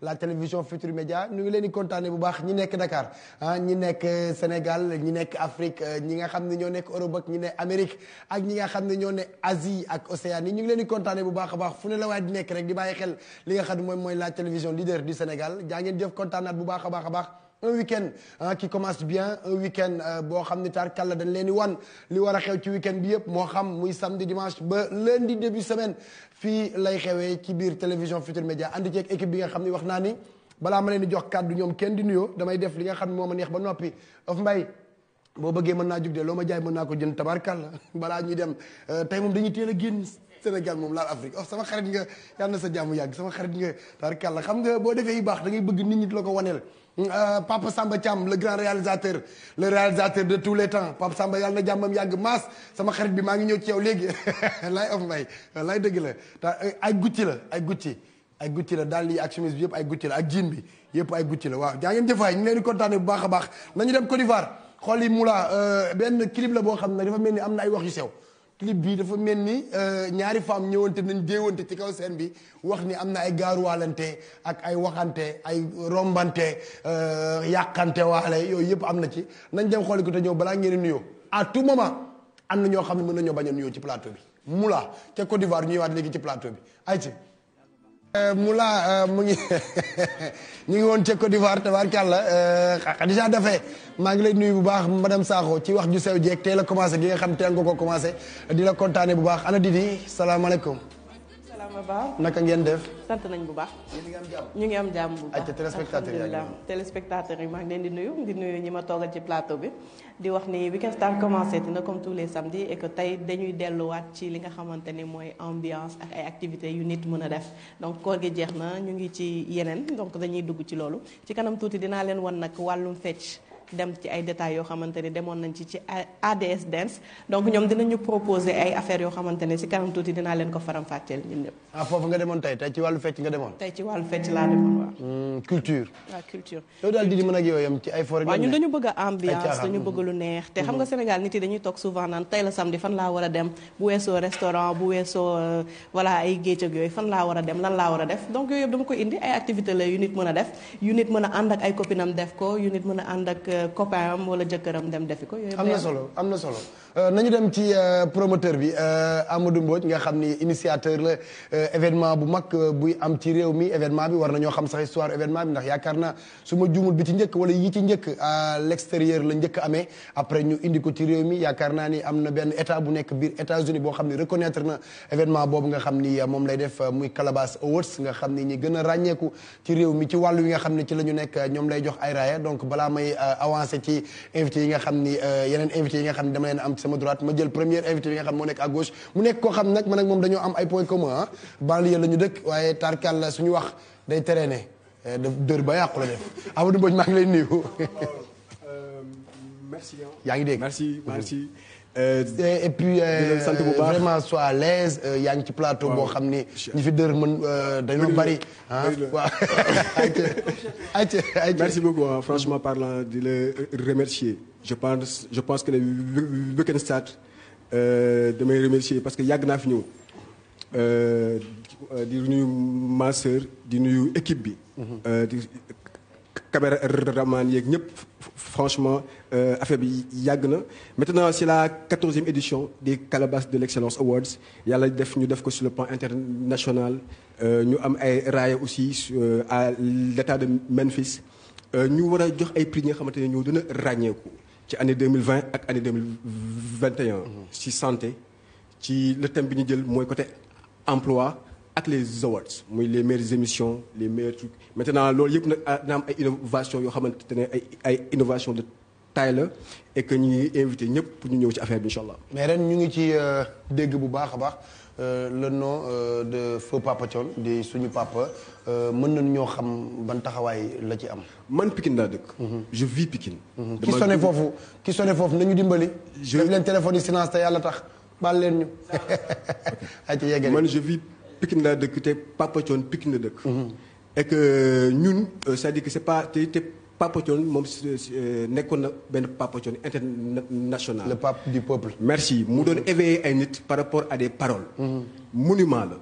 la télévision Futurs média ñu ngi leen di kontaane bu baax ñi nekk Dakar ah ñi nekk euh, Sénégal ñi nekk Afrique euh, ñi nga xam ne ñoo nekk Europe ak ñi ne Amérique ak ñi nga xam ne ñoo ne Asie ak Océanie ñu ngi leen di kontaane bu baax a baax fu ne la waaye di nekk rek di bàyyi xel li nga xam ne moom mooy la télévision leader du Sénégal jaa ngeen jëf kontaanaat bu baax a baax a baax un week-end ah bien un week euh, boo xam ni taar kàlla dañ leen di wan li war a xew ci week bi yëpp moo xam muy samedi dimanche ba di début semaine fii lay xewee ci biir télévision Futur Média ànd ceeg équipe bi nga xam ni wax naa ni balaa ma leen di jox kàddu ñoom kenn di nuyoo damay def li nga xam ne moo ma neex ba noppi of mbay boo bëggee mën naa jug de loo ma jaay mën naa ko jënd tabarkàlla balaa ñuy dem euh, tey moom dañuy teel a génn Sénégal moom laal Afrique sama xarit nga yal na sa jàmm yàgg sama xarit nga tabarkàlla xam nga boo defee yu baax da bëgg nit ñi la ko waneel Euh, Papa Samba càmm le grand réalisateur le réalisateur de tous les temps Papa Samba yàlla na jàmmam yàgg maas sama xarit bi maa ngi ñëw ci yow léegi lay of mbay lay dëgg la euh, ay gucci la ay gucci ay gucci la daal lii ak chemise bi yëpp ay gucci la ak jean bi yëpp ay gucci la waaw jaa ngeen jëfaay ñu leen di bu baax a baax nañu dem Côte d'Ivoire xool yi Moula euh, benn clip la boo xam ne dafa mel ni am na ay wax yu sew clip bii dafa mel ni euh, ñaari femme ñëwante nañ déewante ci kaw seen bi wax ni am na ay gaaruwaalante ak ay waxante ay rombante euh, yàqante waale yooyu yëpp am na ci nañ dem xooli ko ñëw balaa ngeen nuyoo à tout moment am na ñoo xam ne mën nañoo bañ a nuyoo ci plateau bi mu Moula ca Côte d'Ivoire ñuy waat léegi ci plateau bi ay ci Euh, Moula euh, mu ngi ñu ngi woon ca Côte d'Ivoire tabaarkàlla euh, Khadija Dafé maa ngi lay nuyu bu baax madame Sakho ci wax ju sew jeeg tey la commencé gi nga xam tey nga ko commencé di la bu baax ana Didi salaamaaleykum. Samba Ba. naka ngeen def. sant nañ bu baax. ñu ngi am jàmm bu baax. ayca téléspectateur yi alhamdulilah téléspectateur yi maa ngi leen di nuyu ñi ma toogal ci plateau bi. di wax ni Week End Stars commencé dina comme tous les samedis et que tey dañuy delluwaat ci li nga xamante ni mooy ambiance ak ay activités yu nit mun a def donc koor gi jeex na ñu ngi ci yeneen donc dañuy dugg ci loolu ci kanam tuuti dinaa leen wan nag wàllum fecc dem ci ay détails yoo xamante ni demoon nañ ci ci ADS dance donc ñoom dinañu proposer ay affaires yoo xamante ne si kanam tuuti dinaa leen ko faram-fàcceel ñun ñëpp. ah foofu nga demoon tey tey ci wàllu fecc nga laa demoon hmm, culture. waaw ñun dañu bëgg a ambiance dañu bëgg lu neex. te xam nga hmm. Sénégal nit yi dañuy toog souvent naan tey la samedi fan laa war a dem bu weesoo restaurant bu weesoo euh, voilà ay géej ak yooyu fan laa war a dem lan laa war def donc yooyu ko la yu nit mën a a ànd ak ay copain am wala jëkkëram dem defi ko. yooyu am na solo am na solo Euh, nañu dem ci euh, promoteur bi euh, Amadou Mbodj nga xam ni initiateur la événement bu mag buy am ci réew mi événement bi war na ñoo xam sax histoire événement bi ndax yaakaar na su ma bi ci njëkk wala yi ci njëkk à l'extérieur la njëkk amee après ñu indi ko ci réew mi yaakaar naa ni am na benn état bu nekk biir États-Unis boo xam ni reconnaître na événement boobu nga xam ni moom lay def muy Calabas Awards nga xam ni ñi gën a ràññeeku ci réew mi ci wàllu yi nga xam ne ci la ñu nekk ñoom lay jox ay raaya donc balaa may avancer ci invité yi nga xam ni yeneen invité yi nga xam ni dama am sama droite ma jël premier invité bi nga xam moo nekk à gauche mu nekk ko xam nag man ak moom dañoo am ay points communs ah banlieue la ñu dëkk waaye tarkal la suñu wax day traîner eh, daf dër ba yàqu la def Amadou Mbodj maa ngi lay nuyu. Euh, merci. yaa ngi dégg merci mhm. merci. Euh, et puis euh, vraiment sois à l'aise euh, yaa ngi ci plateau boo xam ni ñu fi dër mën euh, dañoo bari ah waaw merci beaucoup franchement parlant di la remercier je pense je pense que le Wittgenstein euh, damay remercier parce que yàgg naa fi ñëw euh, di nuyu ma di nuyu équipe bi. Mhm. Euh, di caméraman yeeg ñëpp franchement affaire bi yàgg na. maintenant c'est la quatorzième édition des Calabasas de l'Excellence Awards yàlla def ñu def ko sur le plan international ñu am ay raaya aussi à l'état de Memphis ñu war a jox ay pris ñi nga xamante ne ñoo dina ràññeeku. ci année 2020 ak année 2021 ci santé ci le thème bi ñu jël mooy côté emploi ak les awards muy les maires émissions les meilleurs trucs maintenant loolu yëpp nag ah, na am ay innovation yoo xamante ne ay ay innovation de taille la et que ñu ngi invité ñëpp pour ñu ñëw ci affaire bi incha allah mais ren ñu ngi ci euh, dégg bu baax a baax Euh, le nom euh, de feu Papa Thion di suñu papa euh, mën nañu ñoo xam ban taxawaay la ci am. man Pikine laa dëkk. Mhm. je vis Pikine. Mhm. ki sonné foofu ki sonné foofu nañu dimbali. je def leen téléphone yi silence te yàlla tax baal leen ñu. ayca yeggale man je vis Pikine laa dëkk te Papa Thion Pikine la dëkk. Mhm. et ñun cest à que c'est pas te Papa Thione moom euh, nekkoon na benn Papa Thione international. le pape du peuple. merci mu doon éveiller ay nit par rapport à des paroles. Mhm. monument la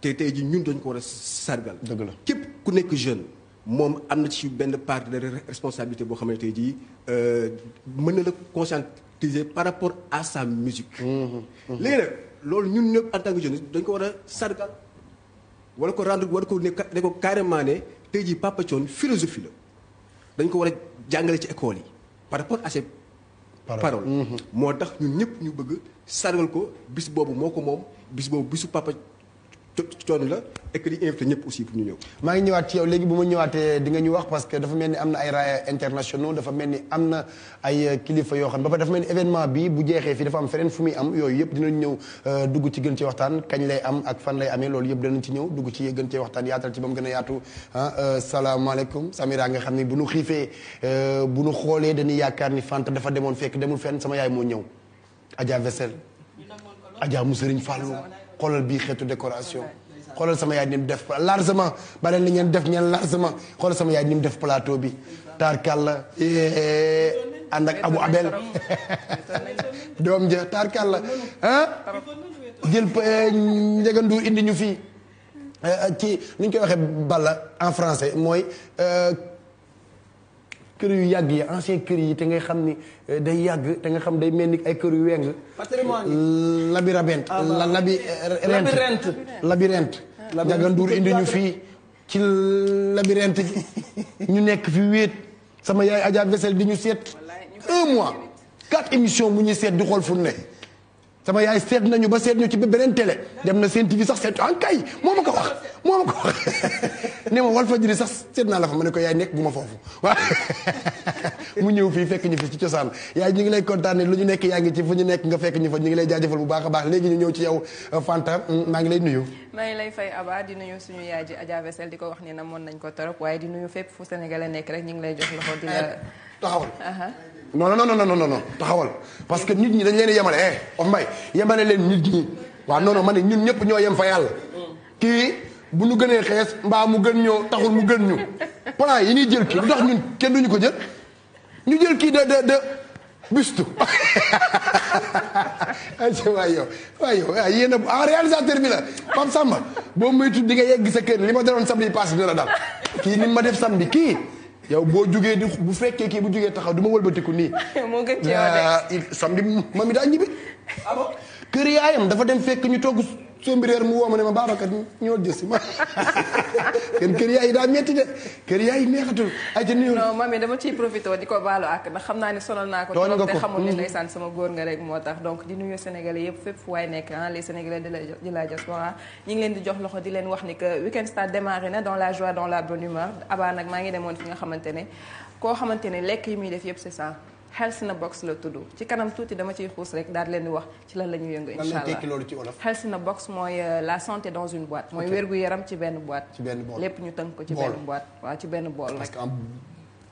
te tey ji ñun doon ko war a sargal. dëgg la képp ku nekk jeune. moom am na ci benn part de responsabilité boo xam ne tey jii euh, mën na la conscientiser par rapport à sa musique. Mhm. Mhm. léegi nag loolu ñun ñëpp en tant que dañ ko war a sargal wala ko rendre wala ko ne ko carrément ne tey jii Papa Thione philosophie la. dañ ko war a jàngale ci école yi par rapport à ces paroles mm-hmm. moo tax ñu ñëpp ñu bëgg sargal ko bis boobu moo ko moom bis boobu bisu papa coono la et que di invité ñëpp aussi pour ñu ñëw. maa ngi ñëwaat ci yow léegi bu ma ñëwaatee dinga nga ñu wax parce que dafa mel ni am na ay raaya internationaux dafa mel ni am na ay euh, kilifa yoo xam ba pare dafa mel ni événement bi bu jeexee fii dafa am feneen fu muy am yooyu yëpp dinañ ñëw euh, dugg ci gën ci waxtaan kañ lay am ak fan lay amee loolu yëpp danañ ci ñëw dugg ci gën ci waxtaan yaatal ci ba mu gën a yaatu ah euh, salaamaaleykum Samira nga xam ne bu nu xiifee bu nu xoolee dañuy yaakaar ni Fanta dafa demoon fekk demul fenn sama yaay moo ñëw Adja Vessel mu Sëriñ Fallou xoolal bii xeetu décoration xoolal sama yaay ni mu def largement bare li ngeen def ngeen largement xoolal sama yaay ni mu def plateau bi taarkalla eh, ànd ak Abu Abel doom ja taarkalla ah jël eh, njegandu indi ñu fii eh, ci nu koy waxee balla en français mooy euh, kër yu yàgg yi ancien kër yi te ngay xam ni euh, day yàgg te nga xam day mel ni ay kër yu weng labyrinthe ah, la labyrinthe labyrinthe Ndiaga Ndour indi ñu fii ci labyrinthe gi ñu nekk fi wéet sama yaay Adja Vessel di ñu seet un mois quatre émission mu ñuy seet di xool fu ne sama yaay seet nañu ba seet ñu ci beneen télé dem na seen TV sax seet en ah, kay moo wax moo ma wax ne ma wal fajiri sax seet naa la fa ma ne ko yaay nekk bu ma foofu waaw mu ñëw fii fekk ñu fi ci cosaan yaay ñu ngi lay kontaane lu ñu nekk yaa ngi ci fu ñu nekk nga fekk ñu fa ñu ngi lay jaajëfal bu baax a baax léegi ñu ñëw ci yow euh, Fanta mm, maa ngi lay nuyu maa lay fay Aba di nuyu suñu yaay ji Adja Vessel di ko wax nee na moon nañ ko torop waaye di nuyu fépp fu Sénégalais nekk rek ñu ngi lay jox loxo di la eh, taxawal non non non non non non taxawal parce que nit ñi dañ leen yemale eh of mbay yemale leen nit ñi waaw non non ma ne ñun ñëpp ñoo yem fa yàlla. kii bu ñu gënee xees mbaa mu gën ñoo taxul mu gën ñu plan yi ñuy jël kii lu tax ñun kenn duñu ko jël ñu jël kii de de de buste. ayca waay yow waay yow ah yéen a ah, réalisateur bi la Pape Samba boo moytu di nga yegg sa kër li ma daloon samedi pass dina la dal kii ni ma def samedi kii. yow boo jugee di bu fekkee kii bu jógee taxaw du ma wëlbatiku nii. moo gën cee samedi mami daa ñibbi. Ah kër yaayam dafa dem fekk ñu togg sombi reer mu woo ma ne ma Babacar ñoo jësi di ko baalu ak xam naa ne sonal naa ko trop te xamul ne mm. ndeysaan sama góor nga moo tax donc di nuyu sénégalais yëpp fépp fu waay nekk ah les sénégalais de la de la diaspora leen di jox loxo di leen wax ni que Week-end Stars démarré na dans la nag maa ngi demoon fi nga xamante ne koo xamante ne lekk yi muy def yëpp c'est ça health na box la tudd ci kanam tuuti dama ciy xuus rek daal leen di wax ci lan la ñuy yëngu incha allah loolu ci wolof health na box mooy euh, la santé dans une boîte mooy wér-gu-yaram ci benn boîte ci benn bool lépp ñu tënk ko ci benn boîte waaw ci benn bool rek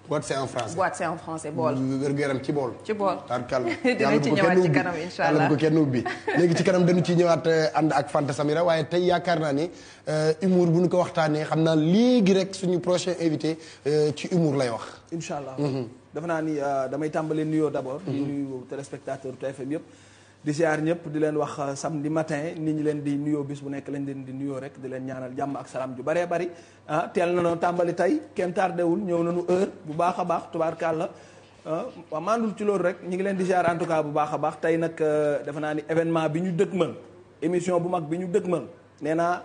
boîte c'est en français boîte c'est en français bool. yaram ci bool. ci bool dinañ ci ñëwaat ci kanam incha allah ko kenn ubbi léegi ci kanam dañu ci ñëwaat euh, ànd ak Fanta Samira waaye tey yaakaar naa ne euh, humour bu ñu ko waxtaanee xam naa léegi rek su ñu prochain invité ci humour lay wax. incha allah. Mm-hmm. dafa naa ni euh, damay tàmbali nuyoo d'abord. Mhm. di nuyu téléspectateur TFM yëpp. di siyaar ñëpp di leen wax euh, samedi matin ni ñi leen di nuyoo bis bu nekk lañ leen di nuyoo rek di leen ñaanal jàmm ak salaam ju baree bari ah teel na noo tàmbali tey kenn tardewul ñëw nañu heure bu baax a baax tubaarkàlla ah, waaw maandul ci loolu rek ñu ngi leen di siyaar en tout cas bu baax a baax tey nag euh, defe naa ni événement bi ñu dëgmal émission bu mag bi ñu dëgmal nee naa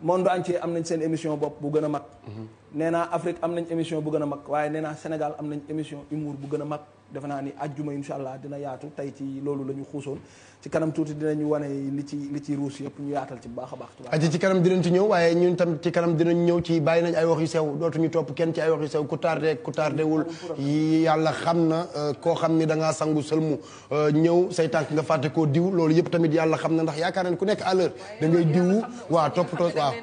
monde entier am nañ seen émission bopp bu gën a mag mhm. nee naa Afrique am nañ émission bu gën a mag waaye nee naa Sénégal am nañ émission humour bu gën a mag defe naa ni ajjuma incha allah dina yaatu tey ci loolu lañu ñu xuusoon ci kanam tuuti dinañu wane li ci li ci ruus yëpp ñu yaatal ci bu baax a baax. aji ci kanam dinañ ci ñëw waaye ñun tam ci kanam dinañ ñëw ci bàyyi nañ ay wax yu sew dootuñu topp kenn ci ay wax yu sew ku tardé ku tardéwul yi yàlla xam na euh, koo xam ni da ngaa sangu sëlmu euh, ñëw say tànk nga fàtte koo diw loolu yëpp tamit yàlla xam na ndax yaakaar nañ ku nekk à l'heure da ngay diwu waa toppatoo waaw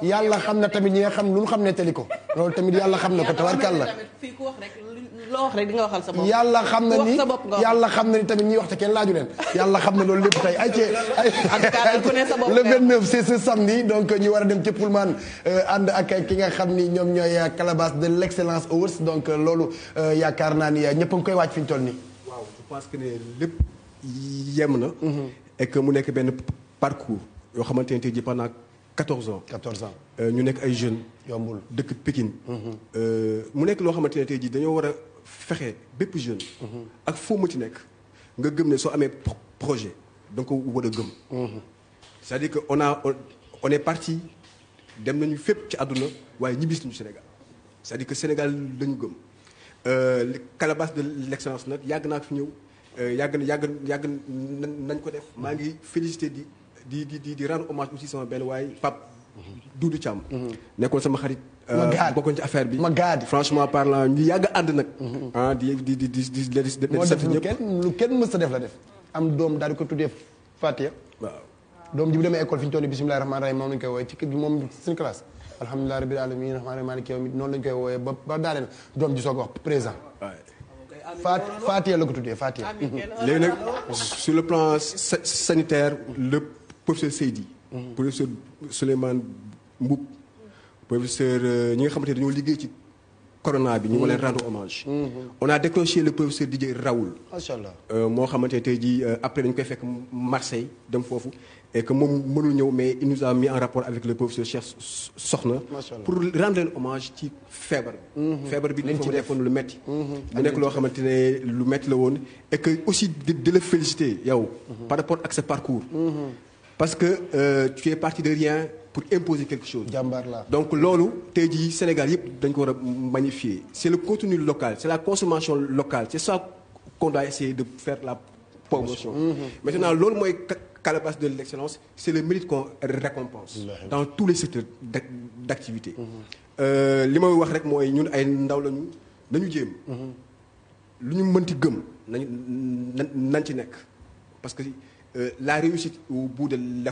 yàlla xam na tamit ñi nga xam lu mu xam ne teli ko loolu tamit yàlla xam na ko la loo wax rek di nga waxal sa bopp yàlla xam na ni yàlla xam ni tamit ñiy wax te kenn laaju leen yàlla xam na loolu lépp tey ay ci le 29 c'est ce samedi donc ñu war a dem ci Pullman euh, ànd ak ki nga xam ni ñoom ñooy euh, calebasse de l'excellence awards donc euh, loolu yaakaar naa ni ñëpp a ngi koy waaj fi ñu toll nii que ne lépp yem na mm-hmm. et que mu nekk benn parcours yoo xamante ne pendant 14 ans 14 ans ñu nekk ay jeunes yombul dëkk Pikine mm-hmm. mu nekk loo xamante ne tey ji dañoo war fexe bépp jeune. Mhm. ak foo ma ci nekk nga gëm ne soo amee projet da nga ko war a gëm. Mhm. c'est-à-dire que on a on est parti dem nañu fépp ci àdduna waaye ñibbis nañu Sénégal c'est-à-dire que Sénégal lañu gëm euh, calebasse de l'excellence nag yàgg naa fi ñëw euh, yàgg na yàgg yàgg nañ ko def. maa ngi félicité di di di di rendre hommage aussi sama benn waaye Pape mhm. Doudou Thiam. nekkoon sama xarit. Euh, ma gaad bokkoon affaire bi ma gaad franchement parlant ñu yàgg ànd nag. ah di di di di di di def lu kenn lu kenn mës a def la def. am doom daal di ko tuddee Fatia. waaw doom ji bu école fi ñu toll nii bisimilah rahmaani rahiim moom lañu koy wooyee ci kër gi moom seen classe. alhamdulilah rabbil alamin rahmaani rahiim maaliki yawmi noonu lañu koy wooyee ba ba daaneel doom ji soo ko wax présent. Fat la ko tuddee Fatia. léegi nag sur professeur euh, ñi nga xamante ne dañoo liggéey ci corona bi ñu ngi leen rendre hommage. Mm-hmm. Mm-hmm. on a décroché le professeur Didier Raoul. macha allah euh, moo xamante ne tey jii euh, après dañu koy fekk Marseille dem foofu. et moom mënul ñëw mais il nous a mis en rapport avec le professeur Cheikh Soxna. pour rendre leen hommage ci feebar bi. Mm-hmm. feebar bi dafa nekkoon lu metti mu nekk loo xamante ne lu metti la woon. et aussi di di la féliciter yow. par rapport ak sa parcours. parce que tu es parti pour imposer quelque chose. jàmbaar la donc loolu tey jii Sénégal yëpp dañ ko war a magnifier c' est le contenu local c' est la consommation locale c' est ça qu'on doit essayer de faire la promotion. Mhm. maintenant loolu mooy calebasse de l' excellence le mérite qu'on récompense. dans tous les secteurs d' mhm. euh, li may wax rek mooy ñun ay ndaw lañu nañu jéem. Mhm. lu ñu mënti gëm nañu nañ ci nekk parce que euh, la réussite au bout de l'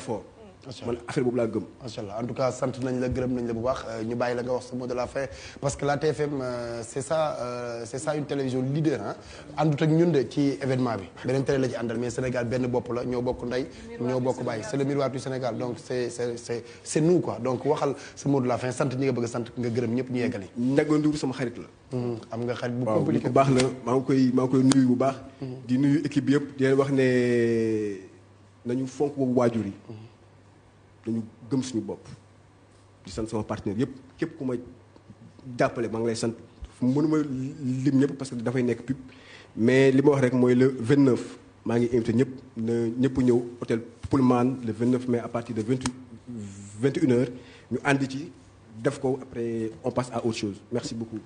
man affaire boobu laa gëm macha allah en tout cas sant nañ la gërëm nañ la bu baax euh, ñu bàyyi la nga wax sa mot de que la TFM euh, c'est ça euh, c'est ça une télévision ñun de ci événement bi beneen télé la ci àndal mais Sénégal benn bopp la ñoo bokk ndey ñoo bokk bàyyi c'est le miroir du Sénégal quoi donc waxal sa mot de la fin bëgg sant nga gërëm ñëpp ñu yeggali ndagoondiwub sama xarit la hmm, am nga xarit bu baax la maa ngi koy maa koy nuyu bu baax hmm. di nuyu équipe bi yëpp di wax ne nañu fonk boobu waajur yi hmm. dañu gëm suñu bopp di sant sama partenaire yëpp képp ku ma jàppale maa ngi lay sant mënuma lim ñëpp parce que dafay nekk pub mais li ma wax rek mooy le 29 maa ngi invité ñëpp ñëpp ñëw hôtel Pullman le 29 mai à partir de 20 21 heures ñu ànd ci def ko après on passe à autre chose merci beaucoup.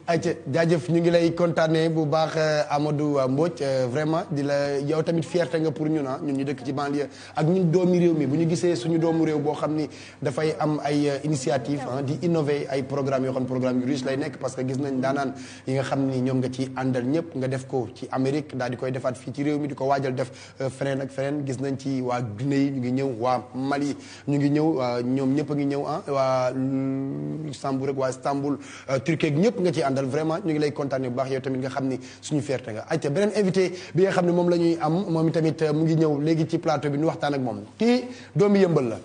jaajëf ñu ngi lay kontaanee bu baax euh, Amadou euh, Mbodj euh, vraiment di la yow tamit fierté nga pour ñun ah ñu dëkk ci banlieue ak ñun mi bu ñu gisee suñu doomu réew boo xam ni dafay am ay initiative ah di innover ay programmes yoo xam programme yu riche lay nekk parce que gis nañ daanaan yi nga xam ni ñoom nga ci àndal ñëpp nga def ko ci Amérique daal di koy defaat fii ci réew mi di ko waajal def feneen ak feneen gis nañ ci waa Guinée ñu ngi ñëw waa Mali ñu ngi ñëw ñoom ñëpp ngi ñëw ah waa. Luxembourg ak waa Istanbul euh, Turquie ak ñëpp nga ci àndal vraiment ñu ngi lay kontaane bu baax yow tamit nga xam ni suñu fierté nga ayca beneen invité bi nga xam ne moom la ñuy am moom tamit euh, mu ngi ñëw léegi ci plateau bi ñu waxtaan ak moom kii doomi yëmbal la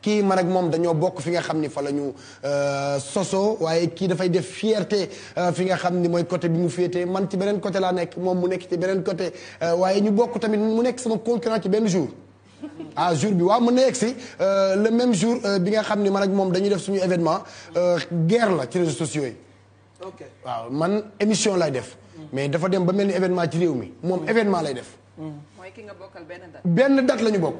kii man ak moom dañoo bokk fi nga xam ni fa la ñu euh, soso waaye kii dafay def fierté fi nga xam ni mooy côté bi mu féetee man ci beneen côté laa nekk moom mu nekk ci beneen côté waaye ñu bokk tamit mu nekk sama concurrent ci benn jour ah jour bi waaw mën na yegg si euh, le même jour euh, bi nga xam ni man ak moom dañuy def suñu événement euh, guerre la ci réseaux sociaux yi. ok waaw man émission lay def. mais dafa dem ba mel ni événement ci réew mi moom événement lay def. mooy ki nga bokkal benn date. benn date la ñu bokk.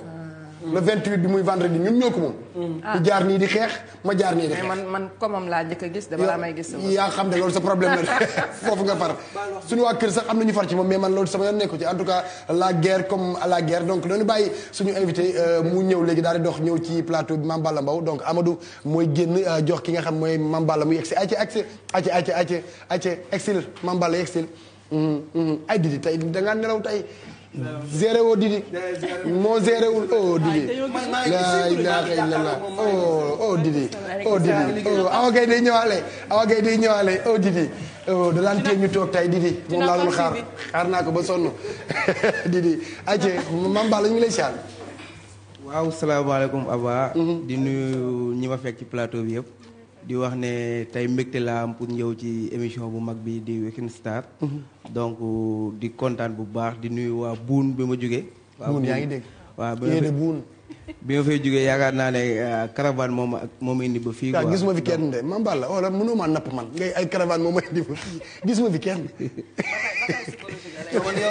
le 28 bi muy vendredi ñun ñoo ko moom. ah jaar nii di xeex ma jaar nii di xeex. man man komam laa njëkk gis dama laa may gis. yaa xam ne loolu sa problème la foofu nga far. suñu waa kër sax am na ñu far ci moom mais man loolu sama yoon nekku ci en tout cas la guerre comme à la guerre donc dañu bàyyi suñu invité euh, mu ñëw léegi daal di dox ñëw ci plateau bi Mame Balla Mbow donc Amadou mooy génn euh, jox ki nga xam mooy Mame Balla mu yegg si ayca ayca ayca ayca ayca ayca exil Mame Balla exil ay didi tey dangaa nelaw tey géré woo Didi moo géré wul oh Didi la ilaha illallah oh oh Didi oh Didi oh Awa Gueye ñëwaale Awa Gueye ñëwaale oh Didi oh da daan toog tay Didi moom laa doon xaar xaar naa ko ba sonn Didi ayca Mame Balla ñu ngi lay siyaar. waaw salaamaaleykum Aba. Mhm. di nuyu ñi ma fekk ci plateau bi yëpp. di wax ne tey mbégte laa pour ñëw ci émission bu mag bi di Weekend Star mhm. donc di kontaan bu baax di nuyu waa buun bi ma jógee waaw yaa ngi dégg waaw buun bi ma fay yaakaar naa ne euh, caravane moom ak moom indi ba fii gis ma fi kenn de man balla wala oh mënoo maa napp man ngay ay caravane moom indi ba fii gisuma fi kenn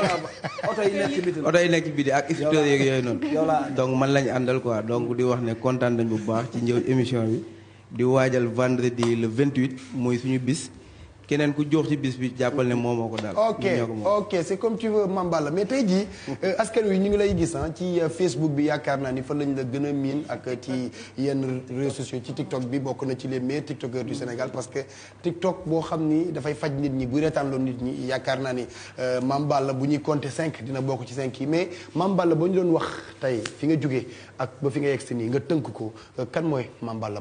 oto yi nekk ci ak éditeurs yeeg yooyu noonu donc man lañu àndal quoi donc di wax ne kontaan nañ bu baax ci ñëw émission bi di waajal vendredi le 28 mooy suñu bis keneen ku jox ci bis bi jàppal ne moom moo ko daal. ok ok c'est comme tu veux mais tey jii. Euh, askan wi ñu ngi lay gis ah ci euh, Facebook bi yaakaar naa ni fan lañ la gën a miin ak ci yenn réseaux sociaux ci TikTok bi bokk na ci les meilleurs TikTokers du Sénégal parce que TikTok boo xam ni dafay faj nit ñi bu buy retaanloo nit ñi yaakaar naa ni euh, Mame Balla bu ñuy compter cinq dina bokk ci cinq yi mais Mame Balla doon wax tey fi nga jógee ak ba fi nga yegg si nii nga tënk ko kan mooy Mame Balla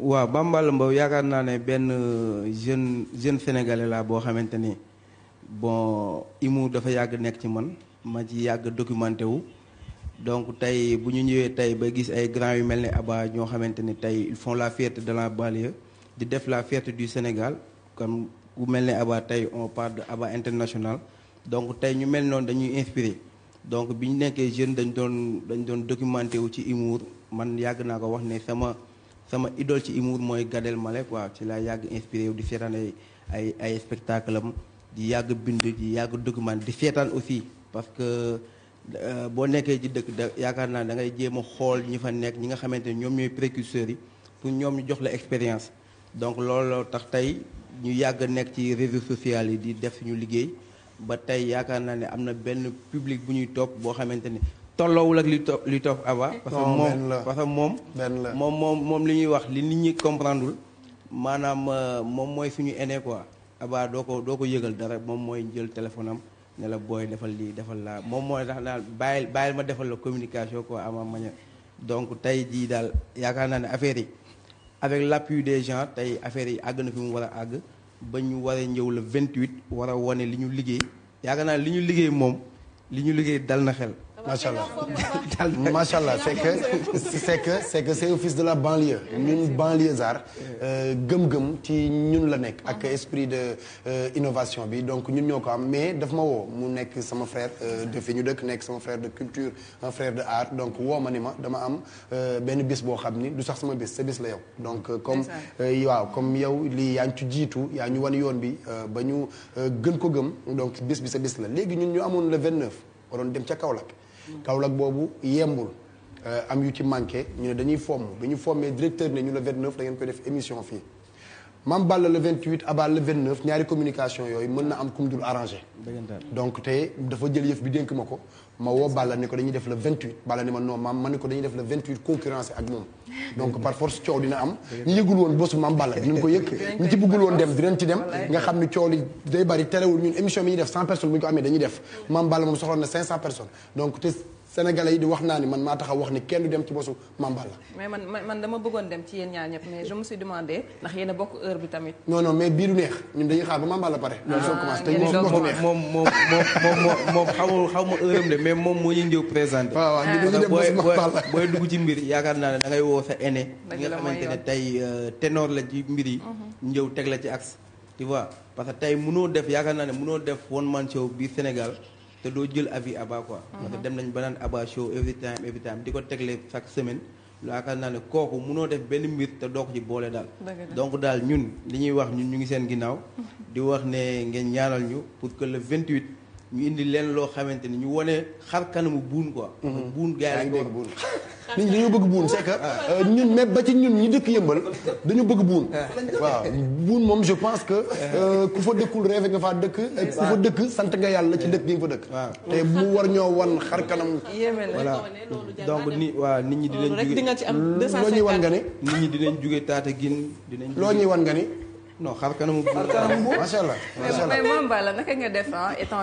waaw Bambal Mbow yaakaar naa ne benn euh, jeune jeune sénégalais laa boo xamante ni bon imu dafa yàgg nekk ci man ma ci yàgg documenté wu. donc tey bu ñu ñëwee tey ba gis ay grands yu mel ni Abba ñoo xamante ni tey il font la fierté de la banlieue di def la fierté du Sénégal kon ku mel ne Abba tey on parle de Abba international donc tey ñu mel noonu dañuy inspiré donc bi ñu nekkee jeune dañ doon dañ doon documenté wu ci humour man yàgg naa ko wax ne sama. sama idole ci humour mooy Gad Elmaleh waaw ci laa yàgg inspiré wu di seetaan ay ay ay spectacle di yàgg bind di yàgg document di seetaan aussi parce que euh, boo nekkee ci dëkk da yaakaar naa da ngay jéem a xool ñi fa nekk ñi nga xamante ne ñoom ñooy précurseurs yi pour ñoom ñu jox la expérience donc loolu tax tey ñu yàgg nekk ci réseaux sociaux yi di def suñu liggéey ba tey yaakaar naa ne am na benn publique bu ñuy topp boo xamante ne tolloowul ak li topp li topp avant. parce que moom moom. benn la moom moom moom li ñuy wax li nit ñi comprendrewul maanaam euh, moom mooy suñu aîné quoi abaa doo ko doo ko yëgal dara moom mooy jël téléphone am ne booy defal lii defal la moom mooy tax daal bàyyil bàyyil ma defal la communication quoi a maña donc tey jii daal yaakaar naa ne affaire yi avec l'appui des gens tey affaire yi àgg na fi mu war a àgg ba ñu waree ñëw le 28 war a wone li ñu liggéey yaakaar naa li ñu liggéey moom li ñu liggéey dal na xel. macha allah macha allah c'est que c'est que c'est que c'est office de la banlieue ñun banlieusard euh, gëm-gëm ci ñun la nekk ak esprit de euh, innovation bi donc ñun ñoo ko am mais daf ma woo mu nekk sama frère euh, de fi ñu dëkk nekk sama frère de culture un frère de art donc woo ma ni ma dama am benn bis boo xam ni du sax sama bis sa bis la yow donc comme waaw comme yow lii yaa ñu ci jiitu yaa ñu wan yoon bi ba ñu gën ko gëm donc bis bi sa bis la léegi ñun ñu amoon le 29 waroon dem ca Kaolack Kaolack boobu yembul euh, am yu ci manqué ñu ne dañuy fomm bi ñu fommee directeur ne ñu le 29 da ngeen koy def émission fii Mame Balla le 28 Aba le 29 ñaari communication yooyu mën na am kum dul arrangé donc te dafa jël yëf bi dénk ma ko ma woo Balla ni ko dañuy def le 28 Balla ni ma non maam ma ni ko dañuy def le 28 concurrence ak moom donc par force coow dina am ñu yëgul woon bosu maam Balla dinañ ko yëg ñu ci bëggul woon dem dinañ ci dem nga xam ni coow li day bari terewul ñun émission bi ñuy def 100 personnes bu ñu ko amee dañuy def maam Balla moom soxla na 500 personnes donc sénégalais yi di wax naa ni man maa taxaw wax ni kenn du dem ci bosu mambal la mais man man dama bëggoon dem ci yéen ñaar ñëpp mais je me suis demandé ndax yéen a bokk heure bi tamit. non mais bii neex ñun dañuy xaar ba mambal la pare. loolu ah, moom moom moom moom moom xaw xaw ma de mais moom moo ñu njëw présenté. waaw waaw booy dugg ci mbir yaakaar naa ne da ngay woo sa aîné. la xamante ne tey euh, ténor la ci mbir yi. njëw mhm. teg la ci axe tu parce que tey munoo def yaakaar naa ne mënoo def one man show bi Sénégal te doo jël avis Abba quoi. Mhm. parce dem nañ ba naan Abba show every time every time di ko tegle chaque semaine. yaakaar naa ne kooku munoo def benn mbir te doo ko ci boole daal. donc daal ñun li ñuy wax ñun ñu ngi seen ginnaaw. Mhm. di wax ne ngeen ñaanal ñu pour que le 28 ñu indi leen loo xamante ni ñu wone xar kanamu buun quoi. Mhm. buun gars yi lañ nit ñi dañoo bëgg buun c'est que euh, ñun même ba ci ñun ñi dëkk yëmbal dañu bëgg buun waaw buun moom je pense que euh, ku fa dëkkul rêve nga faa dëkk ku fa dëkk sant nga yàlla ci dëkk bi nga fa dëkk te mu war ñoo wan xar kanam voilà donc ni waa nit ñi dinañ jóge loo ñuy wan nga ne nit ñi dinañ jóge taata gin dinañ loo ñuy wan nga ni non xar kanamu xar kanamu bu macha allah macha allah mais nga def ah étant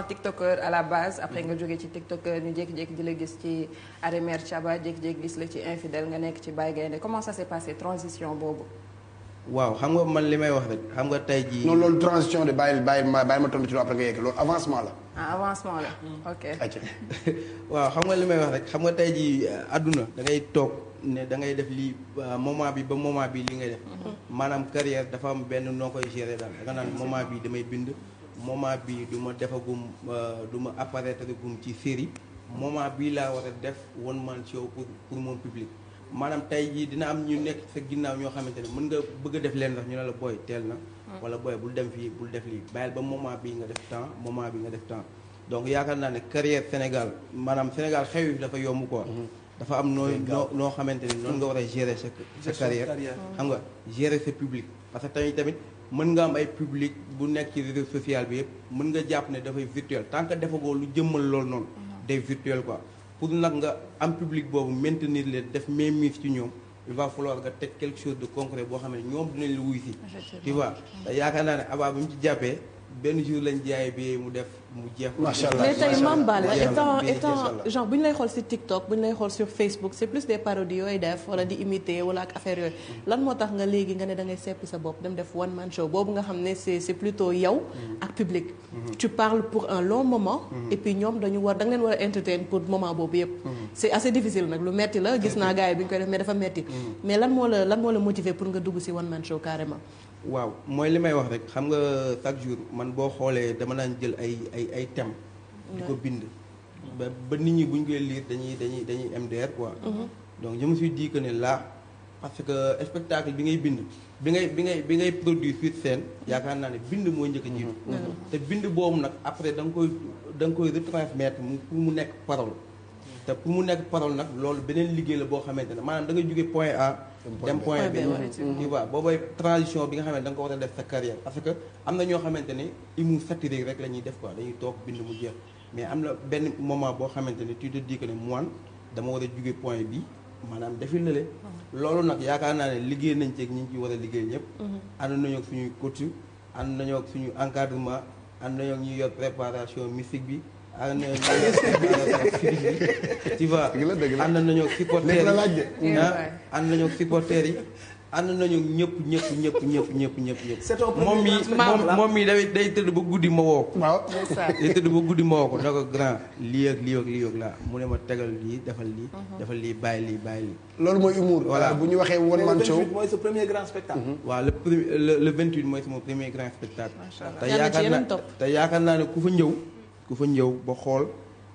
à la base après nga jógee ci tiktoker ñu jékki-jékki di la gis ci Arrêt Mère Thiaba jékki-jékki gis la ci infidèle nga nekk ci Baye Gaynde comment ça s'est passé transition boobu. waaw xam nga man li may wax rek xam nga tey jii. non loolu transition de bàyyi bàyyi ma bàyyi ma tontu ci loolu après nga yegg loolu avancement la. ah avancement la. Mm. ok. waaw xam nga li may wax rek xam nga tey jii àdduna euh, da ngay toog. ne da ngay def lii euh, moment bi ba moment bi li ngay def mhm. maanaam carrière dafa am benn noo koy gérer daal da nga naan moment bi damay bind moment bi du ma defagum euh, du ma apparaître gum ci série moment bii laa war a def one man show pour pour mon public maanaam tey jii dina am ñu nekk sa ginnaaw ñoo xamante ne mën nga bëgg a def leen rax ñu ne la booy teel na mhm. wala booy bul dem fii bul def lii bàyyil ba moment bi nga def temps moment bi nga def temps donc yaakaar naa ne carrière Sénégal maanaam Sénégal xew yi dafa yomb dafa am nooy noo noo xamante ni noonu nga war a gérer sa sa carrière mm. xam nga gérer sa public parce que tamit tamit mën nga am ay public bu nekk ci réseau social bi yëpp mën nga jàpp ne dafay virtuel tant que defagoo lu jëmmal loolu noonu mm-hmm. day virtuel quoi pour nag nga am public boobu maintenir leen def mainmise ci ñoom il va falloir nga teg quelque chose de concret boo xam ne ñoom dinañ la wuy si tu vois te mm. yaakaar naa ne abaa bi mu ci jàppee benn jour lañ jaay bi mu def mu jeex. macha allah mais tey Mame Balla étant étant genre bu ñu lay xool si TikTok bu ñu lay xool sur Facebook c'est plus des parodies yooyu def wala di imiter wala ak affaire yooyu. lan moo tax nga léegi nga ne dangay ngay seppi sa bopp dem def one man show boobu nga xam ne c'est c'est plutôt yow. Mm-hmm. ak public. Mm-hmm. tu parles pour un long moment. Mm-hmm. et ñoom dañu war da leen war a entertain pour moment boobu yëpp. c'est assez difficile nag lu metti la g naa gars yi bi pour nga dugg si one man show waaw mooy li may wax rek xam nga chaque jour man boo xoolee dama naan jël ay ay ay thèmes. di ko bind. ba ba nit ñi bu ñu koy lire dañuy dañuy dañuy MDR quoi. Mhm. donc je me suis dit que ne là parce que spectacle bi ngay bind bi ngay bi ngay bi ngay produire sur scène yaakaar naa ne bind mooy njëkk a jiitu. Mhm. te bind boobu nag après da nga koy da nga koy retransmettre mu pour mu nekk parole. Mhm. te pour mu nekk parole nag loolu beneen liggéey la boo xamante ne maanaam da ngay jóge point A. dem point bi nga xamante da nga ko war a def sa carrière parce que am na ñoo xamante ne humour satirique rek la ñuy def quoi dañuy toog bind mu jeex mais am na benn moment boo xamante ne tu te dis que ne moine dama war a jóge point bi maanaam defi lale mm-hmm. loolu nag yaakaar naa ne liggéey nañ ci ak ñu ci war a liggéey ñëpp mm-hmm. ànd nañoo ak suñuy coach ànd nañoo ak suñu encadrement ànd nañoo ak ñuy yor préparation musique bi tu vois ànd nañoo supporters yi ah, ànd nañoo supporters yi ànd nañu ñëpp ñëpp ñëpp ñëpp ñëpp ñëpp ñëpp moom mi moom mi day day tëdd ba guddi ma woo ko day tëdd ba guddi ma woo ko na ko grand lii ak lii ak lii ak mu ne ma tegal lii defal lii mhm. defal lii bàyyi lii bàyyi lii loolu mooy humour voilà bu ñu waxee one man show mooy sa premier grand spectacle mhm. waa le premier le vingt-huit mooy sama premier grand spectacle te yaakaar naa te naa ne ku fa ñëw ku fa ñëw ba xool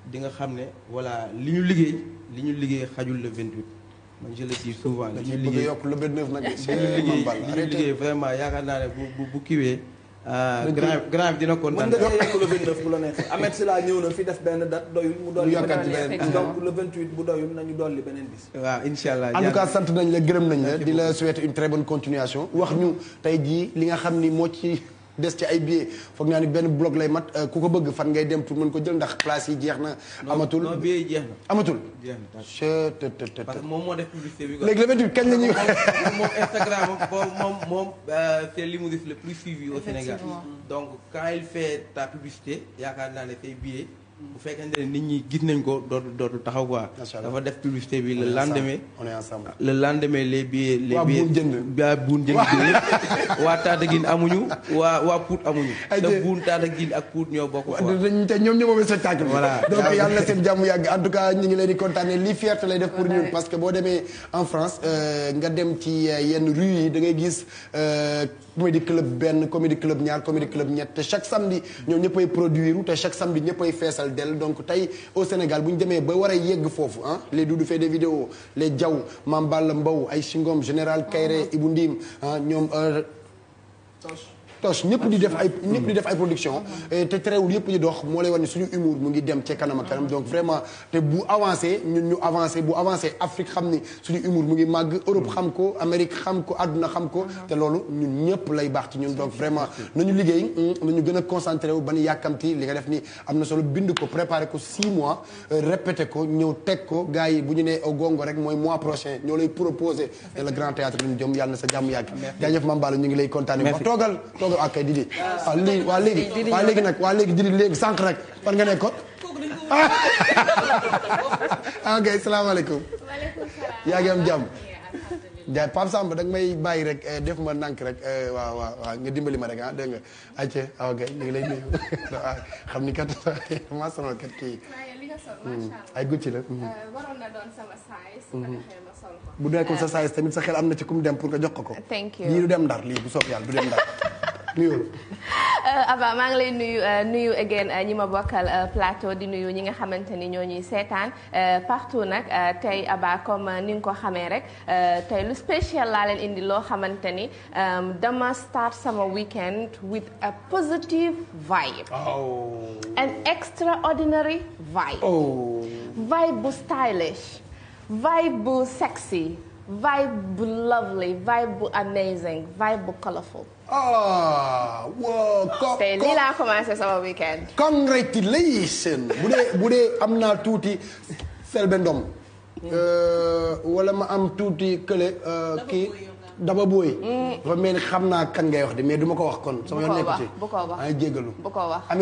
di nga xam ne voilà li ñu liggéey li ñu liggéey xajul le 28. man je le dis souvent li ñu liggéey yokk le 29 nag. li ñu liggéey vraiment yaakaar naa ne bu bu ah, bu la neexee. Ahmed Sylla ñëw na fi def benn date doyul. mu dolli bu doyul nañu dolli beneen bis. waaw incha allah en tout cas sant nañ la gërëm nañ la di la souhaiter une très bonne continuation. wax ñu tey jii li nga xam ni moo ci. des ci ay billets foog naa ni benn bloc lay mat euh, ku ko bëgg fan ngay dem pour mën ko jël ndax place yi jeex na. amatul non billet jeex na. amatul. jeex na te parce moom moo def publicité bi. léegi le 28 kañ la ñuy. moom Instagram moom moom euh, c'est l'humoriste le plus suivi au Sénégal. donc quand il fait publicité yaakaar naa ne say billets. bu fekkente ne nit ñi gis nañ ko dootul dootul taxaw quoi. dafa def publicité bi le lendemain. on est ensemble le lendemain les billets. les billets waa buun jënd waa gin amuñu waa waa Pout amuñu. ay te buun Tataguine ak Pout ñoo bokk. waaw te ñoom ñoo moom spectacle. voilà donc yàlla na seen yàgg en tout cas ñu leen di kontaanee li fierté lay def pour ñun. parce que boo demee en France euh, nga dem ci euh, yenn rue yi da ngay gis. Euh, comédie club benn comédie club ñaar comédie club ñett te chaque samedi ñoom ñëppay produire te chaque samedi ñëppay feesal dell donc tey au Sénégal bu ñu demee ba war a yegg foofu ah les Doudou fait des vidéos les Diaw Mame Balla Mbow ay Singom général Kayré Ibou Ndim ah ñoom. Euh, tos ñëpp di def ay ñëpp di def ay production eh, te terewul yëpp di dox moo lay wan ne suñu humour mu ngi dem ci kanam ak kanam donc vraiment te bu avancé ñun ñu avancé bu avancé Afrique xam ni suñu humour mu ngi màgg Europe xam ko Amérique xam ko àdduna xam ko te loolu ñun ñëpp lay baax ci ñun donc vraiment nañu liggéey hmm, nañu gën a concentré wu ba ñu yàkkamti li nga def ni am na solo bind ko préparé ko 6 mois euh, répété ko ñëw teg ko gaa yi bu ñu ne au rek mooy mois prochain ñoo lay proposé le grand théâtre ñu jëm yàlla na sa jàmm yàgg jaajëf Mame Balla ñu ngi lay kontaane loolu ak kay Didi nag waaw léegi Didi léegi sànq rek fan nga nekkoon ah! ok salaamaaleykum yaa ngi am jàmm jaay Pape Samba da may bàyyi rek eh, def ma nank rek waaw eh, waaw waaw nga dimbali ma rek ah dégg nga acce ah, ok ñu ngi lay nuyu ah, xam ni kat maa sonal kat kii hmm. la hmm. euh, waroon na doon sama hmm. euh, am na ci kum dem pour nga jox ko ko thank you lii du dem ndar lii bu soob du dem ndar nuyoo euh, Aba maa ngi lay nuyu euh, nuyu again euh, ñi ma bokkal plateau di nuyu ñi nga xamante ni ñoo ñuy seetaan partout nag tey Aba comme ni nga ko xamee rek tey lu spécial laa leen indi loo xamante ni dama start sama weekend with a positive vibe. oh. an extraordinary vibe. oh. vibe bu stylish. vibe sexy. vibe lovely. vibe bu vibe colorful. ah waaw. co tey nii laa commencé sama weekend. congratulation bu dee bu dee am naa tuuti Selbé Ndom. Eh, wala ma am tuuti kële eh, kii. daba booy. Mm. dafa mel ni xam naa kan ngay wax de mais du ko wax kon. sama yoon nekk ci bu ko wax ay jéggalu bu ko wax. Eh,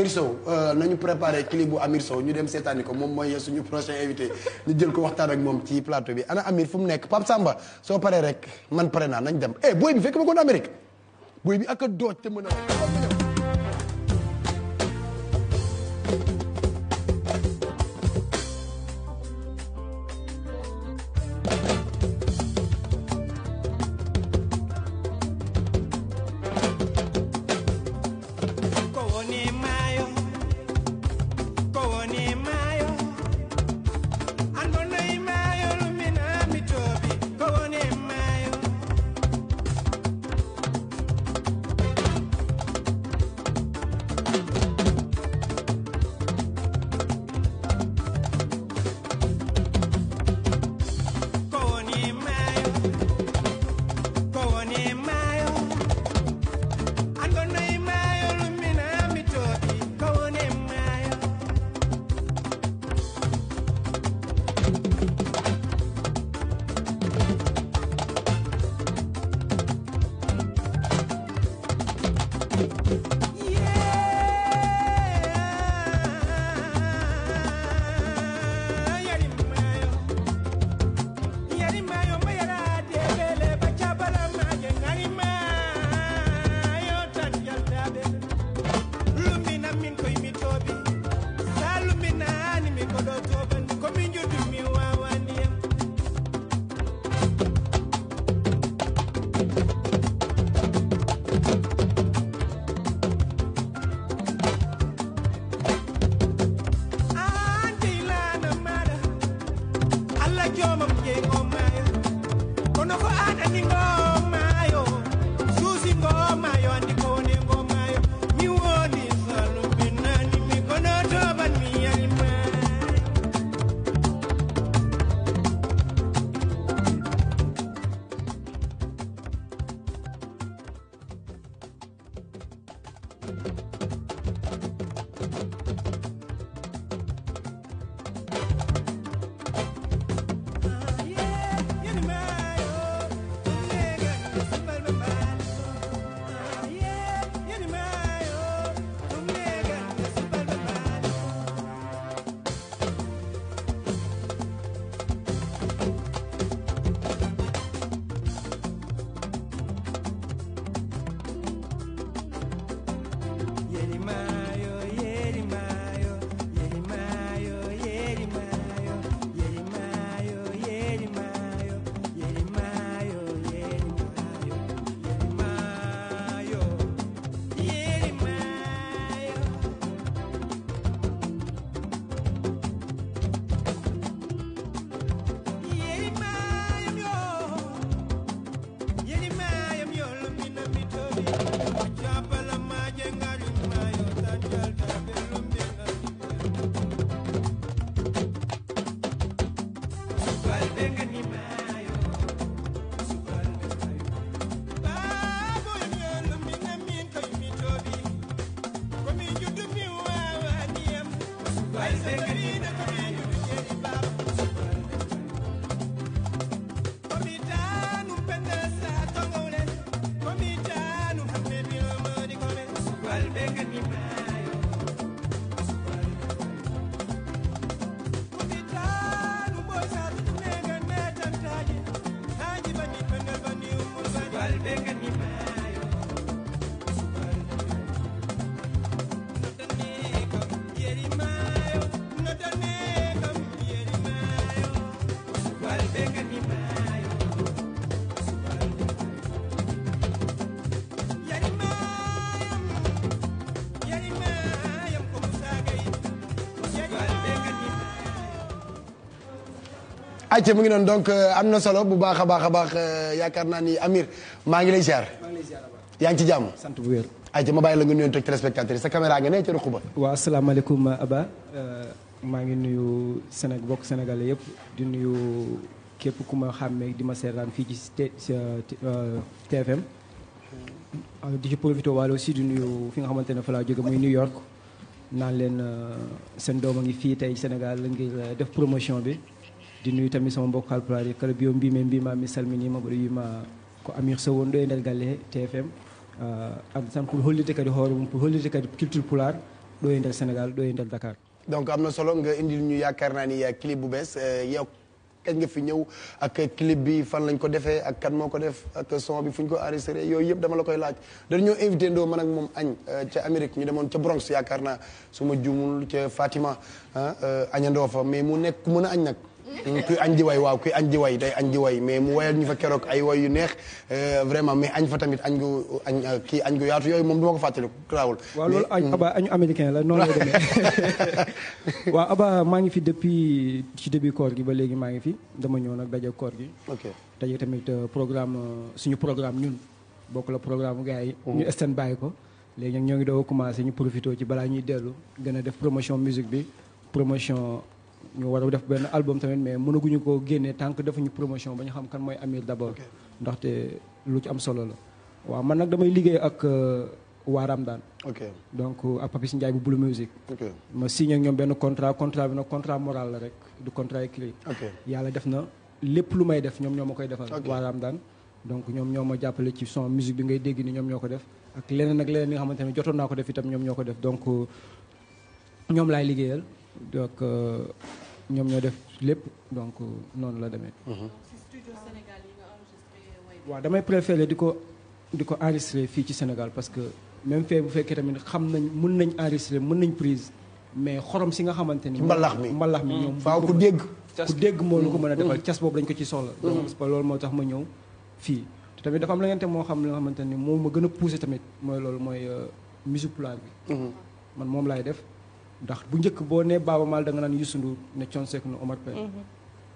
Amir Sow ñu dem seetaani ko moom mooy suñu prochain invité ñu jël ko waxtaan ak moom ci plateau bi ana Amir fu mu nekk Pape sàmba soo paree rek man pare naa nañ dem eh booy bi fekk ma ko Amérique. boy mi ak a dooj te mën a wax ayca mu ngi noonu donc euh, am na solo bu baax a baax a baax euh, yaakaar naa ni Amir maa ngi lay ziar. yaa ngi ci jàmm. sant bu wér. ayca ma bàyyi la nga nuyoon toog téléspectateur yi sa caméra ne ca ruq ba. waaw asalaamaaleykum Aba euh, maa ngi nuyu Sénégal bokk Sénégalais yëpp di nuyu képp ku ma xàmmee di ma seetaan fii ci TFM. di ci profité waale aussi di nuyu fi nga xamante ne fa laa jóge muy New York naan leen seen doom a ngi fii tey Sénégal ngir def promotion bi. di nuyu tamit sama bi Haalpulaar yi kala biyo mbime mbimami salminima mboɗo wima ko amir sow wonɗo e nder galle tfm euh, andi tan pour hollirde kadi hoore mum e nder sénégal ɗo e donc am na solo nga indil ñu yaakaar naa ni euh, clip bu bees euh, yow kañ nga fi ñëw ak clip bi fan lañ ko defee ak kan moo ko def ak son bi fu ñu ko enregistré yooyu yëpp dama la koy laaj dañoo invité ndoo man ak moom añ ca Amérique ñu demoon ca Bronx yaakaar naa su ma juumul ca Fatima ah, añandoo fa mais mu nekk ku mën a añ nag Euh, kuy añ di way waaw kuy añ di way day añ di mais mu wayal ñu fa keroog ay way yu neex euh, vraiment mais añ fa tamit añ gu euh, kii añ gu yaatu yooyu moom du ma ko fàttaliku garaawul waaw loolu añ hmm. aba añu américain la noonu lay demee waaw aba maa ngi fi depuis ci début koor gi ba léegi maa ngi fi dama ñëw nag daje koor gi ok daje tamit programme suñu programme ñun bokk la programme gars yi hmm. ñu stand by ko léegi nag ñoo ngi doo commencé ñu profité ci balaa ñuy dellu gën a def promotion musique bi promotion ñu war a def benn album tamit mais mënaguñu ko génnee tant que defuñu promotion ba ñu xam kan mooy Amir d'abord ndaxte lu ci am solo la waaw man nag damay liggéey ak euh, waa Ramadaan donc euh, ak Papis Ndiaye bu Blue Music ma signé ñoom benn contrat contrat bi nag contrat moral la rek du contrat écrit yàlla def na lépp lu may def ñoom ñoo ma koy defal waa Ramadaan donc ñoom ñoo ma jàppale ci son musique bi ngay dégg ni ñoom ñoo ko def ak leneen ak leneen li nga xamante ne jotoon naa ko def itam ñoom ñoo ko def euh, ñoom laay liggéeyal donc ñoom ñoo def lépp donc noonu la demee. ci mhm. studio Sénégal yi damay préféré di ko di ko enregistré fii ci Sénégal parce que même fee bu fekkee tamit xam nañ mën nañ enregistré mën nañ prise mais xorom si nga xamante ni. mbalax mi mbalax mi mhm. ñoom. faaw dégg. ku dégg moo lu ko mën a mhm. defal cas boobu dañ ko ci soxla. donc loolu moo tax ma ñëw fii. te tamit dafa am la ngeen te moo xam li nga xamante ni moom ma gën a poussé tamit mooy loolu mooy euh, musique pulaar bi. man moom laay def. ndax bu njëkk boo nee Baaba Maal da nga naan Youssou Ndour ne Thione Seck ne Omar Pène mhm.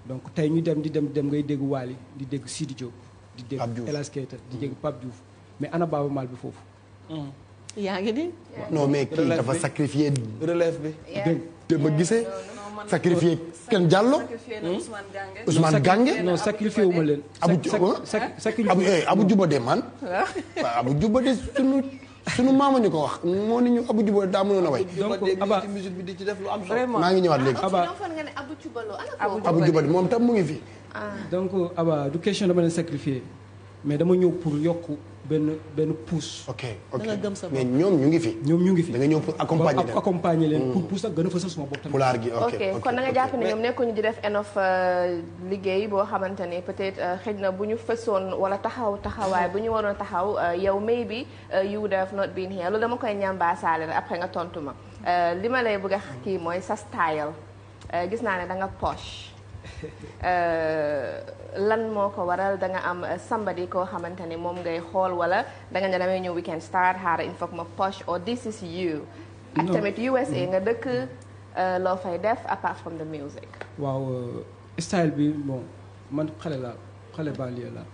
donc tey ñu dem di dem dem ngay dégg Waly di dégg Sidi di dégg El Hadj di dégg Pape Diouf mhm. mais ana Baaba Maal bi foofu mhm. yaa ngi di non mais kii dafa sacrifié relève bi te ma gisee sacrifié kenn Diallo hmm? Ousmane Gange non sacrifié wu ma leen Abou Abou Juba eh, de man Abou Juba de sunu sunu maama ñu ko wax moo ni ñu Abou Djibo daa a way. donc Aba ci musique bi di ci def lu am solo. maa ngi ñëwaat léegi. Aba Abou moom tam mu ngi fi. Ah. donc Aba du question dama leen sacrifier mais dama ñëw pour yokku benn benn pousse. ok ok mais ñoom ñu ngi fi. ñoom ñu ngi fi da nga ñëw pour accompagner leen mm. pour pousse ak gën a fësal suma bopp tamit. pulaar gi ok kon da nga jàpp ne ñoom nekkuñu di def enof euh, liggéey boo xamante ne peut-être euh, xëj na bu ñu fësoon wala taxaw taxawaay bu ñu waroon taxaw euh, yow may bi you would have not been here loolu dama koy ñaan baasaale rek après nga tontu ma li ma lay bëgg a kii mooy sa style gis naa ne da nga poche. Euh, lan moo ko waral da nga am euh, somebody koo xamante ni moom ngay xool wala danga nga ne damay ñëw weekend start xaar il faut que ma poche or oh, this is you. ak tamit USA nga euh, loo fay def apart from the music. waaw style bi bon man xale laa xale banlieue laa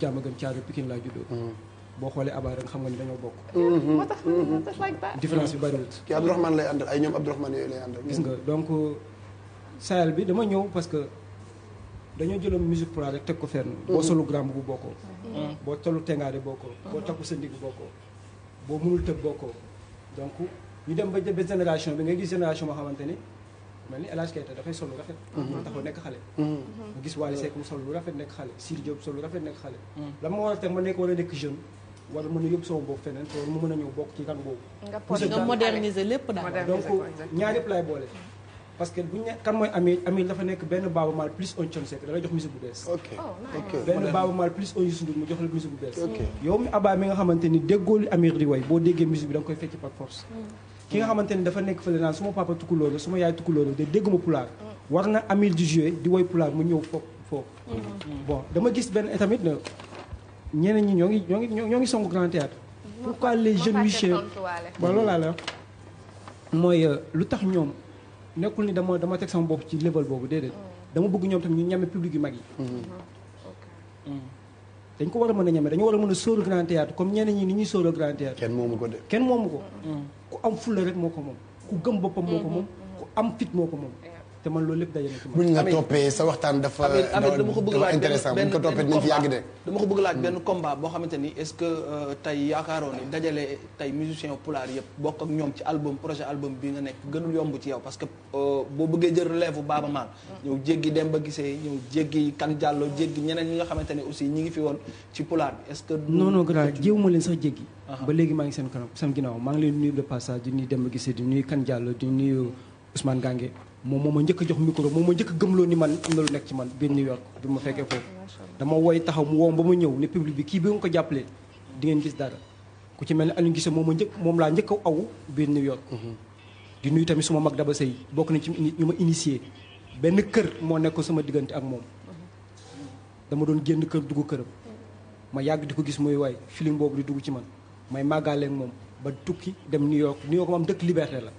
jàmm gën caaru Pikine laa mm-hmm. boo xoolee Abba rek xam nga ni dañoo bokk. Mm-hmm. moo tax mm-hmm. moo tax like that. différence bi bariwul. kii Abdourahmane lay àndal ñoom Abdourahmane yooyu lay àndal. gis nga donc style bi dama ñëw dañoo jëloon musique pulaar rek teg ko fenn. boo mm-hmm. solu grand bu bokkoo. Mm-hmm. Mm-hmm. boo tollu tengaade bokkoo. boo takku sa ndig bokkoo. boo mënul tëb bokkoo. donc ñu dem ba jëbe génération bi ngay gis génération boo xamante ni mel ni El Hadj dafay sol rafet. moo nekk xale. nga gis Wally Seck mu sol lu rafet nekk xale. Sidi nekk xale. la ma war a teg ma nekk war a nekk jeune. wala mën a yóbbu sama bopp feneen te war mu mën a ñëw bokk ci kan boobu. nga moderniser lépp daal donc ñaar yëpp laay boole. parce que bu ñu nee kan mooy Amir dafa nekk benn Baaba Maal plus un Thione Seck da lay jox musique bu bees. ok oh, ok benn Baaba Maal plus un Youssou Ndour mu jox la bu bees. yow mi Abba mi nga xamante ni déggoo li Amir di way boo déggee musique bi da koy fecc par force. Hmm. ki nga xamante ni dafa nekk fële naan suma papa tukulóor la suma yaay tukulóor la de dégguma pulaar. Hmm. war na Amir di jouer di way pulaar mu ñëw foofu foofu. Hmm. bon dama gis benn tamit ñeneen ñi ñoo ngi ñoo ngi ñoo ngi songu grand théâtre pourquoi les jeunes wichés. waaw euh, lu tax ñoom nekkul ni dama dama teg sama bopp ci level boobu déedéet dama bëgg ñoom tamit ñu ñame public yu mag yi. Mm-hmm. Mm-hmm. Mm. dañ ko war a mën a ñeme dañu war a mën a sóoru grand théâtre comme ñenee ñi ni ñuy sóoroo grand théâtre kenn moomu ko de kenn moomu ko mm. ku am fulla rek moo ko moom ku gëm boppam moo ko moom mm-hmm. ku am fit moo ko moom eh. te man loolu lépp dajale ci man. buñ la toppee sa waxtaan dafa. amit dama ko bëgg laaj intéressant buñ ko toppee dinañ fi yàgg de. dama ko bëgg laaj benn hmm. combat boo xamante est-ce que euh, tey yaakaaroon dajale tey musicien pulaar yëpp bokk ak ñoom ci album projet album bi nga nekk gënul yomb ci yow parce que euh, boo bëggee jël relève bu Baaba Maal. ñëw dem ba Gisee ñëw jéggi Kan Diallo jéggi ñeneen ñi nga xamante ne aussi ñi ngi fi woon ci pulaar bi est-ce que. non non grand sax jéggi. Ah. ba léegi maa ngi seen kanam seen ginnaaw maa leen nuyu de passage di nuyu Demba Gisee di nuyu Kan Diallo moom moom ma njëkk a jox micro moom ma njëkk a gëmloo ni man am na lu nekk ci man biir New York bi ma fekkee foofu dama woy taxaw mu woom ba ma ñëw ni public bi kii bi nga ko jàppalee di ngeen gis dara ku ci mel ni Aliou Gissé moom ma njëkk moom laa aw biir New York mhm. di nuyu tamit suma mag Daba Sey bokk nañ ci ñu ma initié benn kër moo nekk sama diggante ak moom mhm. doon génn kër dugg këram ma yàgg di ko gis muy waay film boobu di dugg ci man may màggaaleeg moom ba tukki dem New York New York ma am dëkk liberté la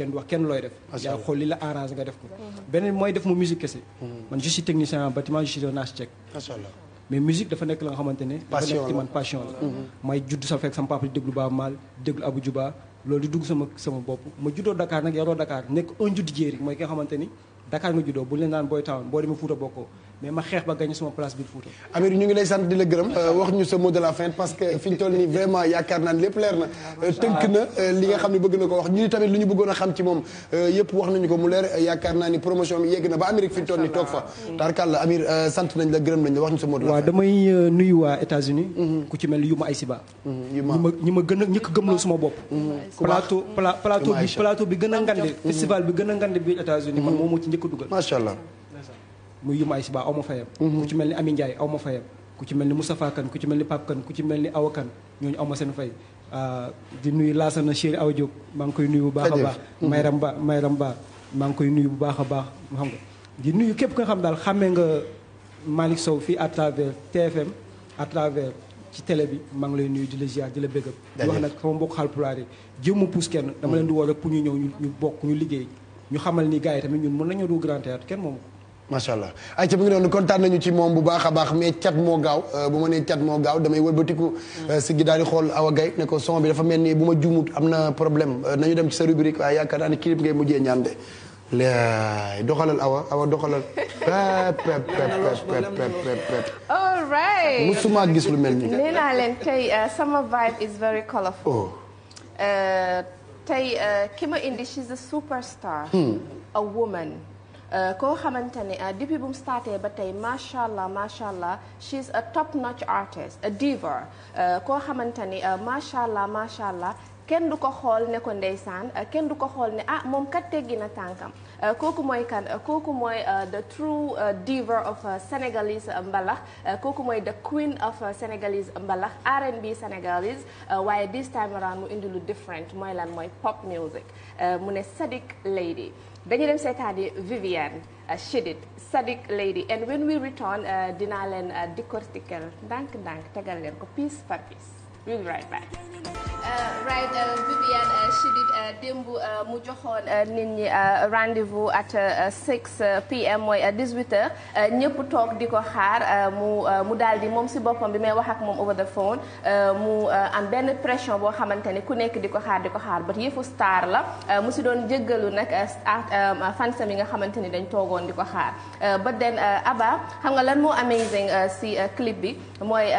kenn wax kenn looy def yaa xool la arrange nga def ko mhm. beneen mooy def mu musique kese mhm. man je suis technicien en bâtiment je suis mais musique dafa nekk la nga xamante ne dafa nekk ci man passion la mhm. may judd sa fekk sama papa di déglu Juba loolu dugg sama sama bopp ma juddoo Dakar nag yaroo Dakar nekk un judd jéeri mooy ki nga xamante ni Dakar nga juddoo bu leen naan booy town boo demee Fuuta bokkoo mais ma xeex ba gagné suma place biir Fouta. Amir ñu ngi lay sant di la gërëm euh, wax ñu sa mot de la parce que fi nii vraiment yaakaar naa ne lépp leer na. Euh, tënk na euh, li nga xam ne bëgg na ko wax ñu tamit lu ñu bëggoon a xam ci moom yëpp wax nañu ko mu leer yaakaar naa ni promotion bi yegg na ba Amérique fi ñu toll nii toog fa. tarkal la Amir sant nañ la gërëm nañ la wax ñu sa mot de la fin. waaw mhm. ku ci mel ni Yuma Aysiba. Mhm, Yuma ñi ma ñi ma gën a ñëkk gëmloo bopp. Mhm. plateau plateau bi plateau bi gën a ngande. festival bi a ngande biir États-Unis moom moo ci njëkk a dugal. muy Yuma Aysba aw ma fayam mhm. ku ci mel ni Ami Ndiaye aw ma fayam ku ci mel ni Moustapha Kane ku ci mel ni Pape Kane ku ci mel ni Awa Kane ñooñu aw seen fay ah, di nuyu Laasana Chéri Awa Diop maa ngi koy nuyu bu baax a baax mhm. Mayram Ba Mayram Ba maa ngi koy nuyu bu baax a baax xam nga di nuyu képp nga xam daal xàmmee nga Malick Sow fii à travers TFM à travers ci télé bi maa ngi lay nuyu di la ziar di la bégam di wax nag sama mbokk Haalpulaar yi jéem a pousse kenn dama leen di mhm. woo rek pour ñu ñëw ñu bokk ñu liggéey ñu xamal ni gars yi tamit ñun mën nañoo du Grand Théâtre kenn moomu macha allah ay ca bi ngi noonu kontaan nañu ci moom bu baax a baax mais cat moo gaaw euh, bu ma nee cat moo gaaw damay wëlbatiku euh, si gi daal di xool Awa Gaye ne ko bi dafa mel nii bu ma juumut am na problème euh, nañu dem ci sa rubrique waaye yaakaar naa ne clip ngay mujjee ñaan de laay doxalal Awa Awa doxalal pep gis lu mel ni nee naa leen tey sama vibe is very colorful oh. tey ki indi she's a superstar hmm. a woman Euh, koo xamante ne euh, depuis bu mu ba tey macha allah macha allah she is a top notch artist a diva euh, koo xamante ni macha allah macha allah kenn du ko xool ne ko ndeysaan kenn du ko xool ne ah moom kat teggi tànkam. Euh, kooku mooy kan euh, kooku mooy euh, the true diva of Senegalese mbalax kooku mooy the queen of Senegalese mbalax R&B Senegalese waaye this time around mu indi lu different mooy lan mooy pop music mu ne Sadik Lady dañu dem seetaani Viviane Chidid Sadik Lady and when we return dinaa leen décortiquer ndànk-ndànk tegal leen ko piece par piece we'll be right back Euh, right Viviane euh, Chidid euh, démb mu joxoon nit ñi rendez-vous at 6 pm mooy 18 heures ñëpp toog di ko xaar mu mu daal di moom si boppam bi may wax ak moom over the phone mu am benn pression boo xamante ni ku nekk di ko xaar di ko xaar ba yëfu star la mu si doon jéggalu nag fansam yi nga xamante ni dañ toogoon di ko xaar ba den Abba xam nga lan moo amazing si clip bi mooy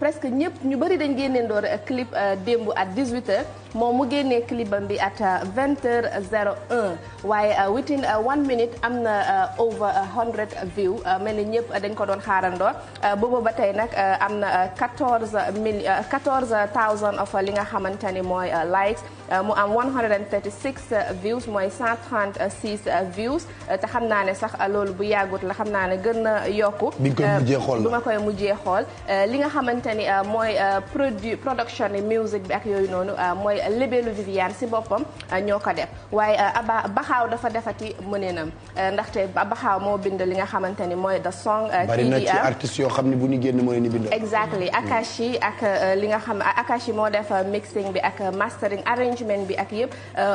presque ñëpp ñu bëri dañ génneen door clip démb at à 18h moom mu génnee clipam bi at 20h01 euh, waaye euh, within euh, one minute am na over 100 view mel ni ñëpp dañ ko doon xaarandoo boobu ba tey nag am na 14 mille 14 thousand of li nga xamante ni mooy likes mu am 136 views mooy 136 views te xam naa ne sax a loolu bu yàggut la xam naa ne gën na yokku bi nga koy mujjee xool li nga xamante ni mooy produit production music bi ak yooyu noonu mooy lébélu Viviane si boppam eh, ñoo ko def waaye eh, Aba Baxaaw dafa defati mëneenam eh, ndaxte ba Baxaaw moo bind li nga xamante ni mooy the song. bari na yoo xam ne bu ñu génn mooy mëneen bind. exactly mm. Akashi ak li nga xam Akashi moo def mixing bi ak mastering arrangement bi ak yëpp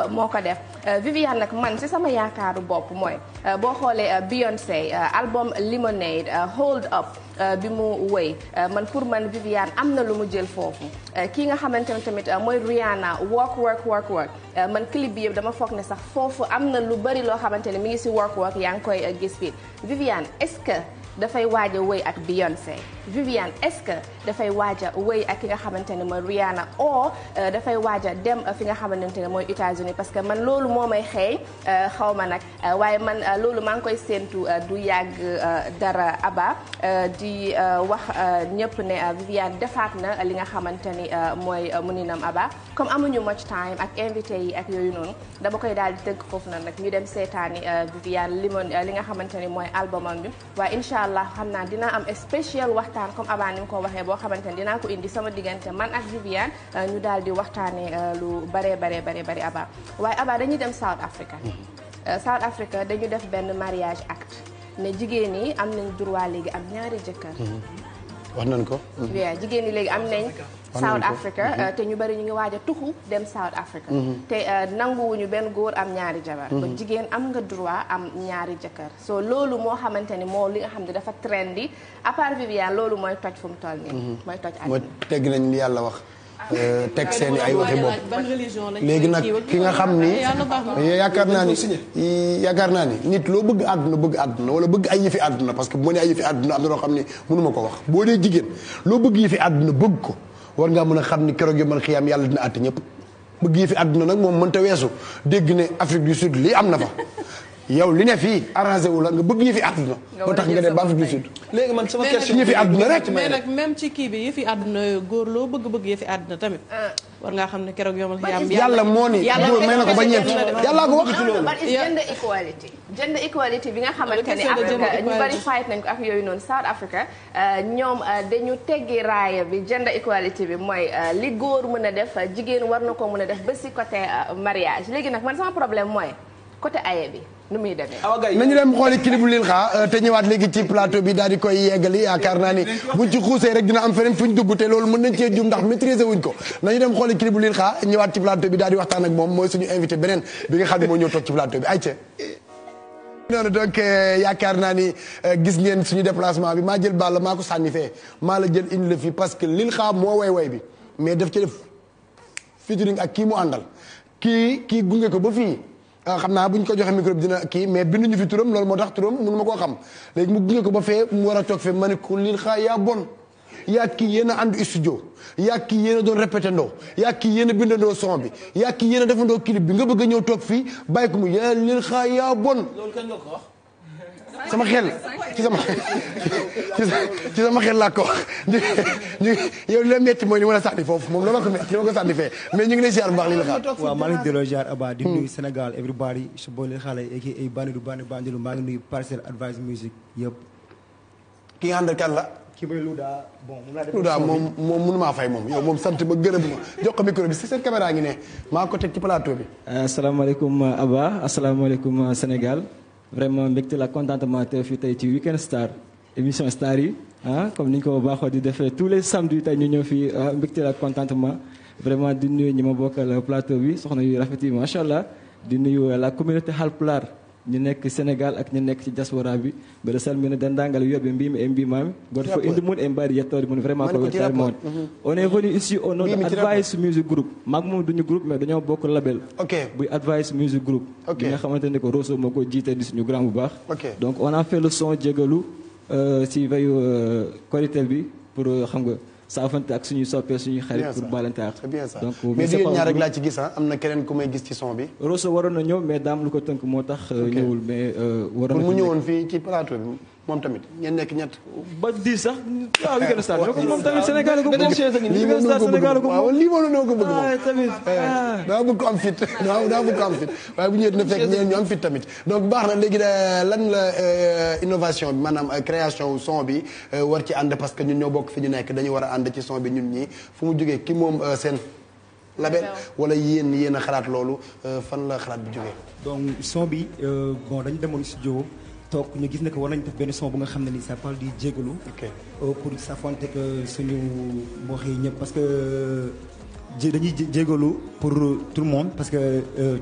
moo ko def Viviane nag man si sama yaakaaru bopp mooy boo xoolee Beyoncé album Lemonade Hold Up. Euh, bi mu woy euh, man pour man Viviane am na lu mu jël foofu euh, kii nga xamante ne tamit mooy Rihanna work work work work man clip bi yëpp dama foog ne sax foofu am na lu bari loo xamante ne mi ngi si work work yaa ngi koy gis fii Viviane est-ce que dafay waaj a woy ak Beyoncé Viviane est-ce que dafay waaj a ak ki nga xamante ne mooy Rihanna o euh, dafay waaj dem fi nga xamante ne mooy États-Unis parce que man loolu moo may xeeñ euh, xaw ma nag euh, waaye man loolu maa ngi koy séentu du yàgg dara Aba di wax ñëpp ne Viviane defaat na li nga xamante ni mooy muninam Aba comme amuñu much time ak invité yi ak yooyu noonu dama koy daal di tëgg foofu na nag ñu dem seetaani Viviane li li nga xamante ni mooy albumam bi waaye incha allah xam naa dina am spécial wax waxtaan comme Aba ni mu ko waxee boo xamante ne dinaa ko indi sama diggante man ak Viviane euh, ñu daal di waxtaanee euh, lu baree baree baree bari Aba waaye Aba dañu dem South Africa. Mhm. Euh, South Africa dañu def benn mariage acte ne jigéen ñi am nañ droit léegi am ñaari jëkkër. Mhm. wax nañ ko. waaw mhm. jigéen ñi léegi am nañ. South Africa mhm. euh, te ñu bari ñu ngi waaj a tuxu dem South Africa mhm. te euh, nanguwuñu benn góor am ñaari jabar mhm. ba jigéen am nga droit am ñaari jëkkër so loolu moo xamante ni moo li nga xam ne dafa trendy à part Viviane loolu mooy toj fu mu toll nii mooy toj nañ li yàlla wax euh, teg ah, seen ay waxi bopp léegi nag ki nga xam ni ah, yaakaar naa ni yaakaar naa ni nit loo bëgg àdduna bëgg àdduna wala bëgg ay yëfi àdduna parce que moo ma nee ay yëfi àdduna am na loo xam ne mënuma ko wax boo dee jigéen loo bëgg yëfi àdduna bëgg ko war ngaa mën a xam ni keroog yu man xiyaam yàlla dina àtte ñëpp bëgg yi fi àdduna nag moom mënta weesu dégg ne Afrique du Sud lii am na fa yow li ne fii arrangé wu la nga bëgg fi àdduna. ba tax nga dem ba Afrique du Sud. léegi man sama question yëfi àdduna rek. mais nag même ci kii bi yëfi àdduna góor loo bëgg bëgg yëfi àdduna tamit. Ah. war ngaa xam ne keroog yomal xiyaam yàlla moo ni góor may na ko ba ñeent yàllaa ko wax gender equality gender equality bi nga xamante ni Africa ñu bari fight nañ ko ak yooyu noonu South Africa euh, ñoom euh, dañu teggi raaya bi gender equality bi mooy euh, li góor mën a def jigéen war na ko mën a def ba si côté mariage léegi nag man sama problème mooy côté aye bi nu muy demee. nañu dem xooli clip lil xaa euh, te ñëwaat léegi ci plateau bi daal di koy yeggali yaakaar naa ni buñ ci xuusee rek dina am feneen fuñ dugg te loolu mën nañ cee jum ndax maîtriser wuñ ko nañu dem xooli clip lil xaa ñëwaat ci plateau bi daal di waxtaan ak moom mooy suñu invité beneen bi nga xam ne moo ñëw toog ci plateau bi ayca. noonu donc euh, yaakaar naa ni euh, gis ngeen suñu déplacement bi maa jël baal maa ko sànni fee maa la jël indi la fii parce que lil xaa moo way way bi mais daf ci def ak kii mu àndal kii kii gunge ko ba fii Ah, xam naa bu ñu ko joxee micro bi dina kii mais binduñu fi turam loolu moo tax turam mënu ma koo xam léegi mu gunge ko ba fee mu war a toog fee ma ne ko lil xaa yaa bon yaa kii yéen a ànd studio yaa kii yéen doon répété ndoo yaa kii yéen a bindandoo son bi yaa kii yéen defandoo clip bi nga bëgg a ñëw toog fii bàyyi ko mu yaa lil xaa yaa bon. ko wax. sama xel ci sama ci sama xel laa ko wax ñu yow li la mooy ni mën a sànni foofu moom loolu la ko metti la ko sànni fee mais ñu ngi lay ziar bu baax li la xaar. waaw maa ngi delloo ziar Abba di hmm. nuyu Sénégal everybody su boole xale yi ay bandi du bandi bandilu maa ngi nuyu Parcel Advice Music yëpp. ki nga àndal kan la. ki may Louda bon mun naa def. moom moom mënu maa fay moom yow moom sant ba gërëm ma jox ko bi si seen caméra ngi ne maa ko teg ci plateau bi. asalaamaaleykum Abba asalaamaaleykum senegal vraiment mbégte la contentement te fii tey ci Weekend Star émission star yi ah comme ni ñu ko baaxoo di defee tous les samedis tey ñu ñëw fii ah, mbégte la contentement vraiment di nuyu ñi ma bokkal plateau bi soxna yu rafet yi macha allah di nuyu la communauté Halpulaar. ñu nekk sénégal ak ñu nekk ci diaspora bi mbeɗa salmina dendagal wiyoɓe mbimi e mbimami goto fof indi mum en mbawi yettode mum vraiment ko wettare mawde mhm. on est venu ici au nom de advice musique groupe maako mum duñu groupe mais dañoo bokk label buy advice musique groupe bi nga xamante ne ko rosso moo ko jiite di suñu grand bu baax donc on a fait le son jégalu euh, si veyu koritel euh, bi pour euh, xam nga saafante ak suñuy soppee suñuy xarit pour baalante ak donc mais yéen ñaar rek laa ci gis ah. am na keneen ku may gis ci son bi Rosso waroon na ñëw mais daam lu ko tënk moo tax euh, ñëwul mais euh, waroon na mu ñëwoon fii ci plateau bi moom tamit ngeen nekk ñett. ba di sax waaw Weekend Star moom tamit Sénégal ko bëgg lii moom noo ko bëgg moom eh, daa bëgg ko am fit daa bëgg ko am fit waaye bu ñëwee na fekk ñeen ñu am fit tamit donc baax na léegi lan la euh, innovation bi maanaam euh, création son bi euh, war ci ànd parce que ñun ñoo bokk fi ñu nekk dañu war a ànd ci son bi ñu ñi fu mu jógee ki moom seen label wala yéen yéen a xalaat loolu fan la xalaat bi jógee donc son bi bon dañu si studio toog ñu gis ne ko war nañ def benn son bu nga xam ne nii ça parle di jégalu. ok euh, pour safante que euh, suñu mbokk yi ñëpp parce que euh, dañuy jégalu pour tout le monde parce que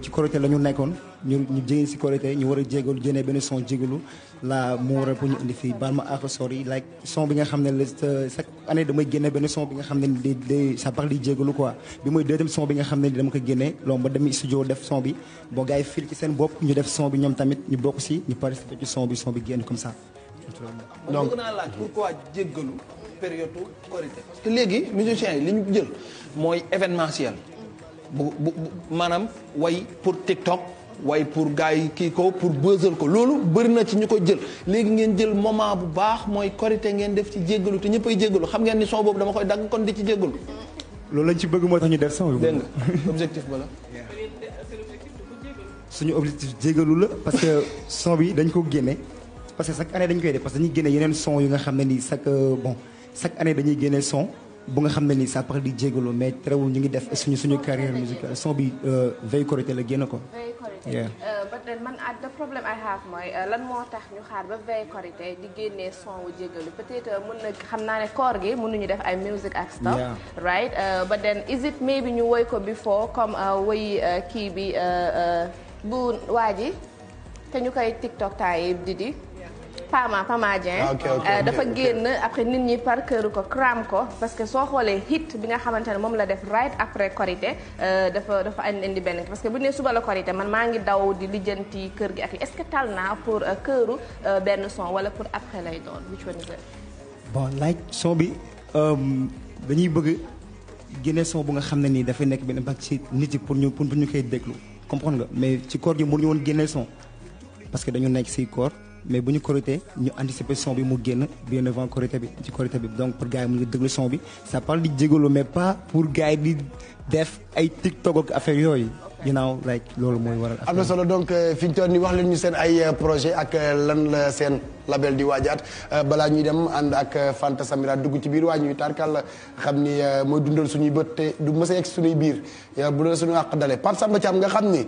ci Korité la ñu nekkoon. ñu ñu jege si korité ñu war a jégalu jënee benn son jégalu la moo waral pour ñu indi fii baal ma bi nga xam ne la chaque année damay génne benn son bi nga xam ne day day ça parle mooy deuxième son nga xam ne dama ko génnee loolu ma dem studio def son bi bon gars ci seen bopp ñu def son ñoom tamit ñu bokk si ñu participer ci son bi son comme ça donc jël mooy événementiel bu bu way pour TikTok waaye pour gars yi kii ko pour bësal ko loolu bëri na ci ñu ko jël léegi ngeen jël moment bu baax mooy korite ngeen def ci jéggalu te ñëppay jéggalu xam ngeen ni son boobu dama koy dagg kon di ci jéggalu loolu lañ ci bëgg moo tax def son bi dégg nga ba la suñu objectif jéggalu la parce que son bi dañ ko génne parce que chaque année dañ koy def parce que dañuy génne yeneen son yu nga xam ne nii chaque euh, bon chaque année dañuy génne son bu nga xam ne nii ça parle di jégalu mais terewul ñu ngi def suñu suñu carrière musicale son bi euh, veille Korité la génn ko. veille Korité euh, man ah, the problem I have mooy euh, lan moo tax ñu xaar ba veille Korité di génnee son wu jégalu peut-être xam naa ne koor gi ñu def ay music ak stuff. right but then is it bi ñu woy ko before comme woy kii bi bu waa ji te ñu koy TikTok taay di di. Pama Pama Dieng dafa génn après nit ñi par cœur ko cram ko parce que soo xoolee hit bi nga xamante ne moom la def right après korité euh, dafa dafa indi benn parce que bu ñu nee suba la korité man maa ngi daw di lijjanti kër gi ak est-ce que tal naa pour euh, këru euh, benn son wala pour après lay doon bon like son bi dañuy bëgg génne son bu nga xam ne nii dafay nekk benn impact ci nit yi pour ñu pour ñu koy déglu comprendre nga mais ci koor gi mënuñu woon génne parce que dañu nekk ci koor mais bu ñu corité ñu anticiper son bi mu génn bien avant corité bi ci corité bi donc pour gars yi mu ngi déglu son bi ça parle di jégalu mais pas pour gars di def ay tiktok ak affaire yooyu. ginnaaw like loolu mooy waral. am na solo donc euh, fi ñu toll nii wax leen ñu seen ay euh, projet ak euh, lan la seen. label di waajaat euh, balaa ñuy dem ànd ak euh, Fanta Samira dugg ci biir waa ñuy la xam ni euh, mooy dundal suñuy bët du mës a suñuy biir bu la suñu àq dale Pape Samba Thiam nga xam ni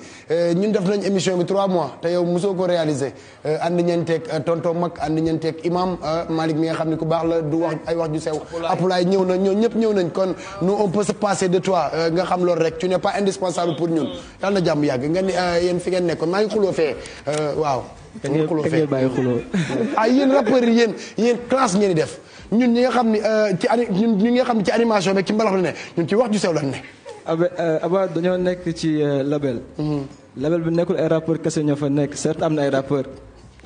ñun def nañ émission bi 3 mois te yow mosoo ko réaliser ànd ñeenteeg tonton mag ànd ñeenteeg imam Malick mi nga xam ni ku baax la du wax ay wax ju sew apulaay ñëw na ñoo ñëpp ñëw nañ kon nous on peut se de toi nga xam loolu rek tu n'es pas indispensable pour ñun yàlla na jàmm yàgg nga ni yéen fi ngeen nekk maa ngi xuloo fee waaw te ngeen bàyyi xuloo ah yéen rappeurs yi yéen classe ngeen di def ñun ñi nga xam ne euh, ci ñun ñi nga xam ci animation bi ci mbalax la ne ñun ci wax ju sew la ne. Abe euh, dañoo nekk ci euh, label. Mhm. label bi nekkul ay rappeurs kese ñoo fa nekk certes am na ay rappeurs.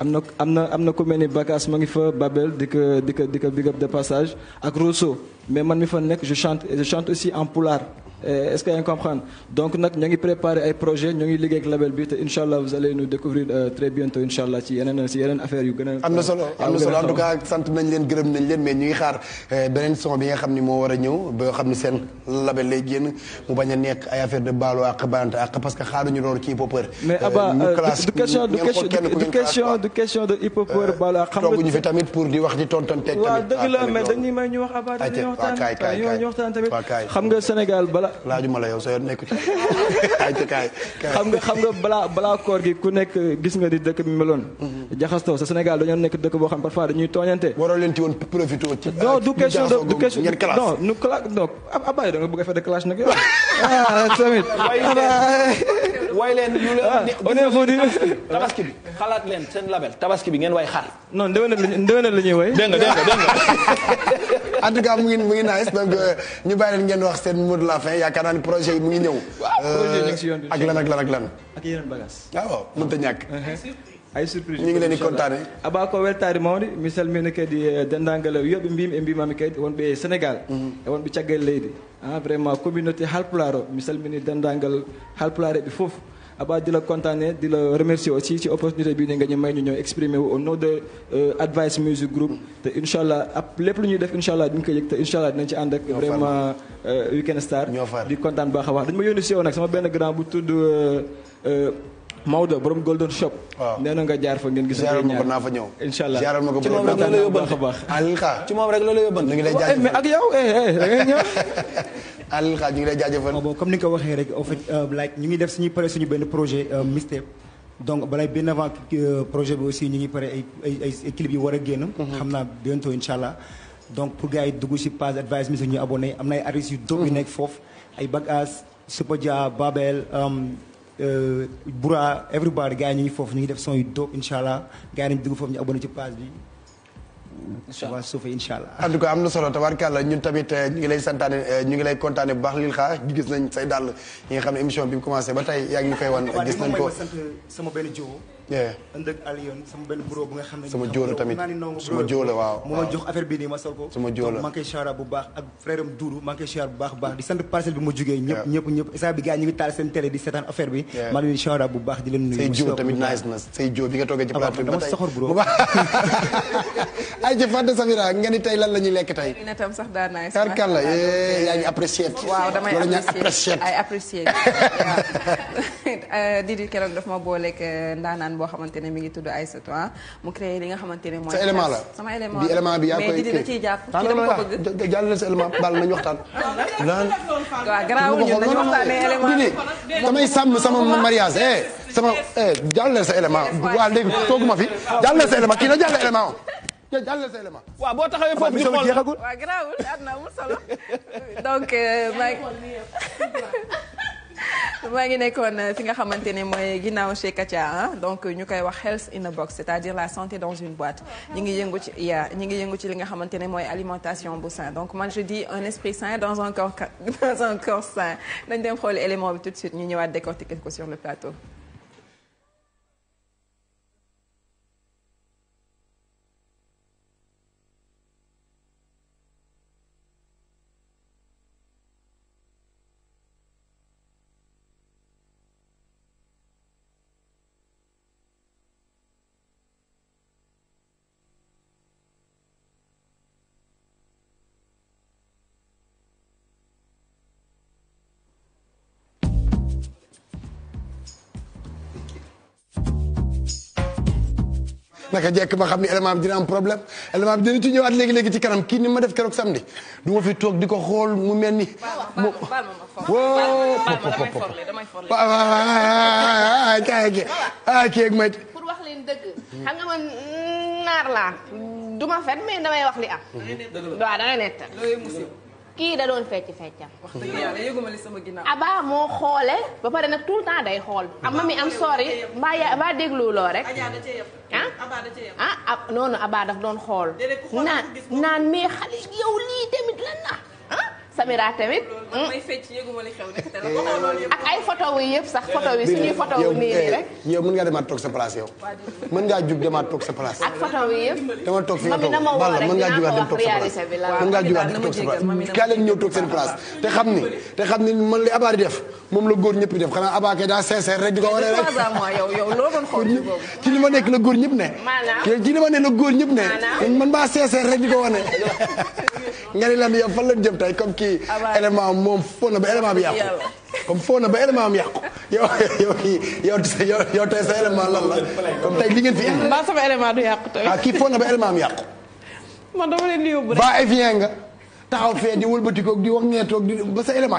am na am na am na ku mel ni Bakas ngi fa Babel di ko di ko di ko big up de passage ak Rosso mais man mi fa nekk je chante et je aussi en pulaar. Eh, est-ce que yaa comprendre donc nag ñoo ngi préparer ay projet ñoo ngi liggéey label bi te incha allah vous allez nous découvrir euh, très bientôt incha allah ci yeneen ci yeneen affaire yu gën a. am na solo ah, am na euh, a ñëw ba xam ni seen label lay mu bañ a nekk ay affaire de baalu ak bante ak parce que xaaruñu loolu ci hip mais euh, Abba du question du question de hip-hopeur ak ah, xam nga Sénégal bala nga laajuma la yow sa yoon nekku xam nga xam nga balaa balaa koor gi ku nekk gis nga di dëkk bi meloon mhm. jaxastoo sa Sénégal dañoo nekk dëkk boo xam parfois dañuy tooñante waroo leen ci woon profité ci non du question de du question non nu clash non a fete clash nag yow ah tamit way leen ah, tabaski bi xalaat leen seen label tabaski bi ngeen way xar non ndéwénal ndéwénal la ñuy way dégg nga dégg nga en tout cas mu ngi mu ngi nice euh, seen mot la fin yaakaar naa ni projet yi mu ngi ñëw. Euh, ak lan ak lan ak lan. ak yeneen bagages. Ah waaw mënut a ñàkk. Uh-huh. ay surprise ñu ngi leen di kontaane aba ko weltaari mawde mi salmini kadi euh, denndangala wiyoɓe mbiim e mbimami kadi wonɓe sénégal e mm-hmm. wonɓe caggal leydi a ah, vraiment communauté halpular o mi salmini denndangal halpular eɓe fof Abba di la kontaane di la remercier aussi ci opportunité bi ni nga ñu may ñu ñëw exprimer wu au nom de euh, Advice Music Group te incha allah ab lépp lu ñuy def incha allah duñ ko yëg te incha allah dinañ ci ànd ak vraiment euh, Weekend Star di kontaan baax a wax dañ ma yónni si yow nag sama benn grand bu tudd euh, Maodo borom Golden Shop. waaw nee na nga jaar fa ngeen gis. ziaral ma ko naa fa ñëw incha allah ziaral ma ko bëri naa fa ñëw baax a baax. ci moom rek loolu yóbban. Eh, eh, eh, ñu ngi lay jaajëfal mais ak yow da ngay ngi lay jaajëfal. bon comme ni nga ko waxee rek en fait euh, like ñu ngi def suñu pare suñu benn projet euh, mixtape donc balay benn avant euh, projet bi aussi ñu ngi pare ay ay ay clip yi war a génn. Mhm. xam naa bientôt incha allah. donc pour gars yi dugg si page advice mi ñu abonné am na ay artistes yu dope mhm. nekk foofu ay bagages Super Dia Babel. Um, Euh, Bura everybody gars yi ñu ngi foofu ñu ngi def son yu dope incha allah gars yi nañu dugg foofu ñu abonné ci page bi. incha allah suuf incha allah. en tout cas na solo tabarkàlla ñun tamit euh, ñu ngi lay santaane euh, ñu ngi lay kontaane bu baax lil xaa gis nañ say daal yi nga xam ne émission bi mu commencé ba tey yaa ngi koy wan. gis nañ ko sama benn jiw. ànd ak Alioune sama benn bro bu nga xam ne sama jóola tamit sama jóola waaw moo ma jox affaire bi nii ma sol ko sama jóola maa ngi koy siyaar bu baax ak frère am Doudou maa ngi koy siyaar bu baax bu baax di sant parcelle bi ma jógee ñëpp ñëpp ñëpp saa bi gars yi ñu ngi taal seen télé di seetaan affaire bi maa ngi leen siyaar bu baax di leen nuyu say jóo tamit nice na say jóo bi nga toogee ci ah, plateau bi dama soxor bro ay jëf Fanta Samira nga ni tey lan la ñuy lekk tey tam sax daa nice karkal la eh, yaa ngi apprécié waaw damay apprécié ay apprécié Didi keroog daf ma booleeg eh, ndaanaan boo xamante ne mi ngi tudd Aïssatou ah, mu créé li nga xamante ne mooy. sa élément la sama élément bi élément bi yaa koy kii mais ciy jàpp ci dama ko bëgg. jàllale sa élément baal nañu waxtaan. lan waaw garaawuñu nañu waxtaanee élément bi damay sàmm sama mariage eh sama eh jàllale sa élément waaw léegi tooguma fi jàllale sa élément kii la jàllale élément jàllale sa élément. waaw boo taxawee foofu ñu xool waaw garaawul am na amul solo donc. Euh, maa ngi nekkoon fi nga xamante ne mooy ginnaaw chez Katia ah, donc ñu koy wax health in a box c'est-à-dire la santé dans une boîte ñi ngi yëngu ci ya ñi ngi yëngu ci li nga xamante ne mooy alimentation bu sain donc ma je dis un esprit sain dans un corps dans un corps dem xool élément tout de suite ñu ñëwaat décortiquer ko sur le plateau naka jekk ma xam ni élément bi dina am problème élément bi dina ci ñëwaat léegi léegi ci kanam kii ni ma def keroog samedi du ma fi toog di ko xool mu mel ni. waaw waaw baal ma wax leen dëgg xam nga man naar laa duma fen mais damay wax li am. dëgg la waaw dangay nett kii da doon fecc feccam wax dëgg yàlla yëguma li sama ginnaaw moo xoole ba pare nag tout le temps day xool am ma mi am sori mbaa yaa mbaa déglu rek ah? ah ah noonu abaa daf doon xool naan naan mais xale yow lii tamit lan la Samira tamit. Hmm? ak ay photo wu yëpp sax photo wi suñuy photo wu nii nii rek. Eh, yow mën ngaa demaat toog sa place yow. mën ngaa jug demaat toog sa place. ak nga toog bala mën ngaa jugaat dem toog sa place. mën ngaa jugaat dem toog sa te xam ni te xam ni man li Abba di def moom la goor ñëpp di def xanaa Abba kay daa sincère rek di ko wane rek. ci li ma nekk la góor ñëpp ne. ci li ma ne la góor ñëpp ne. man maa sincère rek di ko wane. nga ne lan yow fan la jëm tey comme kii bi ah, élément moom foo na ba élément bi yàqu comme foo na ba élément am yàqu yow yow yow yow tey sa la comme tey li fi indi. mbaa sama élément du yàqu tamit. ah kii foo na ba élément am yàqu. man dama leen di yóbbu rek. va et vient nga taxaw fee di wax ñeetoog di ba sa yàqu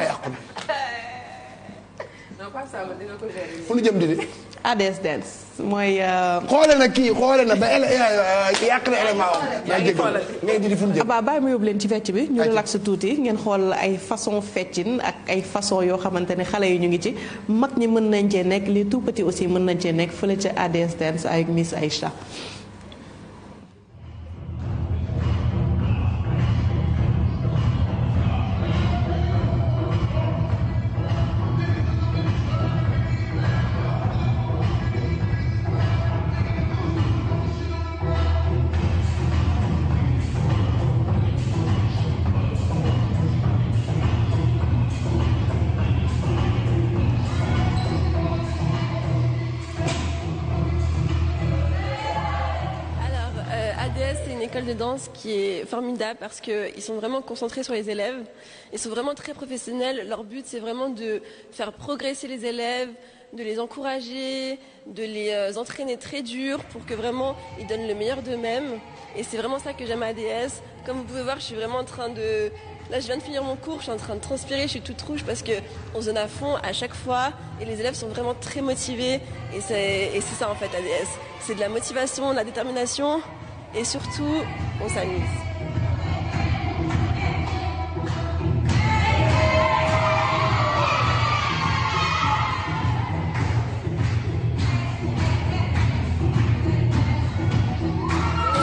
fu ñu jëm de. ADS dance mooy. Euh, xoole na kii xoole na ba eh, eh, yàq na élément am. bàyyi ma yóbbu leen ci fecc bi. ñu relax tuuti ngeen xool ay façon feccin ak ay façon yoo xamante ne xale yi ñu ngi ci mag ñi mën nañ cee nekk les tout aussi mën nañ cee nekk fële ca ADS dance ay Miss Aïcha. France qui est formidable parce qu'ils sont vraiment concentrés sur les élèves. Ils sont vraiment très professionnels. Leur but, c'est vraiment de faire progresser les élèves, de les encourager, de les euh, entraîner très dur pour que vraiment ils donnent le meilleur d'eux-mêmes. Et c'est vraiment ça que j'aime à ADS. Comme vous pouvez voir, je suis vraiment en train de... Là, je viens de finir mon cours, je suis en transpirer, je toute rouge parce qu'on se donne à fond fois et surtout, on s'amuse.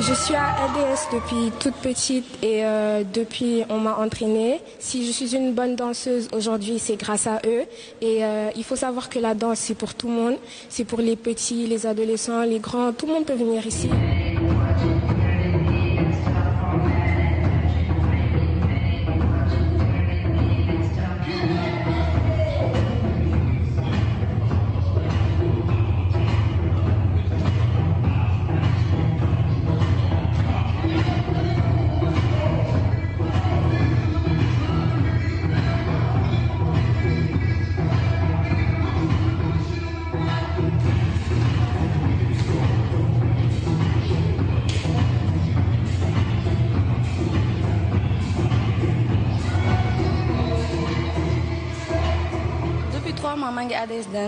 Je suis à LDS depuis toute petite et euh, depuis on m'a entraînée. Si je suis une bonne danseuse aujourd'hui, c'est grâce à eux. Et euh, il faut savoir que la danse, c'est pour tout le monde. C'est pour les petits, les adolescents, les grands. Tout le monde peut venir ici.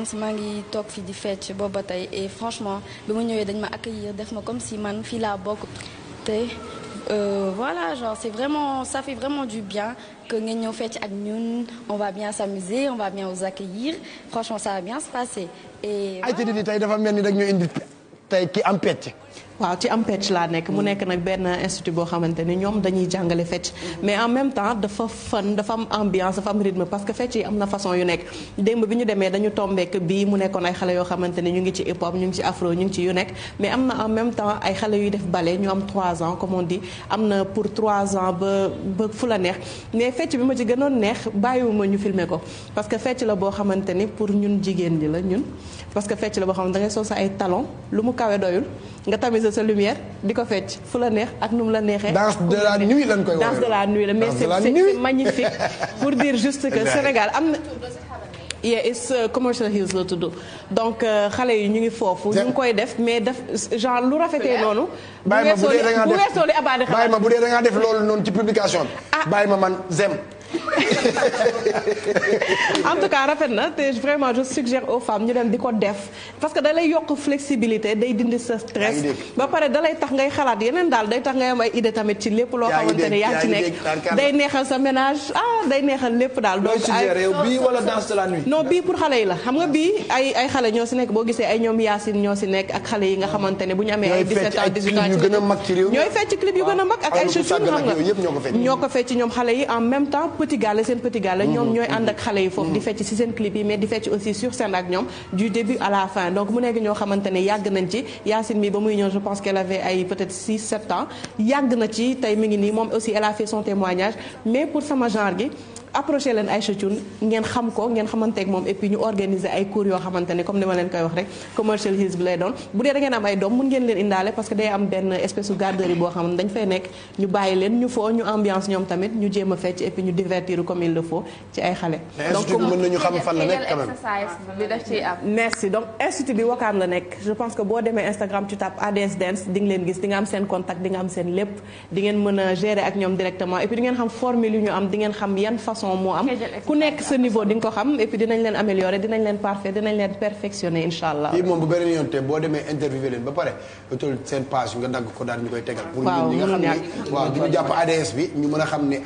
dance maa ngi toog fi di fecc booba tey et franchement bi ma ñëwee dañ ma accueillir def ma comme si man fii la bokk te euh, voilà genre c'est vraiment ça fait vraiment du bien que ngeen ñëw fecc ak ñun on va bien s'amuser on va bien vous accueillir franchement ça va bien se passer et. ay tey dafa mel ni rek ñu indi tey ki am pecc. waaw ci AMPEJ laa nekk mu nekk nag benn institut boo xamante ni ñoom dañuy jàngale fecc mais en même temps dafa fun dafa am ambiance dafa am rythme parce que fecc yi am na façon yu nekk démb bi ñu demee dañu tombeek bii mu nekkoon ay xale yoo xamante ni ñu ngi ci hip hop ñu ngi ci afro ñu ngi ci yu nekk mais am na en même temps ay xale yuy def ballet ñu am 3 ans comme on am na pour 3 ans ba ba fu la neex mais fecc bi ma ci gënoon neex bàyyiwuma ñu filmer ko parce que fecc la boo xamante ni pour ñun jigéen ñi la ñun parce que fecc la boo xam ne da ngay sol sa ay talon lu mu kawe doyul nga tamiser sa lumière di ko fecc fu la neex ak nu mu la neexee. danse de la nuit lañ koy danse la nuit la mais c'est magnifique pour dire juste que Sénégal am na. yeah it's uh, commercial la tudd donc euh, xale yi ñu ngi foofu. ñu nga koy def mais def genre lu rafetee noonu. bàyyi ma bu dee da ngaa def bu weesoo li bu weesoo li abaa di xalaat bàyyi ma bu def loolu noonu ci publication bi. Ah. bàyyi ma man zem. en tout rafet na te vraiment je suggère aux femmes ñu dem di ko def parce que da lay yokk flexibilité day dindi sa stress. ba pare da tax ngay xalaat yeneen daal day tax ngay am ay idée tamit ci lépp loo xamante ne yaa ci nekk day neexal sa ménage ah day neexal lépp daal. donc ay bii wala pour xale yi la xam nga bii ay ay xale ñoo si nekk boo gisee ay ñoom yaasin ñoo si nekk ak xale yi nga xamante ne bu ñu amee ay 17 ans 18 ans ñooy fecc clip yu gën a mag ak ñoo ko fecc ñoom yi en même temps petit gala seen petit gala ñoom mhm. ñooy ànd ak xale yi foofu di mhm. fecc ci seen clip yi mais di fecc aussi sur scène ak ñoom du début à la fin donc mu nekk ñoo xamante yàgg nañ ci Yacine mi ba muy ñëw je pense qu'elle avait ay peut-être 6 7 ans yàgg na ci tey mi ngi nii moom aussi elle a fait son témoignage mais pour sama genre gi approché leen Aïcha Thioune ngeen xam ko ngeen xamanteeg moom et ñu organiser ay cours yoo xamante comme ni ma leen koy wax rek commercial hills bi lay doon bu dee da am ay doom mun ngeen leen indaale parce que day am benn espèce de garderie boo xam dañ fay nekk ñu bàyyi leen ñu foo ñu ambiance ñoom tamit ñu jéem fecc et ñu divertir comme il le faut ci ay xale. donc mën nañu xam fan la nekk merci donc institut bi wakaam la nekk je pense façon moo am ku nekk sa niveau di nga ko xam et dinañ leen améliorer dinañ leen parfait dinañ leen perfectionner incha allah kii moom bu beneen yoon te boo demee interviewé leen ba pare toll seen page nga dagg ko daal ñu koy tegal pour ñu jàpp ADS a xam ne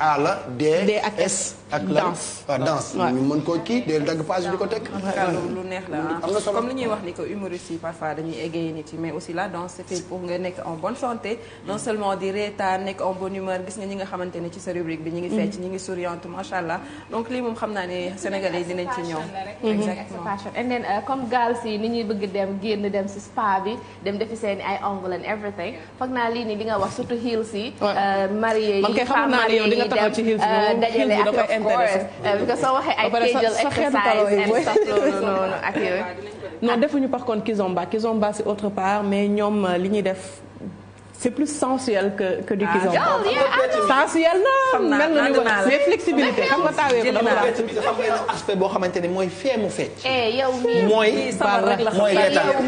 kii dee dagg page di ko teg comme li wax ni ko humoriste parfois dañuy égayer nit yi mais aussi la danse c'est fait pour nga nekk en bonne santé non seulement di reetaan nekk en bonne humeur gis nga allah donc lii moom xam naa ne sénégalais yi dinañ ci ñëw. exactement and then euh, comme gaal si ni ñuy bëgg dem génn dem si spa bi dem defi seen ay ongle and everything foog naa lii nii di nga wax surtout heels yi. Euh, marié yi femme marié yi dem euh, dajale ak of course parce que soo waxee ay casual exercise and stuff loolu noonu ak yooyu. non defuñu par contre kizomba kizomba c'est autre part mais ñoom li ñuy def. c'est plus sensuel que que du kizomba. ah jërëjëf oh, sensuel na mel na ni mais flexibilité xam nga tawee ko dama la. xam nga aspect boo xamante ne mooy fee mu fecc. Eh, yow mii mooy mooy reetaan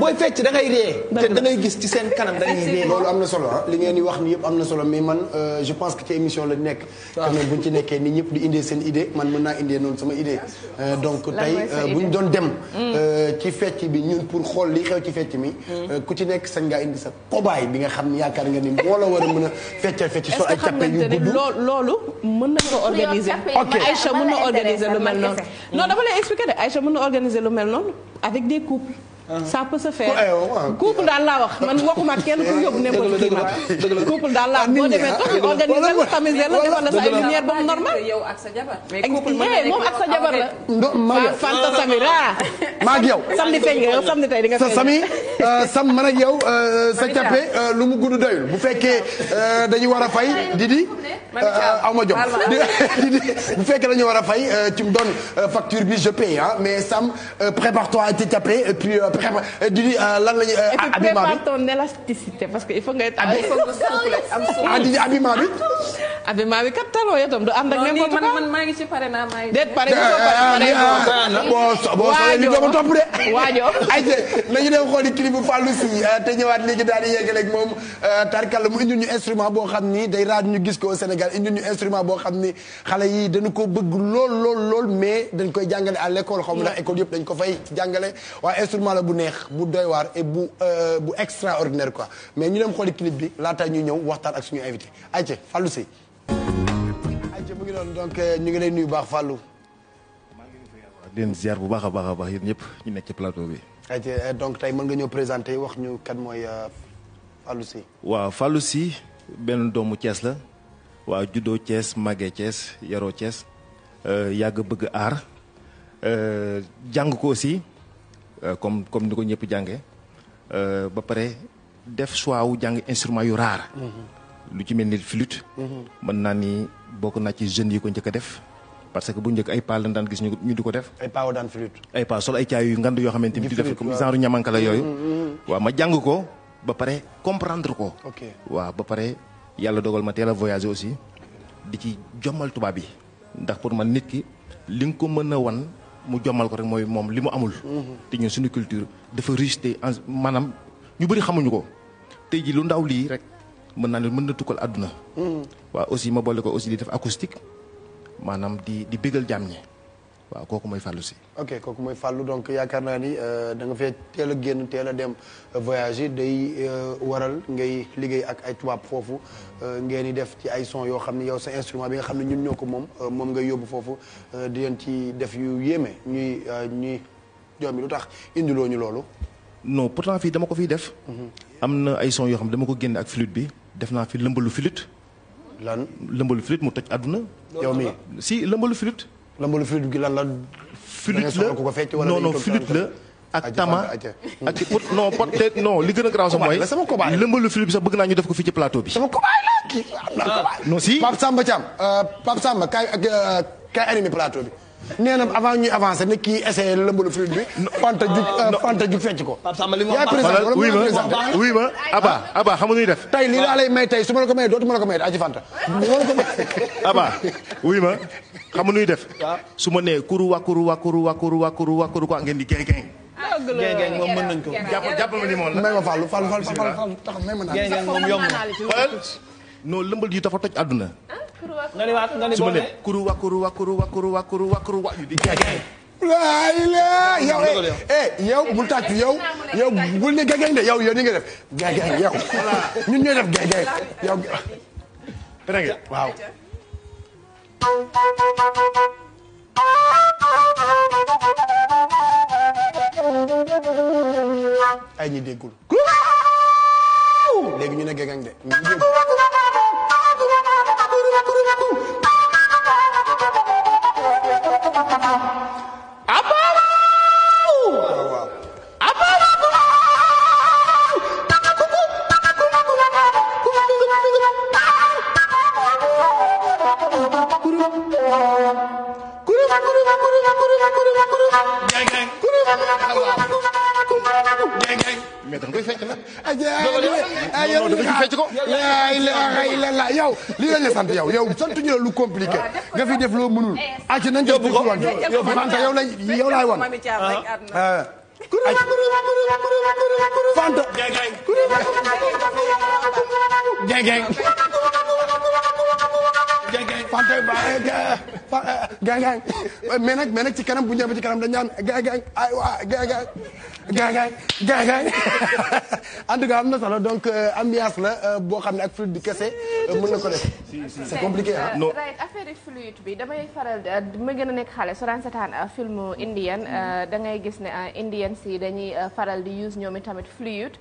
booy fecc da ngay ree te da ngay gis ci seen kanam da ree loolu am na solo ah. li ngeen di wax ni yëpp am na solo mais man euh, je pense que ci émission la nekk. waaw quand bu ñu ci nekkee ni ñëpp di indee seen idée man mën naa indee noonu sama idée. Euh, donc tey euh, bu ñu doon dem. Mm. ci fecc bi ñun pour xool li xew ci fecc mi. Mm. ku ci nekk sañ ngaa indi sa. cobaye bi nga xam ne yaakaar nga ni moo la war a mën a feccal fecc soo ay cappe yu gudd loolu mën na ko organiser Aïcha mën na organiser lu mel noonu non dama lay expliquer de Aïcha mën na organiser lu mel noonu avec des couples Uh-huh. ça peut se faire eh, couple daal laa wax man waxuma kenn ku yóbbu ne mbënd kii ma couple daal laa ah, boo demee ah, toog organiser la tamiser la defal la sa lumière ba normal. yow ak sa jabar eh, eh, moom ak sa jabar la. ndo maa yow feeñ nga yow samedi tey di nga. sa sami euh, sam man ak yow euh, sa cappe euh, lu mu gudd doyul bu fekkee dañu war a fay didi. aw ma jom didi bu fekkee dañu war a fay ci mu doon facture bi je mais sam prépare-toi à te taper pexe ba di di ah, lan la ñuy. Ah, bi et puis prépare ton élasticité parce que il faut ngi ci pare naa maa ngi. déet pare eh, ay eh, eh, nañu dem xooli clip Fallou si te ñëwaat léegi daal di yeggale ak moom tarkal mu indil ñu instrument boo xam ni day raad ñu gis ko au Sénégal indil ñu instrument boo xam ni xale yi dañu ko bëgg lool lool lool mais dañ koy jàngale à l'école xaw ma école yëpp dañ ko fay jàngale waaye instrument la bu neex bu doy waar et bu euh, bu extraordinaire quoi mais ñu dem xooli clip bi laata ñuy ñëw waxtaan ak suñu invité ayca Fallou Seye. ayca mu ngi donc euh, ñu ngi lay nuyu baax Fallou. maa bu baax a baax a baax yéen ñëpp ñu nekk ci plateau bi. ayca euh, donc tey mën nga ñëw présenter wax ñu kan mooy Fallou si waaw Fallou Seye benn doomu Thiès la. waa juddoo Thiès màggee Thiès yaroo Thiès. yàgg bëgg aar. jàng ko Euh, comme comme ni ko ñëpp jànge euh, ba pare def choix wu jàng instrument yu raar. Mm-hmm. lu ci mel ni flûte. Mm-hmm. mën naa ni bokk naa ci jeunes yi ko njëkk a def. parce que bu njëkk ay paa lañ daan gis ñu di ko def. ay paa daan flûte. sol ay caay yu yoo xamante ni di mm-hmm. ma jàng ko ba pare comprendre ko. waaw ba pare yàlla dogal ma teel a voyager aussi di ci jommal tubaab yi. ndax pour man nit ki li nga ko mën a wan. mu jommal ko rek mooy moom li mu amul. te ñun suñu culture dafa riche te maanaam ñu bëri xamuñu ko tey ji lu ndaw lii rek mën naa ne mën na tukkal àdduna. Mm. waaw aussi ma boole ko aussi di def acoustique maanaam di di bégal jàmm ñi. waaw kooku mooy fàllu si. ok kooku mooy fàllu donc yaakaar naa ni euh, da fee teel a génn teel a dem voyage yi day euh, waral ngay liggéey ak ay tubaab foofu euh, ngeen di def ci ay son yoo xam ne yow sa instrument bi nga xam ne ñun ñoo ko moom moom ngay yóbbu foofu di leen ci def yu yéeme ñuy ñuy jom lu tax indiloo ñu loolu. non pourtant fii dama ko fiy def. Mhm. am na ay son yoo xam ne dama ko génne ak flûte bi def naa fi lëmbalu flûte. lan lëmbalu flûte mu toj àdduna. yow mii si lëmbalu flûte. lambalu flûte gi lan la. flûte la non non flûte la ak tama ak pot non pot non li gën a graaw sax mooy. sama kobaay la lëmbalu flûte bi sax bëgg naa ñu def ko fii ci plateau bi. sama kobaay la kii non si Pape Samba Thiam euh, Pape Samba kaay ak euh, kaay animé plateau bi. nee na avant ñuy avancer ne kii essayé lëmbalu film bi. Fanta ju euh, Fanta ju fecc ko. yaa présenté wala ma présenté oui ma Aba Aba xam nga nuy def. tey lii laa lay may tey su ma la ko mayee dootu ma la ko mayee aji Fanta. Aba oui ma xam nga nuy def. Ah. su ma nee kuru wa kuru wa kuru wa kuru wa kuru wa kuru ko ngeen di geng geng moom mën nañ ko. jàpp jàpp ma ni moom la. may ma Fallou Fallou Fallou Fallou tax may ma naan. geng moom yomb na non lëmbal ji dafa toj àdduna. Ah, nga ni waat nga ni su ma ne kuru wa kuru wa kuru wa kuru wa kuru wa kuru wa yu di gege. waaye yow eh, eh yow bul tàcc yow yow bul ne gege de yow yow ni nga def gege yow ñun ñooy def gege yow. dégg nga waaw. ay ñi déggul. léegi ñu ne gegañ de laa ilaaha illallaah yow lii lañ la sant yow yow sant ñu la lu compliqué nga fi def loo mënul ac nañ def ci wan Fanta yow lañ yow laay wan ah. Fanta jegeng jegeng Fanta Eh, gang gang mais nag mais nag ci kanam bu ñu ci kanam dañu naan gang gang ay waa gang gang gang gang gang gang en tout cas am na solo donc euh, ambiance la euh, boo xam ne ak fluide bi kese euh, mën na ko def. si si c'est compliqué uh, affaire yi bi damay faral di uh, ma gën a nekk xale soo daan seetaan uh, film indien da ngay gis ne indien si dañuy faral di use ñoom itamit fluide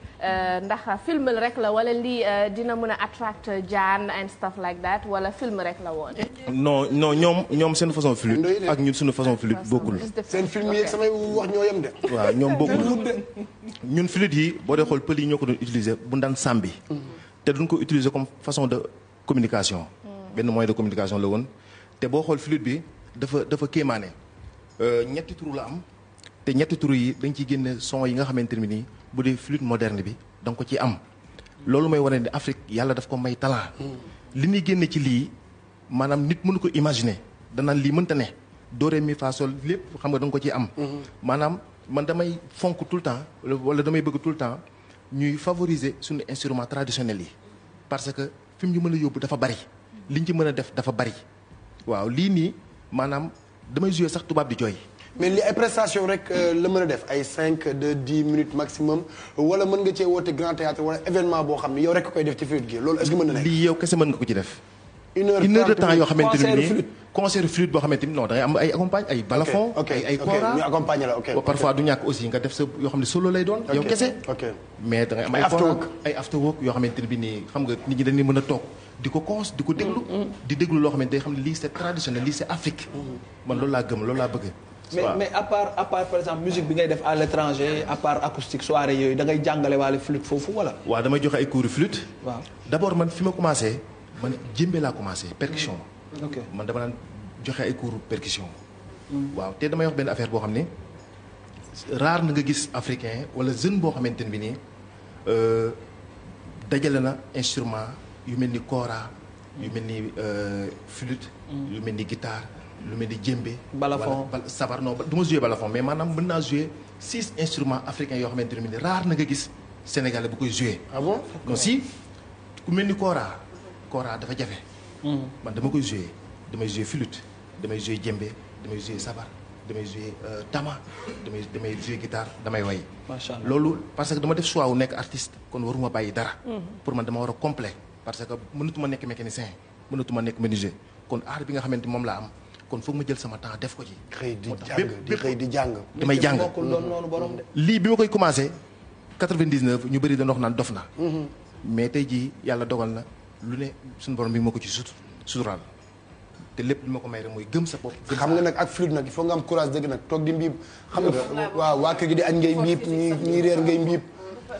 ndax film rek la wala lii dina mën a attract jaan and stuff like wala film rek la woon. non non ñoom ñoom seen façon fluide ak ñun suñu façon fluide bokkul. seen film yi ak samay wax ñoo yem de. waaw ñoom bokkul ñun fluide yi boo dee xool pël yi ñoo ko doon utiliser bu ndaan sàmbi mm-hmm. te duñ ko utiliser comme façon de. communication. benn moyen de communication la woon te boo xool flûte bi dafa dafa kéemaane euh, ñetti tur la am te ñetti tur yi dañ ciy génne son yi nga xamante ne nii bu dee flûte moderne bi da nga ko ciy am. loolu mooy wane ne Afrique yàlla daf ko may talent. li ñuy génne ci lii maanaam nit mënu ko imaginer danaan lii mënta ne doore mi sol lépp xam nga da nga ko ciy am. maanaam man damay fonk tout le temps wala damay bëgg tout le temps ñuy favorise suñu instruments traditionnels yi fi mu ñu mën a yóbbu dafa bari li ci mën a def dafa bari waaw lii nii maanaam damay joué sax tubaab di jooy. mais li ay prestation rek euh, la mën a def ay 5 de 10 minutes maximum wala mën nga cee woote grand théâtre wala événement boo xam ne yow rek koy def ci fiit loolu est mën na nekk. lii yow kese mën nga ko ci def. une heure une heure de temps yoo xamante ne nii concert flûte am ay accompagne ay balafon. ay ay la parfois du ñàkk aussi nga def sa yoo xam ne solo lay doon. yow kese mais da am ay after work yoo xamante ne bi nii xam nga nit ñi dañuy mën a toog di ko cons di ko déglu. Mm, mm. di déglu loo xamante ne xam ne lii c'est traditionnel lii c'est Afrique. Mm. man loolu laa gëm loolu laa bëgg. mais mais à par exemple musique bi ngay def à l'étranger à acoustique soirée man laa commencé percussion. man dama daan joxe ay cours percussion. Mm. waaw te damay yox benn affaire boo xam ne rare na nga gis africain wala jeune boo xamante ne bi nii euh, dajale na instrument yu mel ni kora yu mel ni euh, flûte. Mm. yu mel ni guitare lu mel ni jëmbe. balafon wala sabar non du ma balafon mais maanaam mën naa joué six instruments africains yoo xamante ne bi nii rare na nga gis sénégalais bu koy joué. ah si ku mel ni kora. kora dafa jafe. Hmm. man dama koy joué damay joué flûte damay joué jembe damay joué sabar damay joué euh, tama damay damay joué guitare damay way. macha allah loolu parce que dama def choix wu nekk artiste kon waruma bàyyi dara. Hmm. pour man dama war a complet parce que mënatuma nekk mécanicien mënatuma nekk menuisier kon art bi nga xamante moom laa am. kon foog ma jël sama temps def ko ci. xëy di jàng damay jàng lii bi ma koy commencé. ñu bëri dañoo wax naan dof na. Hmm. mais tey jii yàlla lu ne suñu borom bi moo ko ci sut suturaal te lépp li ma ko may rek mooy gëm sa bopp. xam nga nag ak fluide nag il faut nga am courage dëgg nag toog di mbiib. xam nga waaw waa kër gi di añ ngay mbiib ñi ñi reer ngay mbiib.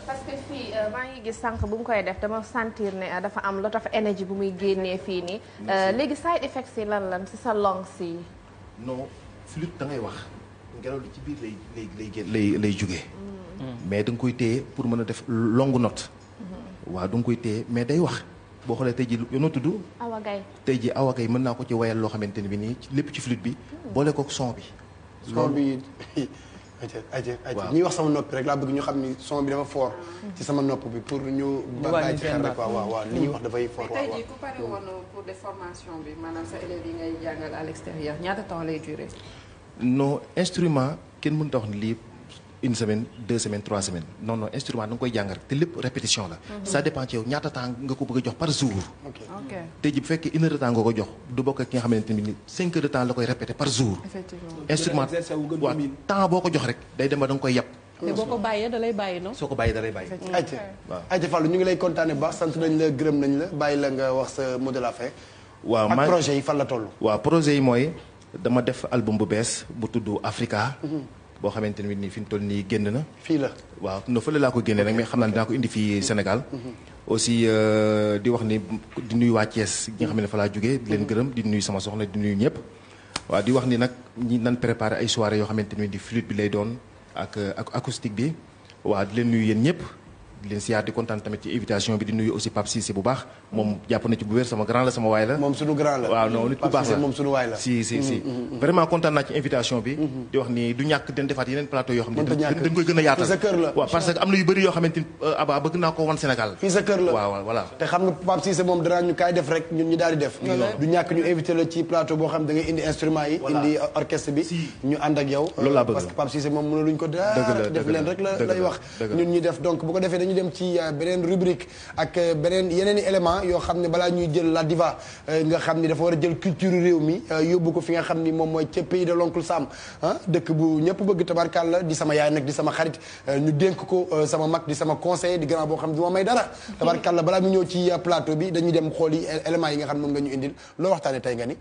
parce que fii euh, maa ngi gis sànq bu mu koy def dama sentir ne euh, dafa am lot of energy bu muy génnee fii nii. Euh, léegi side effects yi lan lan si sa lungs yi. non fluide wax ngelaw li ci biir lay lay lay lay jógee. Mm. mais danga koy téye pour mën a def longue note. Mm-hmm. waaw koy téye mais day wax. boo xoolee tey ji yoonoo tudd Awa Gaye tey ji mën naa ko ci wayal loo xamante ne bi nii lépp ci flûte bi hmm. boole ko son bi son bi ajë ajë ñuy wax sama noppi rek laa bëgg ñu xam ni son bi dafa fort hmm. ci sama nopp bi pour ñu bàyyi ci xel rek waaw waaw waaw li ñuy wax dafay fort waaw tey jii ku pare woon pour des formation bi maanaam sa élèves yi ngay ñaata temps lay durer non instrument kenn mën ta wax ni lii une semaine deux semaines trois semaines non instrument da nga koy jàngal te lépp répétition la. Mhm. ça dépend ci yow ñaata temps nga ko bëgg a jox par jour. ok ji bu fekkee une de temps nga ko jox du bokk nga xamante ni cinq la koy répété par jour. instrument waaw temps boo ko jox rek day dem ba da koy yàpp. te boo ko bàyyee da bàyyi noonu. soo ko bàyyee da bàyyi. ayca ayca Fallou ñu ngi lay kontaanee baax sant nañ la gërëm nañ la bàyyi la nga wax sa mot de la fin. waaw man yi fan la toll. waaw projet yi boo xamante ne nii fi ñu toll nii génn na. fii la waaw no fële laa ko génnee nag mais xam naa dinaa ko indi fii Sénégal. Mm-hmm. aussi euh, di wax ni di nuyu waa Thiès gi nga xam ne fa laa jógee di leen mm-hmm. gërëm di nuy sama soxna di nuyu ñëpp. waaw di wax ni nag ñi nan préparé ay soirée yoo xamante ne nii flûte bi lay doon ak euh, ak acoustique bi waaw di leen nuyu yéen ñëpp. di leen siyaar di kontaan tamit ci invitation bi di nuyu aussi Pape bu baax moom jàpp na ci bu wér sama grand la sama waay la moom suñu grand la moom suñu waay la si mm-hmm, mm-hmm. Mm-hmm. xam ne dañ euh, moom danaa ñu kaay def rek ñun ñu daal di def du ñàkk ñu invité la ci plateau boo xam da indi instrument yi indi euh, orchestre bi ñu ànd ak yow loolu laa euh, bëgg parce que Pape Cissé moom mëna ko dara def leen rek la lay wax donc bu ko defee dañu dem ci euh, beneen rubrique ak euh, beneen yeneen i élément yoo xam ne balaa ñuy jël la diva euh, nga xam ni dafa war a jël culture réew mi yóbbu ko fi nga xam ni moom mooy ca pays de l'oncle Sam ah dëkk bu ñëpp bëgg tabarkaal la di sama yaay nag di sama xarit ñu dénk ko sama mag di sama conseil di grand boo xam ne du may dara tabarkaal la balaa mu ñëw ci plateau bi dañuy dem xool yi éléments yi nga xam ne moom nga ñu indil loo waxtaane tey nga ni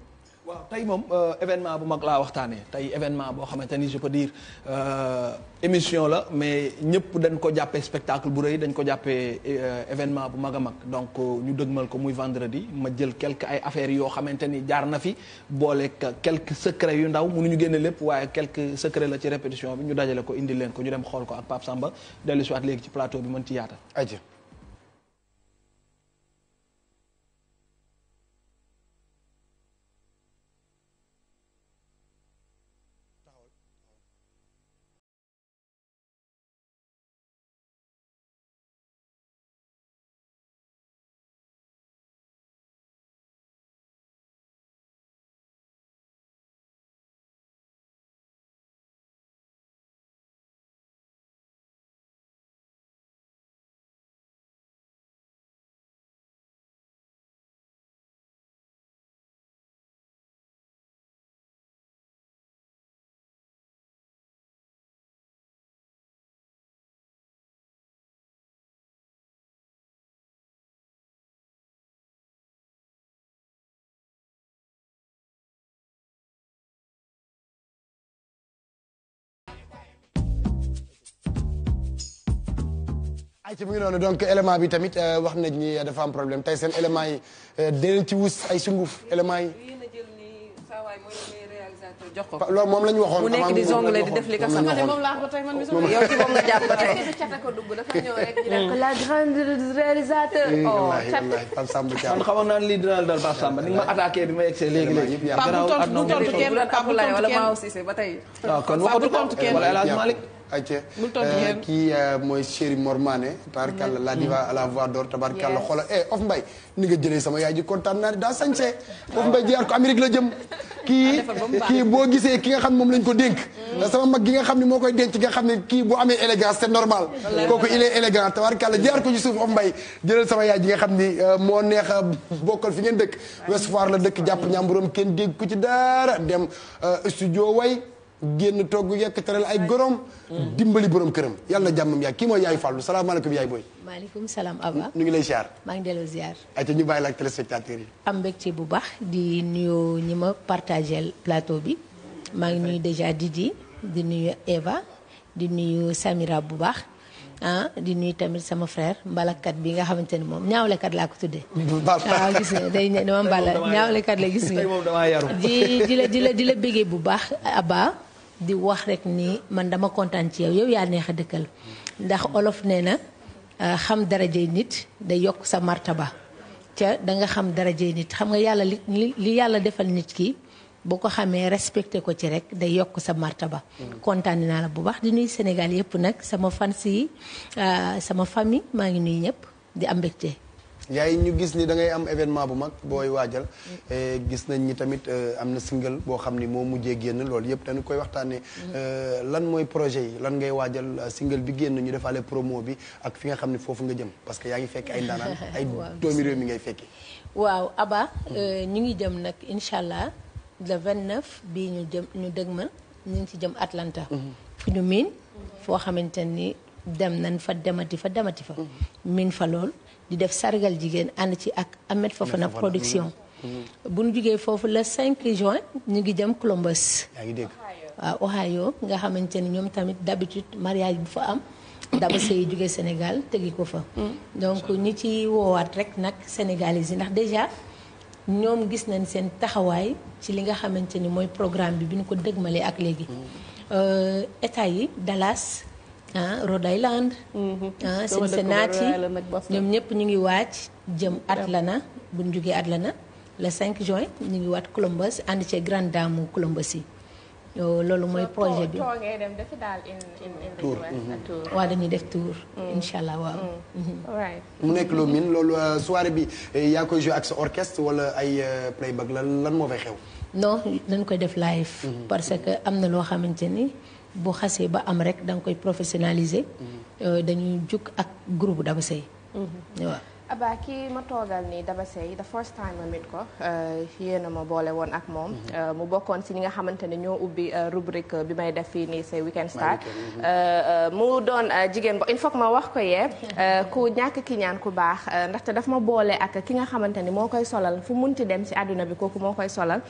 waaw tey moom euh, événement bu mag laa waxtaanee tey événement boo xamante ni je peux dire euh, émission la mais ñëpp dañ ko jàppe spectacle bu rëy dañ ko jàppee euh, événement bu mag a mag donc ñu dëgmal ko muy vendredi ma jël quelque ay affaires yoo xamante ni jaar na fi booleeg quelques secrets yu ndaw mu ñu génne lépp waaye quelques secrets la ci répétition bi ñu dajale ko indi leen ko ñu dem xool ko ak Pape Samba dellu si waat léegi ci plateau bi mën ci yaatal. ay ci mu ngi noonu donc élément bi tamit euh, wax nañ ni dafa am problème tey seen élément yi euh, dinañ ci wus ay sunguf élément yi. jox ko loolu moom la ñu waxoon. mu nekk di jongle di def li ka sama moom laa ko tey man mi sama yow ci moom nga jàpp tey. ko dugg dafa ñëw rek ñu hmm. def ko la grande réalisateur. Eh, oh Pape Samba Thiam. man xamoon naa ne lii dina la dal Pape Samba ni nga ma attaqué bi ma egg see léegi léegi. Pape bu tontu bu tontu kenn Pape Laye wala Maaw Cissé ba tey. waaw ah, kon waxatu ko wala El Hadj Malick ayca euh, kii euh, mooy chéri Mormane tabarkàlla la diva à la voix d'or tabarkàlla xoola eh of mbay ni nga jëlee sama yaay ji kontaan daa sañse of mbay jiyaar ko Amérique ah, ki nga xam ne moom lañ ko dénk mm. sama mag gi nga xam ne moo koy denc nga xam ne kii bu amee élégance c'est normal kooku il est élégant tabarkàlla jiyaar ko ci suuf of mbay jëlal sama yaay ji nga xam ni euh, moo neex bokkal fi ngeen dëkk Ouest Foire la dëkk jàpp ñàmburam kenn dégg ku ci dara dem studio way génn togg yekk la ay gorom dimbali borom këram yàlla na jàmmam yaay kii mooy yaay Fallou salaamaaleykum yaay booy maaleykum salaam Abba ñu ngi lay ziar maa ngi delloo ziar ay te ñu bàyyi la ak téléspectateurs yi bu baax di nuyu ñi ma partagel plateau bi maa ngi nuyu déjà Didi di nuyu Eva di nuyu Samira bu baax ah, di nuyu tamit sama frère mbalakat bi nga xamante ni moom ñaawlekat laa ko tuddee. waaw ah, gis nga day mbala ñaawlekat la gis nga. di la di la di la bëggee bu baax Abba di wax rek ni man dama kontaan ci yow yow yaa neex a dëkkal ndax olof nee na euh, xam darajey nit day yokk sa marta ba ca da nga xam darajey nit xam nga yàlla li li yàlla defal nit ki boo ko xamee respecté ko ci rek day yokk sa martaba mm. kontaan naa la bu baax di nuy Sénégal yëpp nag sama fans yi euh, sama famille maa ngi nuy ñëpp di am mbégte yaay ñu gis ni da ngay am événement bu mag booy waajal eh, gis nañ ni tamit eh, am na single boo xam ni moo mujjee génn loolu yëpp dañu koy waxtaanee mm-hmm. eh, lan mooy projet yi lan ngay waajal single bi génn ñu defaale promo bi ak fi nga xam ne foofu nga jëm parce que yaa ngi fekk ay ndaanaan ay doomi réew mi ngay fekki waaw Aba mm-hmm. ñu ngi jëm nag incha allah le 29 bi ñu jëm ñu dëgmal ñu ngi ci jëm Atlanta mm-hmm. fu ñu miin foo xamante ni dem nañ fa demati fa demati fa miin fa lool di def sargal jigéen ànd ci ak Ahmed Fofana production mm-hmm. bu ñu jugee foofu la 5 juin ñu ngi jëm Columbus waaw Ohio nga xamante ni ñoom tamit d'habitude mariage bu fa am daba sey juge Sénégal tegi ko fa mm-hmm. donc ñi ci woowaat rek nag sénégalais yi ndax déjà ñoom gis nañ seen taxawaay ci li nga xamante ni mooy programme bi bi ñu ko dëgmalee ak léegi mm-hmm. euh, état yi Dallas ah Rhode Island mm-hmm. ah Cincinnati ñoom ñëpp ñu ngi waaj jëm Atlanta buñ jógee Atlanta le 5 juin ñu ngi waat Columbus ànd ci grande dame Columbus yi loolu mooy projet bi mm-hmm. waaw dañuy def tour mm. incha allah waaw mm. mm-hmm. mu nekk loolu euh, soirée bi eh, yaa koy joué ak sa orchestre wala ay euh, playback la lan moo fay xew non dañ koy def live parce que am na loo xamante ni bu xasee ba am rek danga koy professionnaliser. Mm-hmm. Euh, dañuy jukk ak groupe Daba Seye mm-hmm. waaw Aba kii ma toogal nii Daba Seye the first time ma meet ko uh, yéen a ma boole woon ak moom mm-hmm. uh, mu bokkoon si ñi nga xamante ne ñoo ubbi uh, rubrique bi may def fii nii say weekend start mm-hmm. mu doon jigéen bo il faut ma wax ko yee ku ñàkk ki ñaan ku baax ndaxte dafa ma boole ak ki nga xamante ni moo koy solal fu mun munti dem si àdduna bi kooku moo koy solal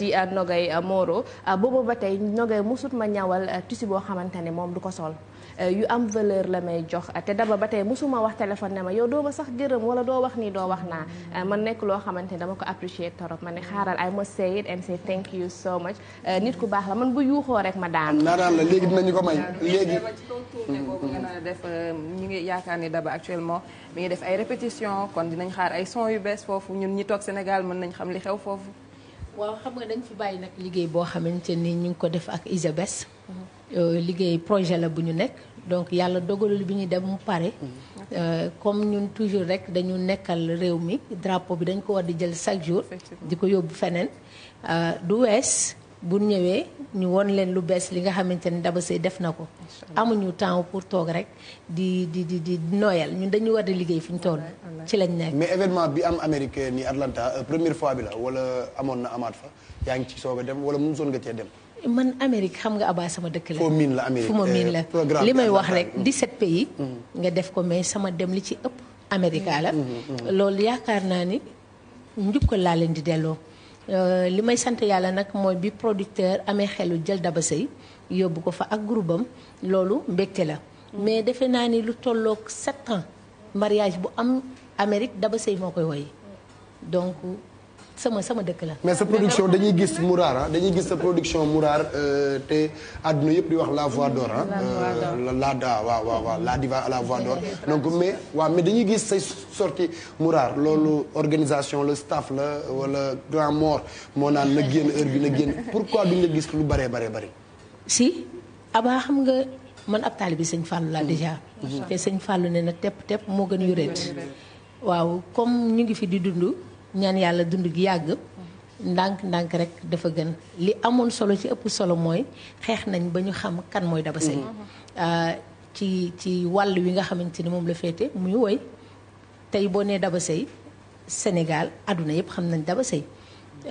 di Nogay Moro boobu ba tey Nogay musut ma ñawal tissu boo xamante ne moom du ko sol yu am valeur la may jox te daba ba tey mosuma wax téléphone ne ma yow doo ma sax gërëm wala doo wax nii doo wax naa euh, man nekk loo xamante ni dama ko apprécier torop ma ni xaaral ay must say it and say thank you so much euh, nit ku baax la man bu yuuxoo rek ma daan naanaan la léegi ñu ko may léegi def euh, ñu ngi yaakaar ni daba actuellement mi ngi def ay répétition kon dinañ xaar ay son yu bees foofu ñun ñi toog Sénégal mën nañ xam li xew foofu waaw xam nga dañ fi bàyyi nag liggéey boo xamante ni ñu ngi ko def ak Isabes mm-hmm. Euh, liggéey projet la bu ñu nekk donc yàlla dogalul bi ñuy dem mu pare mm-hmm. euh, comme ñun toujours rek dañu nekkal réew mi drapeau bi dañ ko war di jël chaque jour di ko yóbbu feneen euh, du wees bu ñëwee ñu won leen lu bees li nga xamante ni Daba Seye def na ko amuñu temps pour toog rek di di di di nooyal ñun dañu war di liggéey fi ñu toll ci lañ nekk mais événement bi am Amérique ni Atlanta première fois bi la wala amoon na amaat fa yaa ngi ci soog a dem wala mu soon nga cee dem man Amérique xam nga abaa sama dëkk la. foo miin la Amérique ma eh, miin la li may wax rek 17 pays. Mm-hmm, mm-hmm. nga def ko mais sama dem li ci ëpp Amérique la. Mm-hmm, loolu yaakaar naa ni njukkal laa leen di delloo. Euh, li may sant yàlla nag mooy bi producteur amee xelu jël Daba Seye yóbbu ko fa ak groupe am loolu mbégte la. mais defe naa ni lu tolloog 7 ans mariage bu am Amérique Daba Seye moo koy woy donc. sama sama dëkk la. mais sa production dañuy gis Mouraar ah dañuy gis sa production Mouraar euh, te àdduna yëpp di wax la voix d'or ah. Euh, la da waaw waaw waaw la diva à la voix d'or donc mais waaw mais dañuy gis sa sorti Mouraar loolu organisation le staff la wala grand mort moo naan na génn heure bi na génn pourquoi duñ la gis lu baree baree bari. si abaa xam nga man ab bi sëñ Fallou laa mm-hmm. déjà. Mm-hmm. te sëñ Fallou ne na tepp tepp moo gën yuréet. waaw comme ñu ngi fi di dund. ñaan yàlla dund gi yàgg. ndànk ndànk rek dafa gën li amoon solo ci ëpp solo mooy xeex nañ ba ñu xam kan mooy Daba Seye mm-hmm. euh, ci ci wàll wi nga xamante ni moom la féete muy woy tey boo nee Daba Seye Sénégal àdduna yëpp xam nañ Daba Seye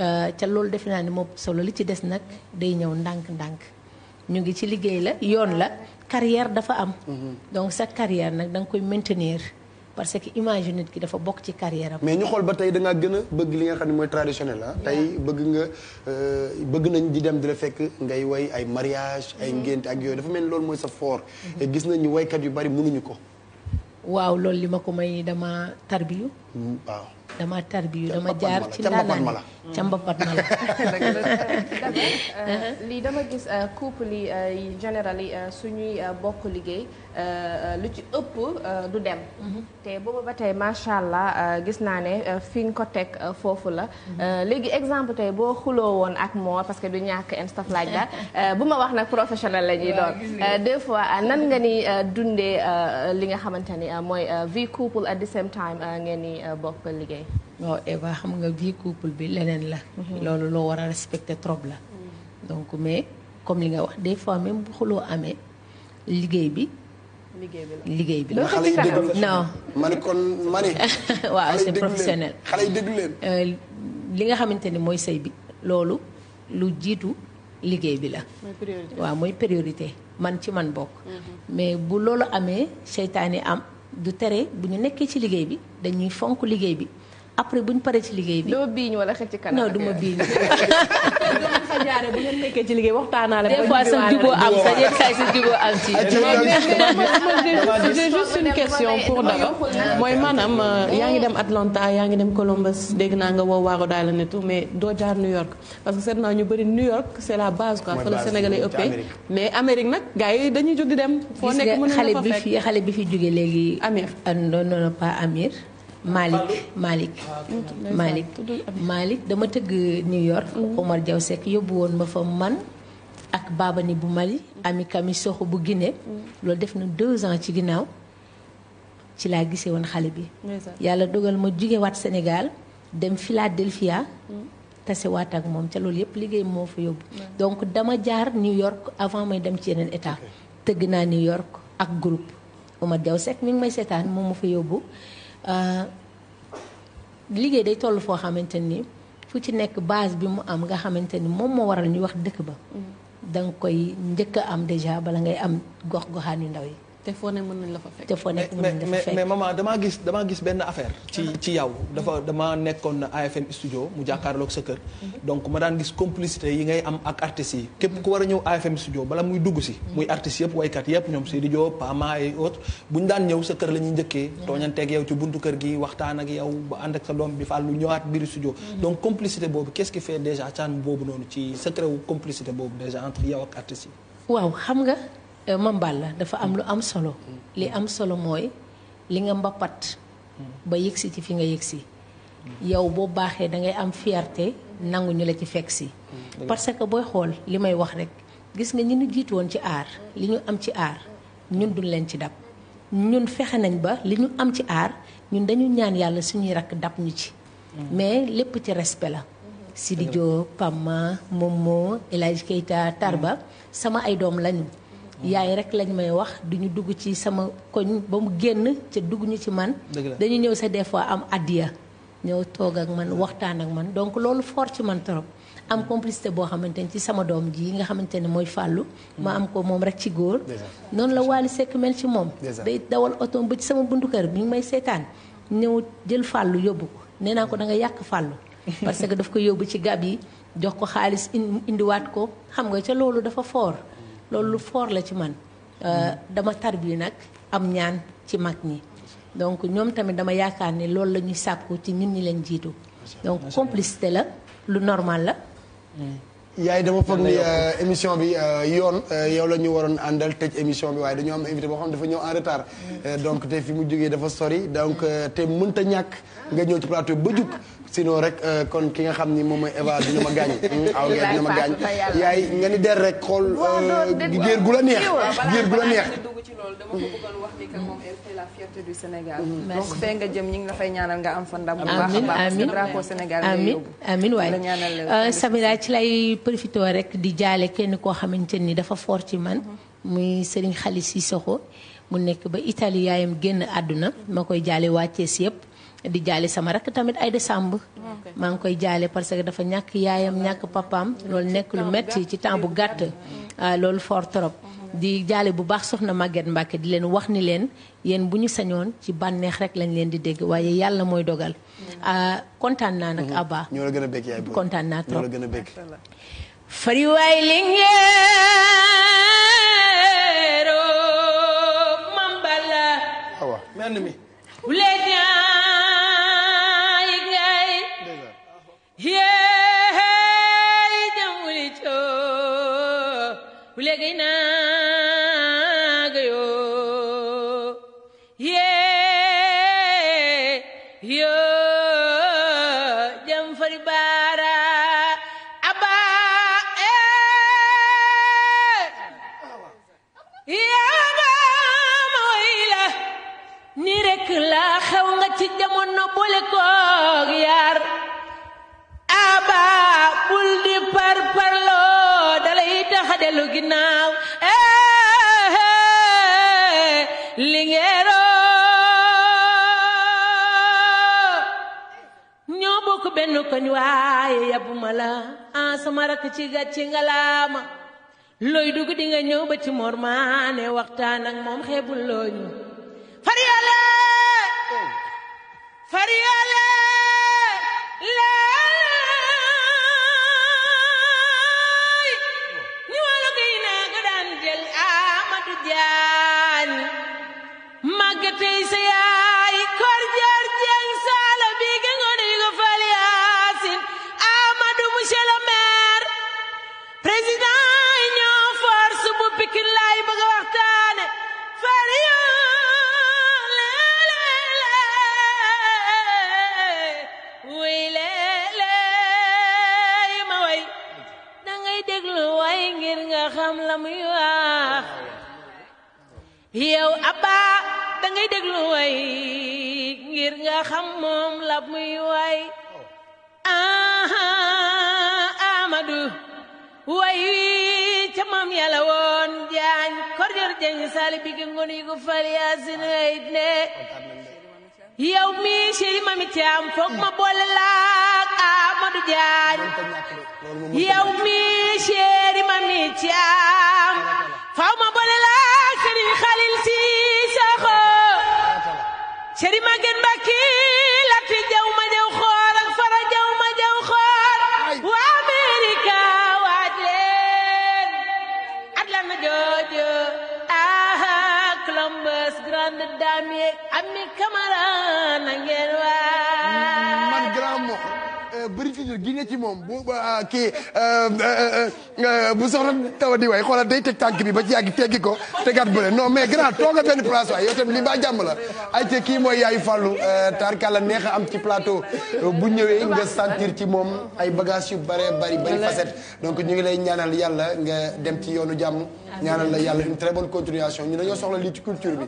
euh, ca loolu defe naa ni moom solo li ci des nag day ñëw ndànk ndànk ñu ngi ci liggéey la yoon la mm-hmm. carrière dafa am mm-hmm. donc sa carrière nag da nga koy maintenir parce que image nit ki dafa bokk ci carrière mais ñu xool ba tey da ngaa bëgg li nga xam ne mooy traditionnel ah. tey bëgg nga euh, bëgg nañ di dem di la fekk ngay woy ay mariage ay mm-hmm. ngénte ak yooyu dafa mel ni loolu mooy sa fort. Mm-hmm. gis nañu ñu waykat yu bari ñu ko. waaw loolu li ma ko may dama tarbiyu. Mm, waaw. dama tarbiyu dama jaar ci ndaanaan yi ca ma la euh, lii dama gis euh, couple yi général yi suñuy bokk liggéey. Euh, lu ci ëpp euh, du dem. Mhm. te booba ba tey macha allah euh, gis naa ne fi nga ko teg foofu la. Mhm. léegi exemple tey boo xuloo woon ak moo parce que du ñàkk and stuff like that bu ma wax nag professionnel la ñuy doon. des fois nan nga ni dundee li nga xamante ni mooy vie couple at the same time ngeen ni bokk liggéey. waaw Eva eh xam nga vie couple bi leneen la. Mhm. loolu loo war a respecter trop la. Mm. donc mais comme li nga wax des fois bu xuloo amee liggéey bi. liggéey bi la xale yi déglu non ma ne ma ne waaw c'est professionnel xale yi déglu leen euh, li nga xamante ni mooy sëy bi loolu lu jiitu liggéey bi la waaw mooy priorité man ci man bokk mm-hmm. mais bu loolu amee seytaane am du tere bu ñu nekkee ci liggéey bi dañuy fonk liggéey bi après bu ñu paree ci liggéey bi. doo biiñ wala xëcc kanam non du ma biiñ. loolu fa jaaree bu ngeen nekkee ci liggéey waxtaanaale. des fois sa jubóo am sa yenn saa yi sa jubóo am ci. j'ai juste une question pour Daba mooy maanaam euh, yaa ngi dem Atlanta yaa ngi dem Columbus dégg naa nga woo Waaroo daal la ne tout mais doo jaar New York parce que seet naa ñu bëri New York c'est la base quoi. fa la Sénégalais ëppee mais Amérique nag gars yi dañuy jóg di dem. foo nekk mën na fa fekk gis nga xale bi fi xale bi fi jógee léegi. Amir euh, non non pas Amir. Malick Malick Malick Malick dama tëgg New York Omar Diaw Seck yóbbu woon ma fa man ak Babani bu Mali Ami Kami Soxo bu Guinée loolu def na deux ans ci ginnaaw ci laa gisee woon xale bi yàlla dogal ma jugewaat senegal dem Philadelphia tasewaat ak moom ca loolu yëpp liggéey moo fa yóbbu donc dama jaar New York avant may dem ci yeneen état tëgg naa New York ak groupe Omar Diaw Seck mi may seetaan moom ma fa yóbbu Euh, liggéey day toll foo xamante ni fu ci nekk base bi mu am nga xamante ni moom moo waral ñuy wax dëkk ba. Mm. da nga koy njëkk a am déjà bala ngay am gox goxaan yu ndaw yi. te foo mën nañ la fa fekk. te nekk mën nañ la mais maman damaa gis damaa gis benn affaire. ci ci yow dafa dama nekkoon AFM studio mu jàkkaarlook sa kër. Mhm. donc ma daan gis complicité yi ngay am ak artistes yi. képp ku war a ñëw AFM studio bala muy dugg si. Mhm. muy artistes yëpp waykat yëpp ñoom Sidi Diop Pama et autres bu ñu daan ñëw sa kër la ñuy njëkkee. Mhm. tooñanteeg yow ci buntu kër gi waxtaan ak yow ba ànd ak sa doom bi fàllu ñëwaat biir studio. donc complicité boobu qu'est-ce qui fait déjà caan boobu noonu ci secret wu boobu déjà entre yow ak artistes yi. waaw xam nga Euh, Mame Balla dafa am lu am solo li am solo mooy li nga mbappat ba yëgsi ci fi nga yëgsi yow boo baaxee da ngay am fierté nangu ñu la ci fekk si parce que booy xool li may wax rek gis nga ñu ni jiitu woon ci aar li ñu am ci aar ñun duñ leen ci dab ñun fexe nañ ba li ñu am ci aar ñun dañu ñaan yàlla suñuy rakk dab ñu ci mm. mais lépp ci respect la Sidi Diop Pama Momo El Hadj tar ba mm. sama ay doom lañu yaay rek lañ may wax duñu dugg ci sama koñ ba mu génn ca dugg ñu ci man dañu ñëw sa des fois am addiya ñëw toog ak man waxtaan ak man donc loolu fort ci man trop am complicité boo xamante ni ci sama doom ji yi nga xamante ne mooy fàllu ma am ko moom rek ci góor noonu la Wally Seck mel ci moom day dawal otoom ba ci sama buntu kër bi ngi may seetaan ñëw jël fàllu yóbbu ko nee naa ko da nga yàq fàllu parce que daf ko yóbbu ci gab yi jox ko xaalis indiwaat ko xam nga ca loolu dafa fort loolu lu foor la ci man euh, dama tarbi nag am ñaan ci mag ñi donc ñoom tamit dama yaakaar ni loolu la ñuy sàkku ci ñun ñi leen jiitu donc complicité la lu normal la yaay dama foog ni euh, émission bi euh, yoon yow la ñu waroon àndal tëj émission bi waaye dañoo am invité boo xam dafa ñëw en retard donc te fi mu jógee dafa sori donc te mënta ñàkk nga ñëw ci plateau ba jug sinon rek euh, kon ki nga xam ni moom mooy Eva dina ma gaañ. Mm, yaay nga ni der rek xool. Euh, géer gu la neex géer gu la neex. Mm-hmm. fee nga jëm ñi ngi la ñaanal nga am fa ndam. bu baax a baax waaye euh, Samira ci lay profité rek di jaale kenn koo xamante ni dafa foor ci man. Mm-hmm. muy Serigne Xali Sissoko mu nekk ba Italie yaayam génn àdduna ma koy jaale waa Thiès yëpp. di jaale sama rakk tamit Aïda Samb maa ngi koy jaale parce que dafa ñàkk yaayam ñàkk papaam mm-hmm. loolu nekk lu metti ci temps bu gàtt mm-hmm. ah, loolu for trop mm-hmm. di jaale bu baax soxna màgget Mbacke di leen wax ni leen yéen bu ñu señoon ci bànneex rek lañ leen di dégg waaye yàlla mooy dogal ah, kontaan naa nag Abba ñoo gën a bëgg kontaan naa trop ñoo gën a bëgg fari waay li ngeen roog oh, mambala awa هي دولتو ولقينا قيو هي هي jokoñ waaye yabuma la ah sama rakk ci gàcce nga laa ma looy dugg di nga ñëw ba ci moor mormaane waxtaan ak moom xebul loo xoolal day teg tànk bi ba ci yàgg teggi ko tegaat bële non mais grand tooga benn place waaye yow tamit lii ba jàmm la ay te kii mooy yaayu fàllu euh, tarkala neex a am ci plateau euh, bu ñëwee nga sentir ci moom ay bagage yu bare bari bari facette donc ñu ngi lay ñaanal yàlla nga dem ci yoonu jàmm ñaanal la yàlla une très bonne continuation ñu dañoo soxla lii ci culture bi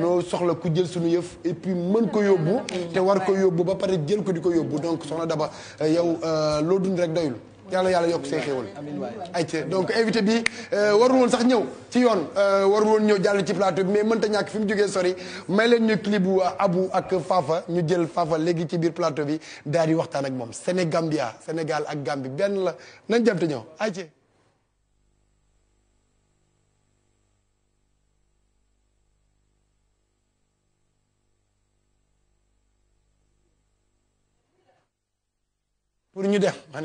noo soxla ku jël suñu yëf et puis mën ko yóbbu te war ko yóbbu ba pare jël ko di ko yóbbu donc soxna Daba euh, yow loo dund rek doyul yàlla yàlla yokk say xéwal ayca donc invité bi euh, warul sax ñëw ci yoon euh, warul woon ñëw jàll ci plateau bi mais mënta ñàkk fi mu jógee sori may leen ñu clip bu euh, Abu ak Fafa ñu jël Fafa léegi ci biir plateau bi daal waxtaan ak moom Sénégambia Sénégal ak Gambie benn la nañ dem te ñëw ayca. pour ñu def ma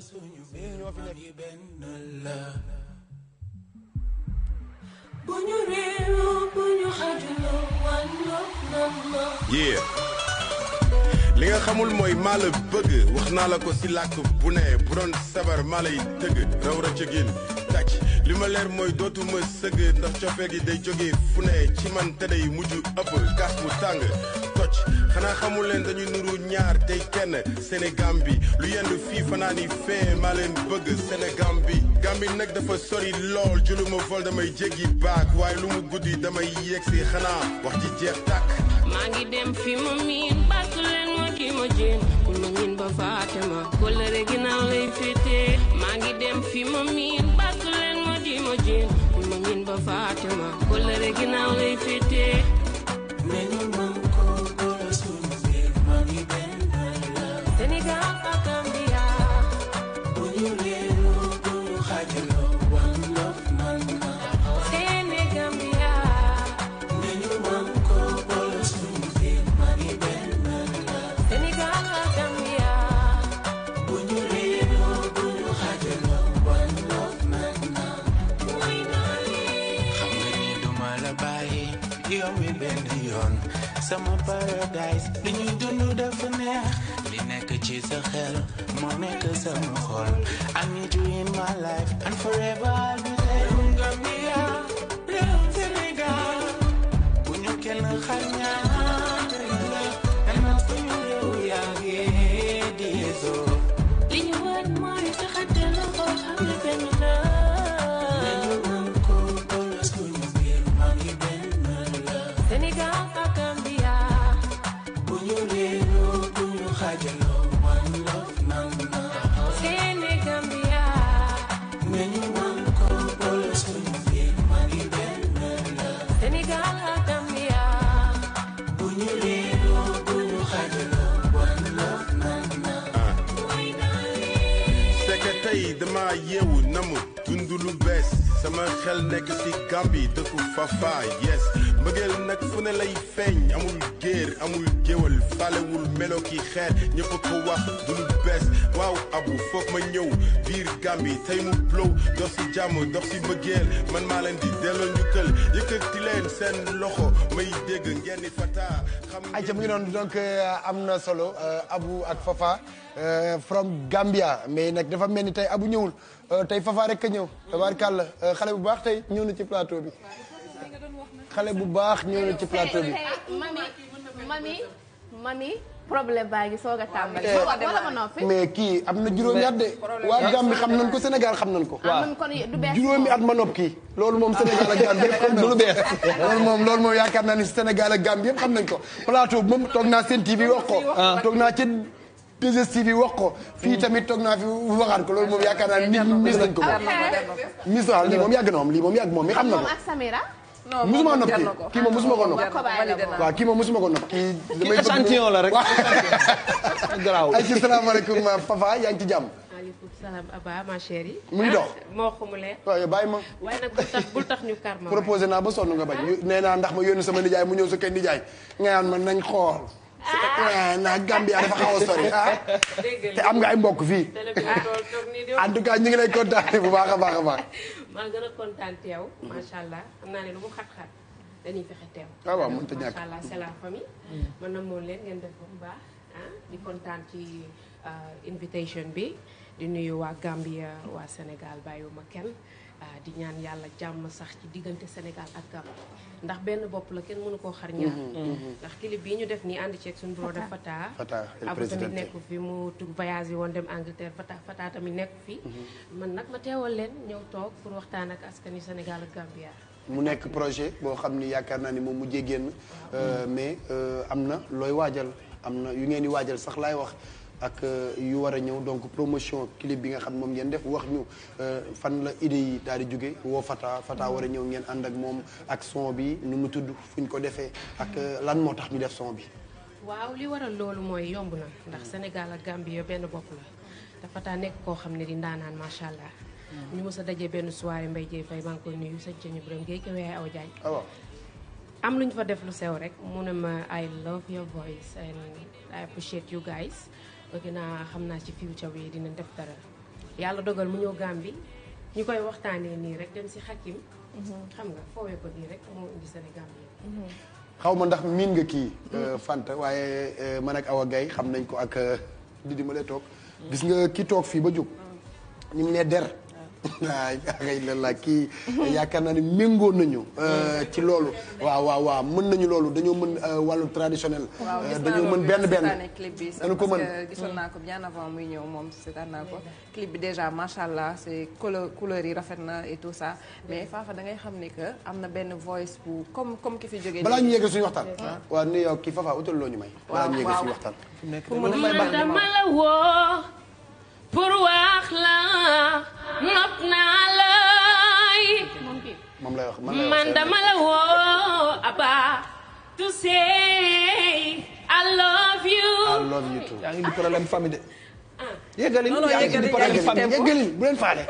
suñu benn la bu ñu li nga xamul mooy maa la bëgg wax naa la ko ci làkk bu ne bu doon sabar maa yi tëgg raw rëccëgin tàcc li ma leer mooy dootuma sëgg ndax coppee gi day jóge fu ne ci man te day mujj ëpp gas mu tàng socc xanaa xamul leen dañuy nuru ñaar tey kenn Sénégambi lu yendu fii fanaa ni fee maa leen bëgg bi Gambi nag dafa sori lool juluma vol damay jéggi baak waaye lu mu guddi damay yegsi xanaa wax ci jeex tàkk maa ngi dem fi ma miin ba faate ma kóllëre ginnaaw lay féetee maa ngi dem fi ma miin ba faate ma kóllëre ginnaaw lay féetee sama paradise li ñu dund dafa neex li nekk ci sa xel moo nekk sama xol I need you in my life and forever I'll be there Gambia réew Sénégal bu ñu kenn xañ sama xel nekk ci Gambie dëkku Fafa yes mbëggeel nag fu ne lay feeñ amul géer amul géwal falewul melo ki xeer ñëpp ko wax du bees waaw abu foog ma ñëw biir Gambie tey mu blow dox ci jàmm dox ci mbëggeel man maa leen di delloo njukkal yëkkati leen seen loxo may dégg ngeen di fata xam ayca mu ngi noonu donc euh, am na solo euh, abu ak Fafa euh, from Gambia mais nag dafa mel ni tey abu ñëwul Euh, tey Fafa rek a ñëw. Euh, xale bu baax tey ñëw na ci plateau bi. xale bu baax ñëw na ci plateau bi. Ah, mami mami mami problème baa ngi soog a tàmbali. Eh. mais kii am na juróomi at de. waa Gambie xam nañ ko Sénégal xam nañ ko. waaw juróomi at ma ki loolu moom Sénégal ak Gambie yëpp xam nañ ko loolu moom loolu moom yaakaar naa ni Sénégal ak Gambie yëpp xam nañ ko plateau bi moom toog naa seen TV wax ah. toog naa ci. 2STV bi wax ko. fii tamit toog naa fi waxaat ko loolu moom yaakaar naa nit ñi mis nañ ko. mis naa lii moom yàgg na moom lii moom yàgg moom mi am na ko. non musuma nopp kii kii moom musuma ko nopp. waaw kii moom musuma ko nopp. kii damay bëgg échantillon la rek. garaaw ay ci salaamaaleykum euh, Fafa yaa ngi ci jàmm. maaleykum salaam Abba ma chérie. mu ngi dox ah, moo xamulee. waaw bàyyi ma. waaye nag bul tax bul tax ñu kar ma. proposé naa ba sonn nga bañ. Ah. nee naa ndax ma yónni sama nijaay mu ñëw sa kër nijaay nga naan man nañ xool. nag Gambia dafa xaw a sori ah. te am nga ay mbokk fii en tout cas ñu ngi lay kontaane bu baax a baax a baax. maa gën a kontaan teew macha allah xam naa ne lu mu xat-xat dañuy fexe teew. waaw ah, waaw mënut a ñàkk macha mm. na moom leen ngeen def bu baax ah. di kontaan ci euh, invitation bi di nuyu waa Gambia waa Sénégal bàyyiwuma kenn di ñaan yàlla jàmm sax ci diggante Sénégal ak Gambie. ndax benn bopp la kenn mënu koo xar ñaar mm-hmm, mm-hmm. Mm-hmm. ndax clip bii ñu def nii ànd ceeg suñu brother Fata Fata Abou tamit nekku fi mu tug voyage yi woon dem Angleterre Fata Fata tamit nekk fi man nag ma teewal leen ñëw toog pour waxtaan ak askani Sénégal ak Gambia mu nekk projet boo xam ne yaakaar naa ni moom mu jéggéen euh, mais euh, am na looy waajal am na yu ngeen di waajal sax laay wax ak euh, yu war a ñëw donc promotion clip bi nga xam moom ngeen def wax ñu euh, fan la idée yi daal jóge woo Fata Fata war a ñëw ngeen ànd ak moom ak son bi nu mu tudd fu ñu ko defee ak euh, lan moo tax ñu def son bi. waaw li waral loolu mooy yomb na ndax Sénégal ak Gambie benn bopp la te Fata nekk koo xam ne di naan macha allah. Hmm. ñu mës a dajee benn soirée Mbaye Dieye Faye maa ngi koy nuyu sëñ Thierno Birame Gueye Kewé Awa Diagne. Ah waaw am lu ñu fa def lu sew rek mu ne ma I love your voice and bëgg naa xam naa ci future bi dina def yàlla dogal mu ñëw Gambie ñu koy waxtaanee nii rek dem si Hakim. Mhm. xam nga foowee ko nii rek moo indi Sénégal yi. Mhm. xaw ma ndax miin nga kii. Mhm. Euh, fant waaye euh, man ak Awa Gaye xam nañ ko ak euh, Didi ma lay toog. gis nga ki toog fii ba jóg. ñu ngi ne der. waaw akay kii yaakaar naa ni méngoon nañu euh, ci loolu waaw waaw waaw mën nañu loolu dañoo mën euh, wàllu traditionnel euh, dañoo mën benn benn dañu ko mën gisoon naa ko bien muy ñëw moom seetaan naa ko clip bi déjà macha allah c'est couleur couleur yi rafet na et tout ça mais faafa da ngay xam ne que am na benn voice bu comme comme ki fi jógee balaa ñu yegg suñu waxtaan ah. waa ni yow ki faafa utal loo ñu may balaa ñu yegg suñu waxtaan pour mën a may baax dama la woo pour wax la not naa lay man dama la woo aba to say I love you I love you too yaa ngi di problème famille de ah. yëgalin yaa ngi di problème famille yëgalin bu leen faale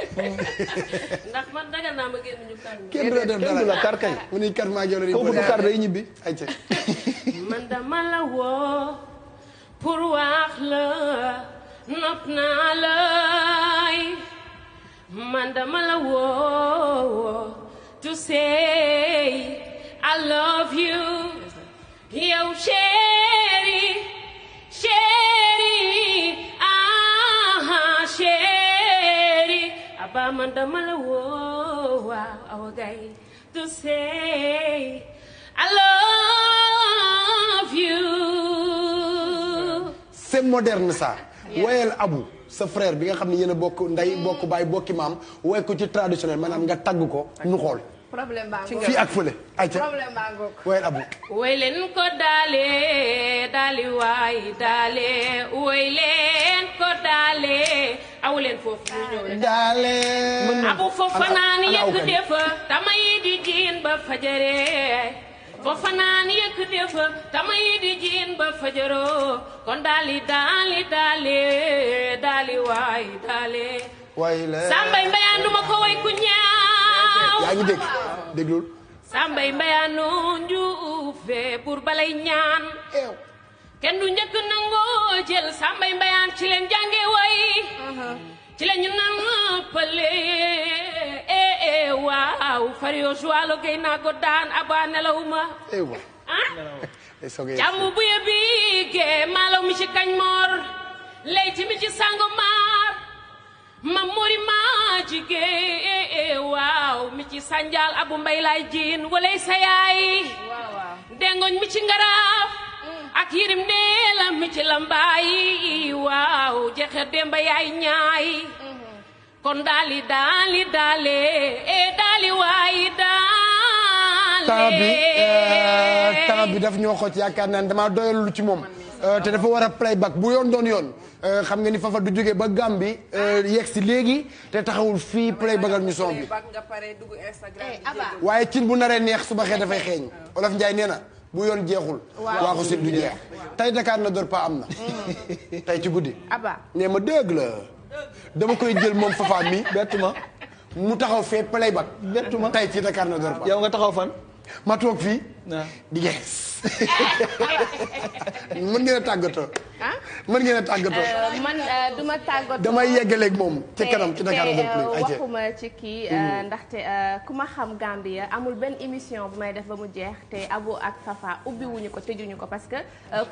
ndax man daga naa ma génn ñu kar kenn du la kar kay mu ni kar maa jël rek kooku du kar day ñibbi ay man dama la woo pour wax la nopp naa lay man dama la woo to say I love you yow chéri chéri ah chéri aba man dama la woo waaw awa gay to say I love you. C'est moderne ça. woyal abu sa frère bi nga xam ne yéen a bokk nday hmm. bokk baay bokki maam woy ko ci traditionnel maanaam nga tagg ko nu xool problème baa ngoog fii ak fële ayca problème baa ngoog woyal abu woy leen ko daale daali waay daale woy leen ko daale aw foofu daale abu foofu naan yegg defa dama yi di ba fajaree fa fanaan yëkkate fa tamay di jiin ba fajaroo kon daali daali daale daali waay daale sambay mbayaanu ma way ku yaa ngi dégg déglul sambay mbayaanu njuufe pour balay ñaan kenn du njëkk nangoo jël ci leen jànge way ci la ñu nampale ee eh, eh, waaw far yoo joalo gay naa ko daan aba nelawuma eh, ah jàmm bu yebi gee maalaw mi ci kañ moor leyti mi ci sango maar ma mori maa jigee waaw mi ci sanjaal abu mbay laay jiin walay sa dengoñ mi ci ngaraaf ak yirim ndeela mi ci lambaayi waaw jexe demba yaay ñaayi kon daali daali daale e daali waayi daale euh, temps bi daf ñoo xoj yaakaar naa ne damaa doyal ci moom euh, te dafa war a playback bu yoon doon yoon euh, xam nga ni fafa du jógee ba Gàmbi yegg si léegi te taxawul fii playbackal ñu son bi eh, waaye cin bu naree neex suba xee dafay xeeñ Olof Njaay nee na bu yoon jeexul. waaw si du jeex tey Dakar ne dort pas am na. Mm-hmm. tey ci guddi. abaa nee ma dëgg la. dama koy jël moom Fafa mi bett ma mu taxaw fee playback. bett ma tey ci Dakar na dort pas. yow nga taxaw fan. ma toog fii. Ah. di gees mën ngeen a tàggatoo. ah mën ngeen a tàggatoo. Euh, man euh, du ma tàggatoo damay yeggaleeg moom. te kanam ci Dakar euh, ci kii hmm. ndaxte ku ma xam Gambia amul benn émission bu may def ba mu jeex te Abo ak Fafa ubbiwuñu wuñu ko tëjuñu ko parce que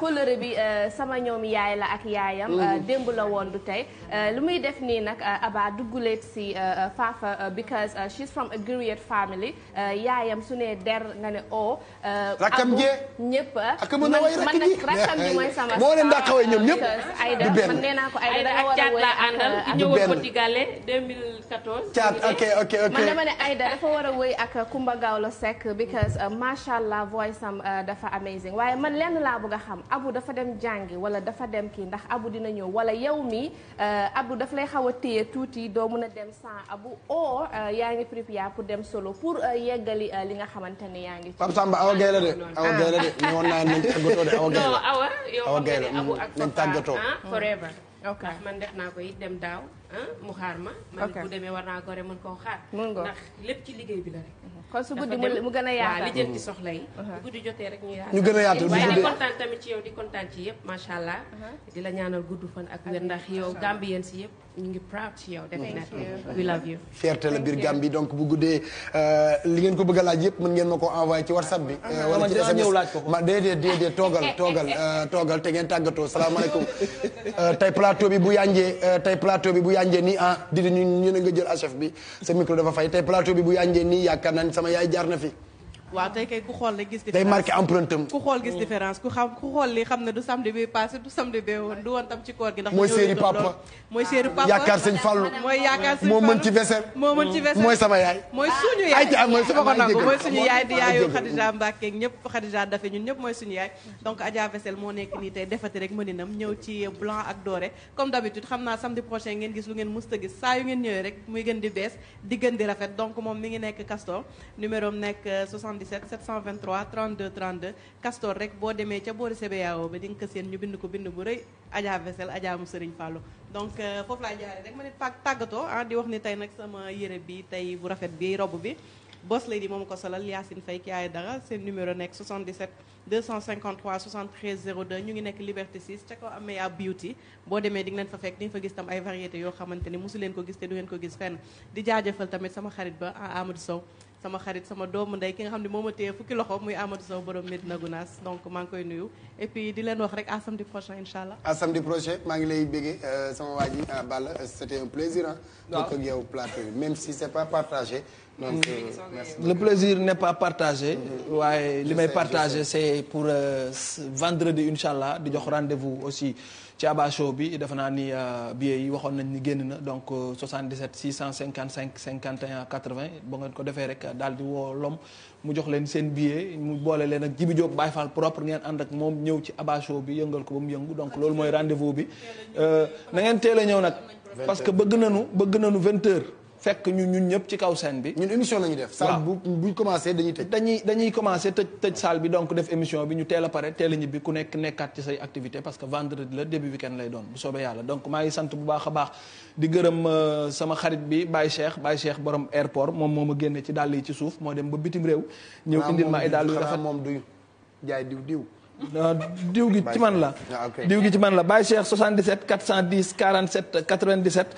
kóllëre bi sama ñoom yaay la ak yaayam. Hmm. démb la woon du tey lu muy def nii nag Aba dugguleet si Fafa because she's from a Grioet family yaayam su ne der nga ne o Euh, rakkam jee ñëpp ak mën na way rakk ji rakkam ji mooy sama moo leen dàqawee ñoom ñëpp du benn man nee naa ko Aïda ak Thiat laa àndal ki ñëwoon dafa war a wëy ak Kumba Gawlo Seck because uh, macha allah voice am uh, dafa amazing waaye man lenn laa bëgg a xam Abu dafa dem jàngi wala dafa dem kii ndax Abu dina ñëw wala yow mi uh, Abu daf lay xaw a téye tuuti doo mun a dem sans Abu o yaa ngi prépare pour dem solo pour yeggali li nga xamante ne yaa ngi Gaye la de ah. Awa Gaye la de ñu woon naa nañ tàggatoo de Awa Gaye la. non Awa yow Awa Gaye la nañ tàggatoo. Ah, mm. forever ah, ok man def naa ko it dem daaw. mu xaar ma. man bu demee war naa gore mën koo xaar. ndax lépp ci liggéey bi la rek. Mhm. kon su guddi mu gën a yaatu li jël ci soxla yi. Mhm. bu guddi jotee rek ñu yaatu. ñu gën a yaatu waaye di ci yow di kontaan mhm. la ñaanal gudd fan ak wér ndax yow Gambien si yëpp ñu ngi proud ci yow. definitely we love you. fierté la biir Gambie donc bu guddee euh, li ngeen ko bëgg laaj yëpp mën ngeen ma ko envoyé ci whatsapp bi. Ah, euh, wala ci SMS ma déedéet déedéet toogal euh, toogal te ngeen tàggatoo salaamaaleykum tey plateau bi bu yànjee tey plateau bi bu yanjee nii ah didi ñu ñu ne nga jël HF bi sa micro dafa fay tey plateau bi bu yanjee nii yaakaar naa ni sama yaay jaar na fi waaw tey kay ku xool rek gis. différence day marqué empreinte am. Oh. ku xool li xam ne du samedi bi passé du samedi bee woon du woon tam ci koor gi. ndax mooy séeri papa mooy séeri papa yaayu Khadija Mbacke ñëpp Khadija dafe ñun ñëpp mooy suñu yaay. donc Adja vaisselle moo nekk nii tey defati rek mëninam ñëw ci blanc ak doré comme d'habitude xam naa samedi prochain ngeen gis lu ngeen musta gis saa yu ngeen ñëwee rek muy gën di bees di gën di rafet donc moom mi ngi nekk Castor numéro 77 723 32 32 Castor rek boo demee ca boori CBAO ba di nga ko seen ñu bind ko bind bu rëy Adja Vessel Adja mu Serigne Fallou donc euh, foofu laa ma ne tàggatoo ah, di wax ni tey nag sama yére bi tey bu rafet bi rob bi Boss Lady moom ko solal Yacine Faye ki ay dara seen numéro nekk 77 253 ñu ngi nekk Liberté 6 ca kaw amee ab beauty boo demee di nga leen fa fekk di fa gis tam ay variété yoo xamante ni mosu leen ko gis te du ngeen ko gis fenn di jaajëfal tamit sama xarit ba ah, Amadou Sow sama xarit sama doomu ndey ki nga xam ne moom a téye fukki loxo muy Amadou Sow borom Medina Gounass donc maa koy nuyu et di leen wax rek à samedi prochain incha allah. à samedi prochain maa ngi lay béggee euh, sama waa ji euh, Balla euh, c'était un plaisir ah. waaw bokk ak yow plateau bi si c'est pas partagé. donc mm-hmm. merci le plaisir n'est pas partagé. waaye mm-hmm. li may partagé c'est pour vendredi incha allah di jox rendez-vous aussi. ci Abba Show bi defe naa ni euh, billets yi waxoon nañ ni génn na donc 77 655 51 80 ba ngeen ko defee rek daal di woo lom mu jox leen seen billet mu boole leen ak Jibi Diop Baye Fall propre ngeen ànd ak moom ñëw ci Abba Show bi yëngal ko ba mu yëngu donc loolu mooy rendez-vous bi euh, na ngeen teel a ñëw nag parce que bëgg na nañu bëgg nañu 20 heures fekk ñu ñun ñëpp ci kaw scène bi. ñun émission la ñuy def. salle bu bu commencé dañuy tëj. dañuy dañuy commencé tëj tëj salle bi donc def émission bi ñu teel a pare teel a ñibbi ku nekk nekkaat ci say activité parce que vendredi la début week-end lay doon bu soobee yàlla donc maa sant bu baax a baax di gërëm euh, sama xarit bi Baye Cheikh Baye Cheikh borom airport moom moo a génne ci dàll yi ci suuf moo dem ba bitim réew. ñëw indil ma ay dàll yu rafet moom du jaay diw diw. diw gi ci man la diw gi ci man la Baye Cheikh 77 410 47 97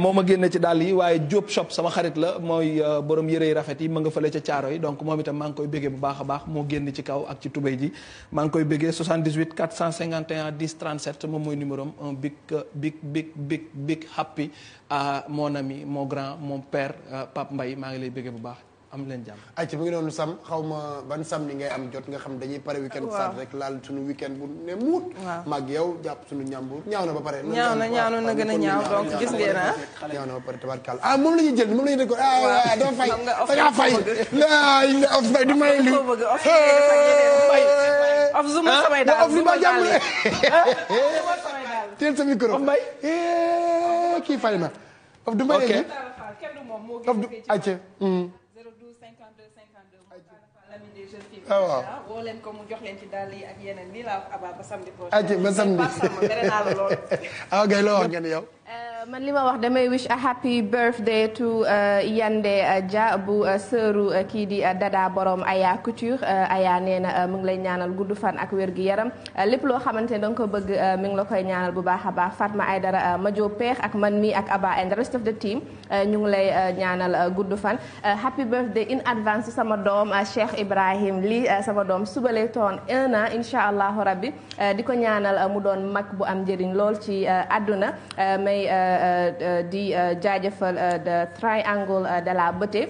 moo ma génne ci dàll yi waaye Diop shop sama xarit la mooy euh, borom yëre yi rafet yi ma nga fële ca caaro yi donc moom itam maa ngi koy béggee bu baax a baax moo génn ci kaw ak ci tubéy ji maa ngi koy béggee 78 451 10 37 moom mooy numéro am un big euh, big big big big happy à mon ami mon grand mon père euh, Pape mbay maa ngi lay béggee bu baax am leen jàmm ay ci mu ngi noonu sam xaw ma ban sam ni ngay am jot nga xam dañuy pare weekend saat rek laal suñu weekend bu ne muut maag yow jàpp suñu ñàmbur ñaaw na ba pare ñaaw na ñaaw na gën a ñaaw donc gis ngeen ah ñaaw na ba pare tabarkaal ah moom la ñuy jël moom la ñuy dëkkoon ah doo fay dangaa fay la of fay du may li of zuma samay daal of zuma jàmm teel sa micro mbay eh, kii fay na of du may li of du acce ah waaw ah, woo leen ko mu jox leen ci dàll yi ak yeneen nii laa ko abaa ba samedi prochain. Ah, ba samedi ah ok loo yow. Euh, man li ma wax damay wish a happy birthday to euh, Yande euh, Dia bu sëru kii di Dada borom Aya Couture Aya nee na mu ngi lay ñaanal gudd fan ak wér gi yaram lépp loo xamante ne danga ko bëgg mi ngi la koy ñaanal bu baax a baax ay dara Majo Peex ak man mi ak Aba and the rest of the team ñu ngi lay ñaanal gudd fan. happy birthday in advance sama doom Cheikh Ibrahim lii sama doom suba lay toon un an incha allahu rabbi di ko ñaanal mu doon mag bu am njëriñ lool ci àdduna may uh, uh, uh, di jaajëfal the triangle de la beauté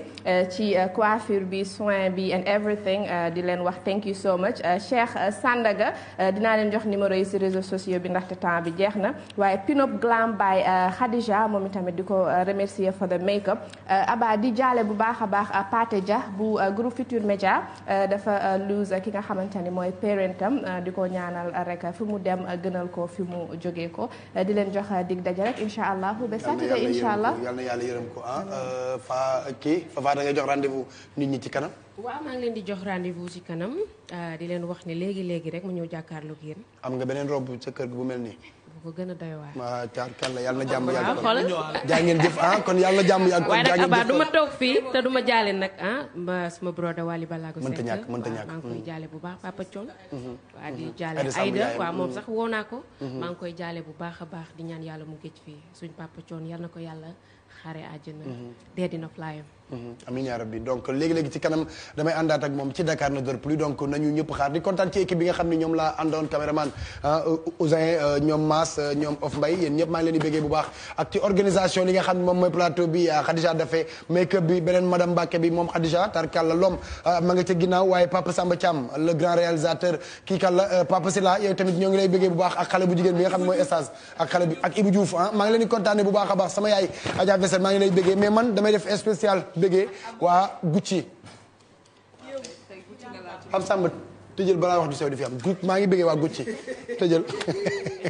ci coiffure bi soin bi and everything di leen wax thank you so much Cheikh Sandaga dinaa leen jox numéro yi si réseaux sociaux bi ndaxte temps bi jeex na waaye Pinop Glam by Khadija moom itamit di ko remercier for the make Aba di jaale bu baax a baax Pathé Dia bu groupe Futur Média dafa lose ki nga xamante ni mooy parentam di ko ñaanal rek fi mu dem gënal ko fi mu jógee ko di leen jox dig daje incha allah ba de incha allah yal yàlla yërëm ko ah euh, fa kii Fafa da ngay jox rendez-vous nit ñi ci kanam. waaw maa ngi leen di jox rendez-vous ci kanam euh, di leen wax ni léegi léegi rek mu ñëw jàkkaarloog yéen. am nga beneen robe sa kër bu mel nii. ko gën a doy waar. waaw caar kàlla yàlla na jàmm yàgg kon ah, jaa ngeen jëf ah kon yàlla na jàmm yàgg kon. waaye nag ma toog fii te duma ma jaale nag ah ma suma broda Wally Ballago Seck. mënta ñàkk mënta ñàkk maa ngi koy jaale bu baax Papa Thion. Mm-hmm. waa di jaale Aïda waaw moom sax woo naa ko. Mm-hmm. maa ngi koy jaale bu baax a baax di ñaan yàlla mu géej fii suñ Papa Thion yal na ko yàlla xaaree àjjana. Mm-hmm. dee dina flyam Mm-hmm. amiin yaa rabbi donc léegi-léegi ci kanam damay àndaat ak moom ci Dakar ne dort plus donc nañu ñëpp xaar di kontaan ci équipe bi nga xam ne ñoom laa àndoon caméraman ah, euh, Ousin euh, ñoom Mass euh, ñoom Of Mbay yéen ñëpp maa ngi leen di béggee bu baax ak nga xam moom mooy plateau bi ah, Khadija Dafe make up bi beneen madame Mbacke bi moom Khadija tarkalla lom ah, ma nga ca ginnaaw waaye Papa Samba Thiam le grand réalisateur kii kàlla Papa Sila yow tamit ñoo ngi lay béggee xale bu jigéen bi nga xam ne mooy Essage ak xale bi ak Ibou Diouf ah leen di bu baax a baax sama yaay Adja Vessel maa ngi lay béggee mais man damay def spécial bëggee waa Gucci Pape Samba tëjël balaa wax ju sew di fi am maa ngi bëggee waa Gucci tëjël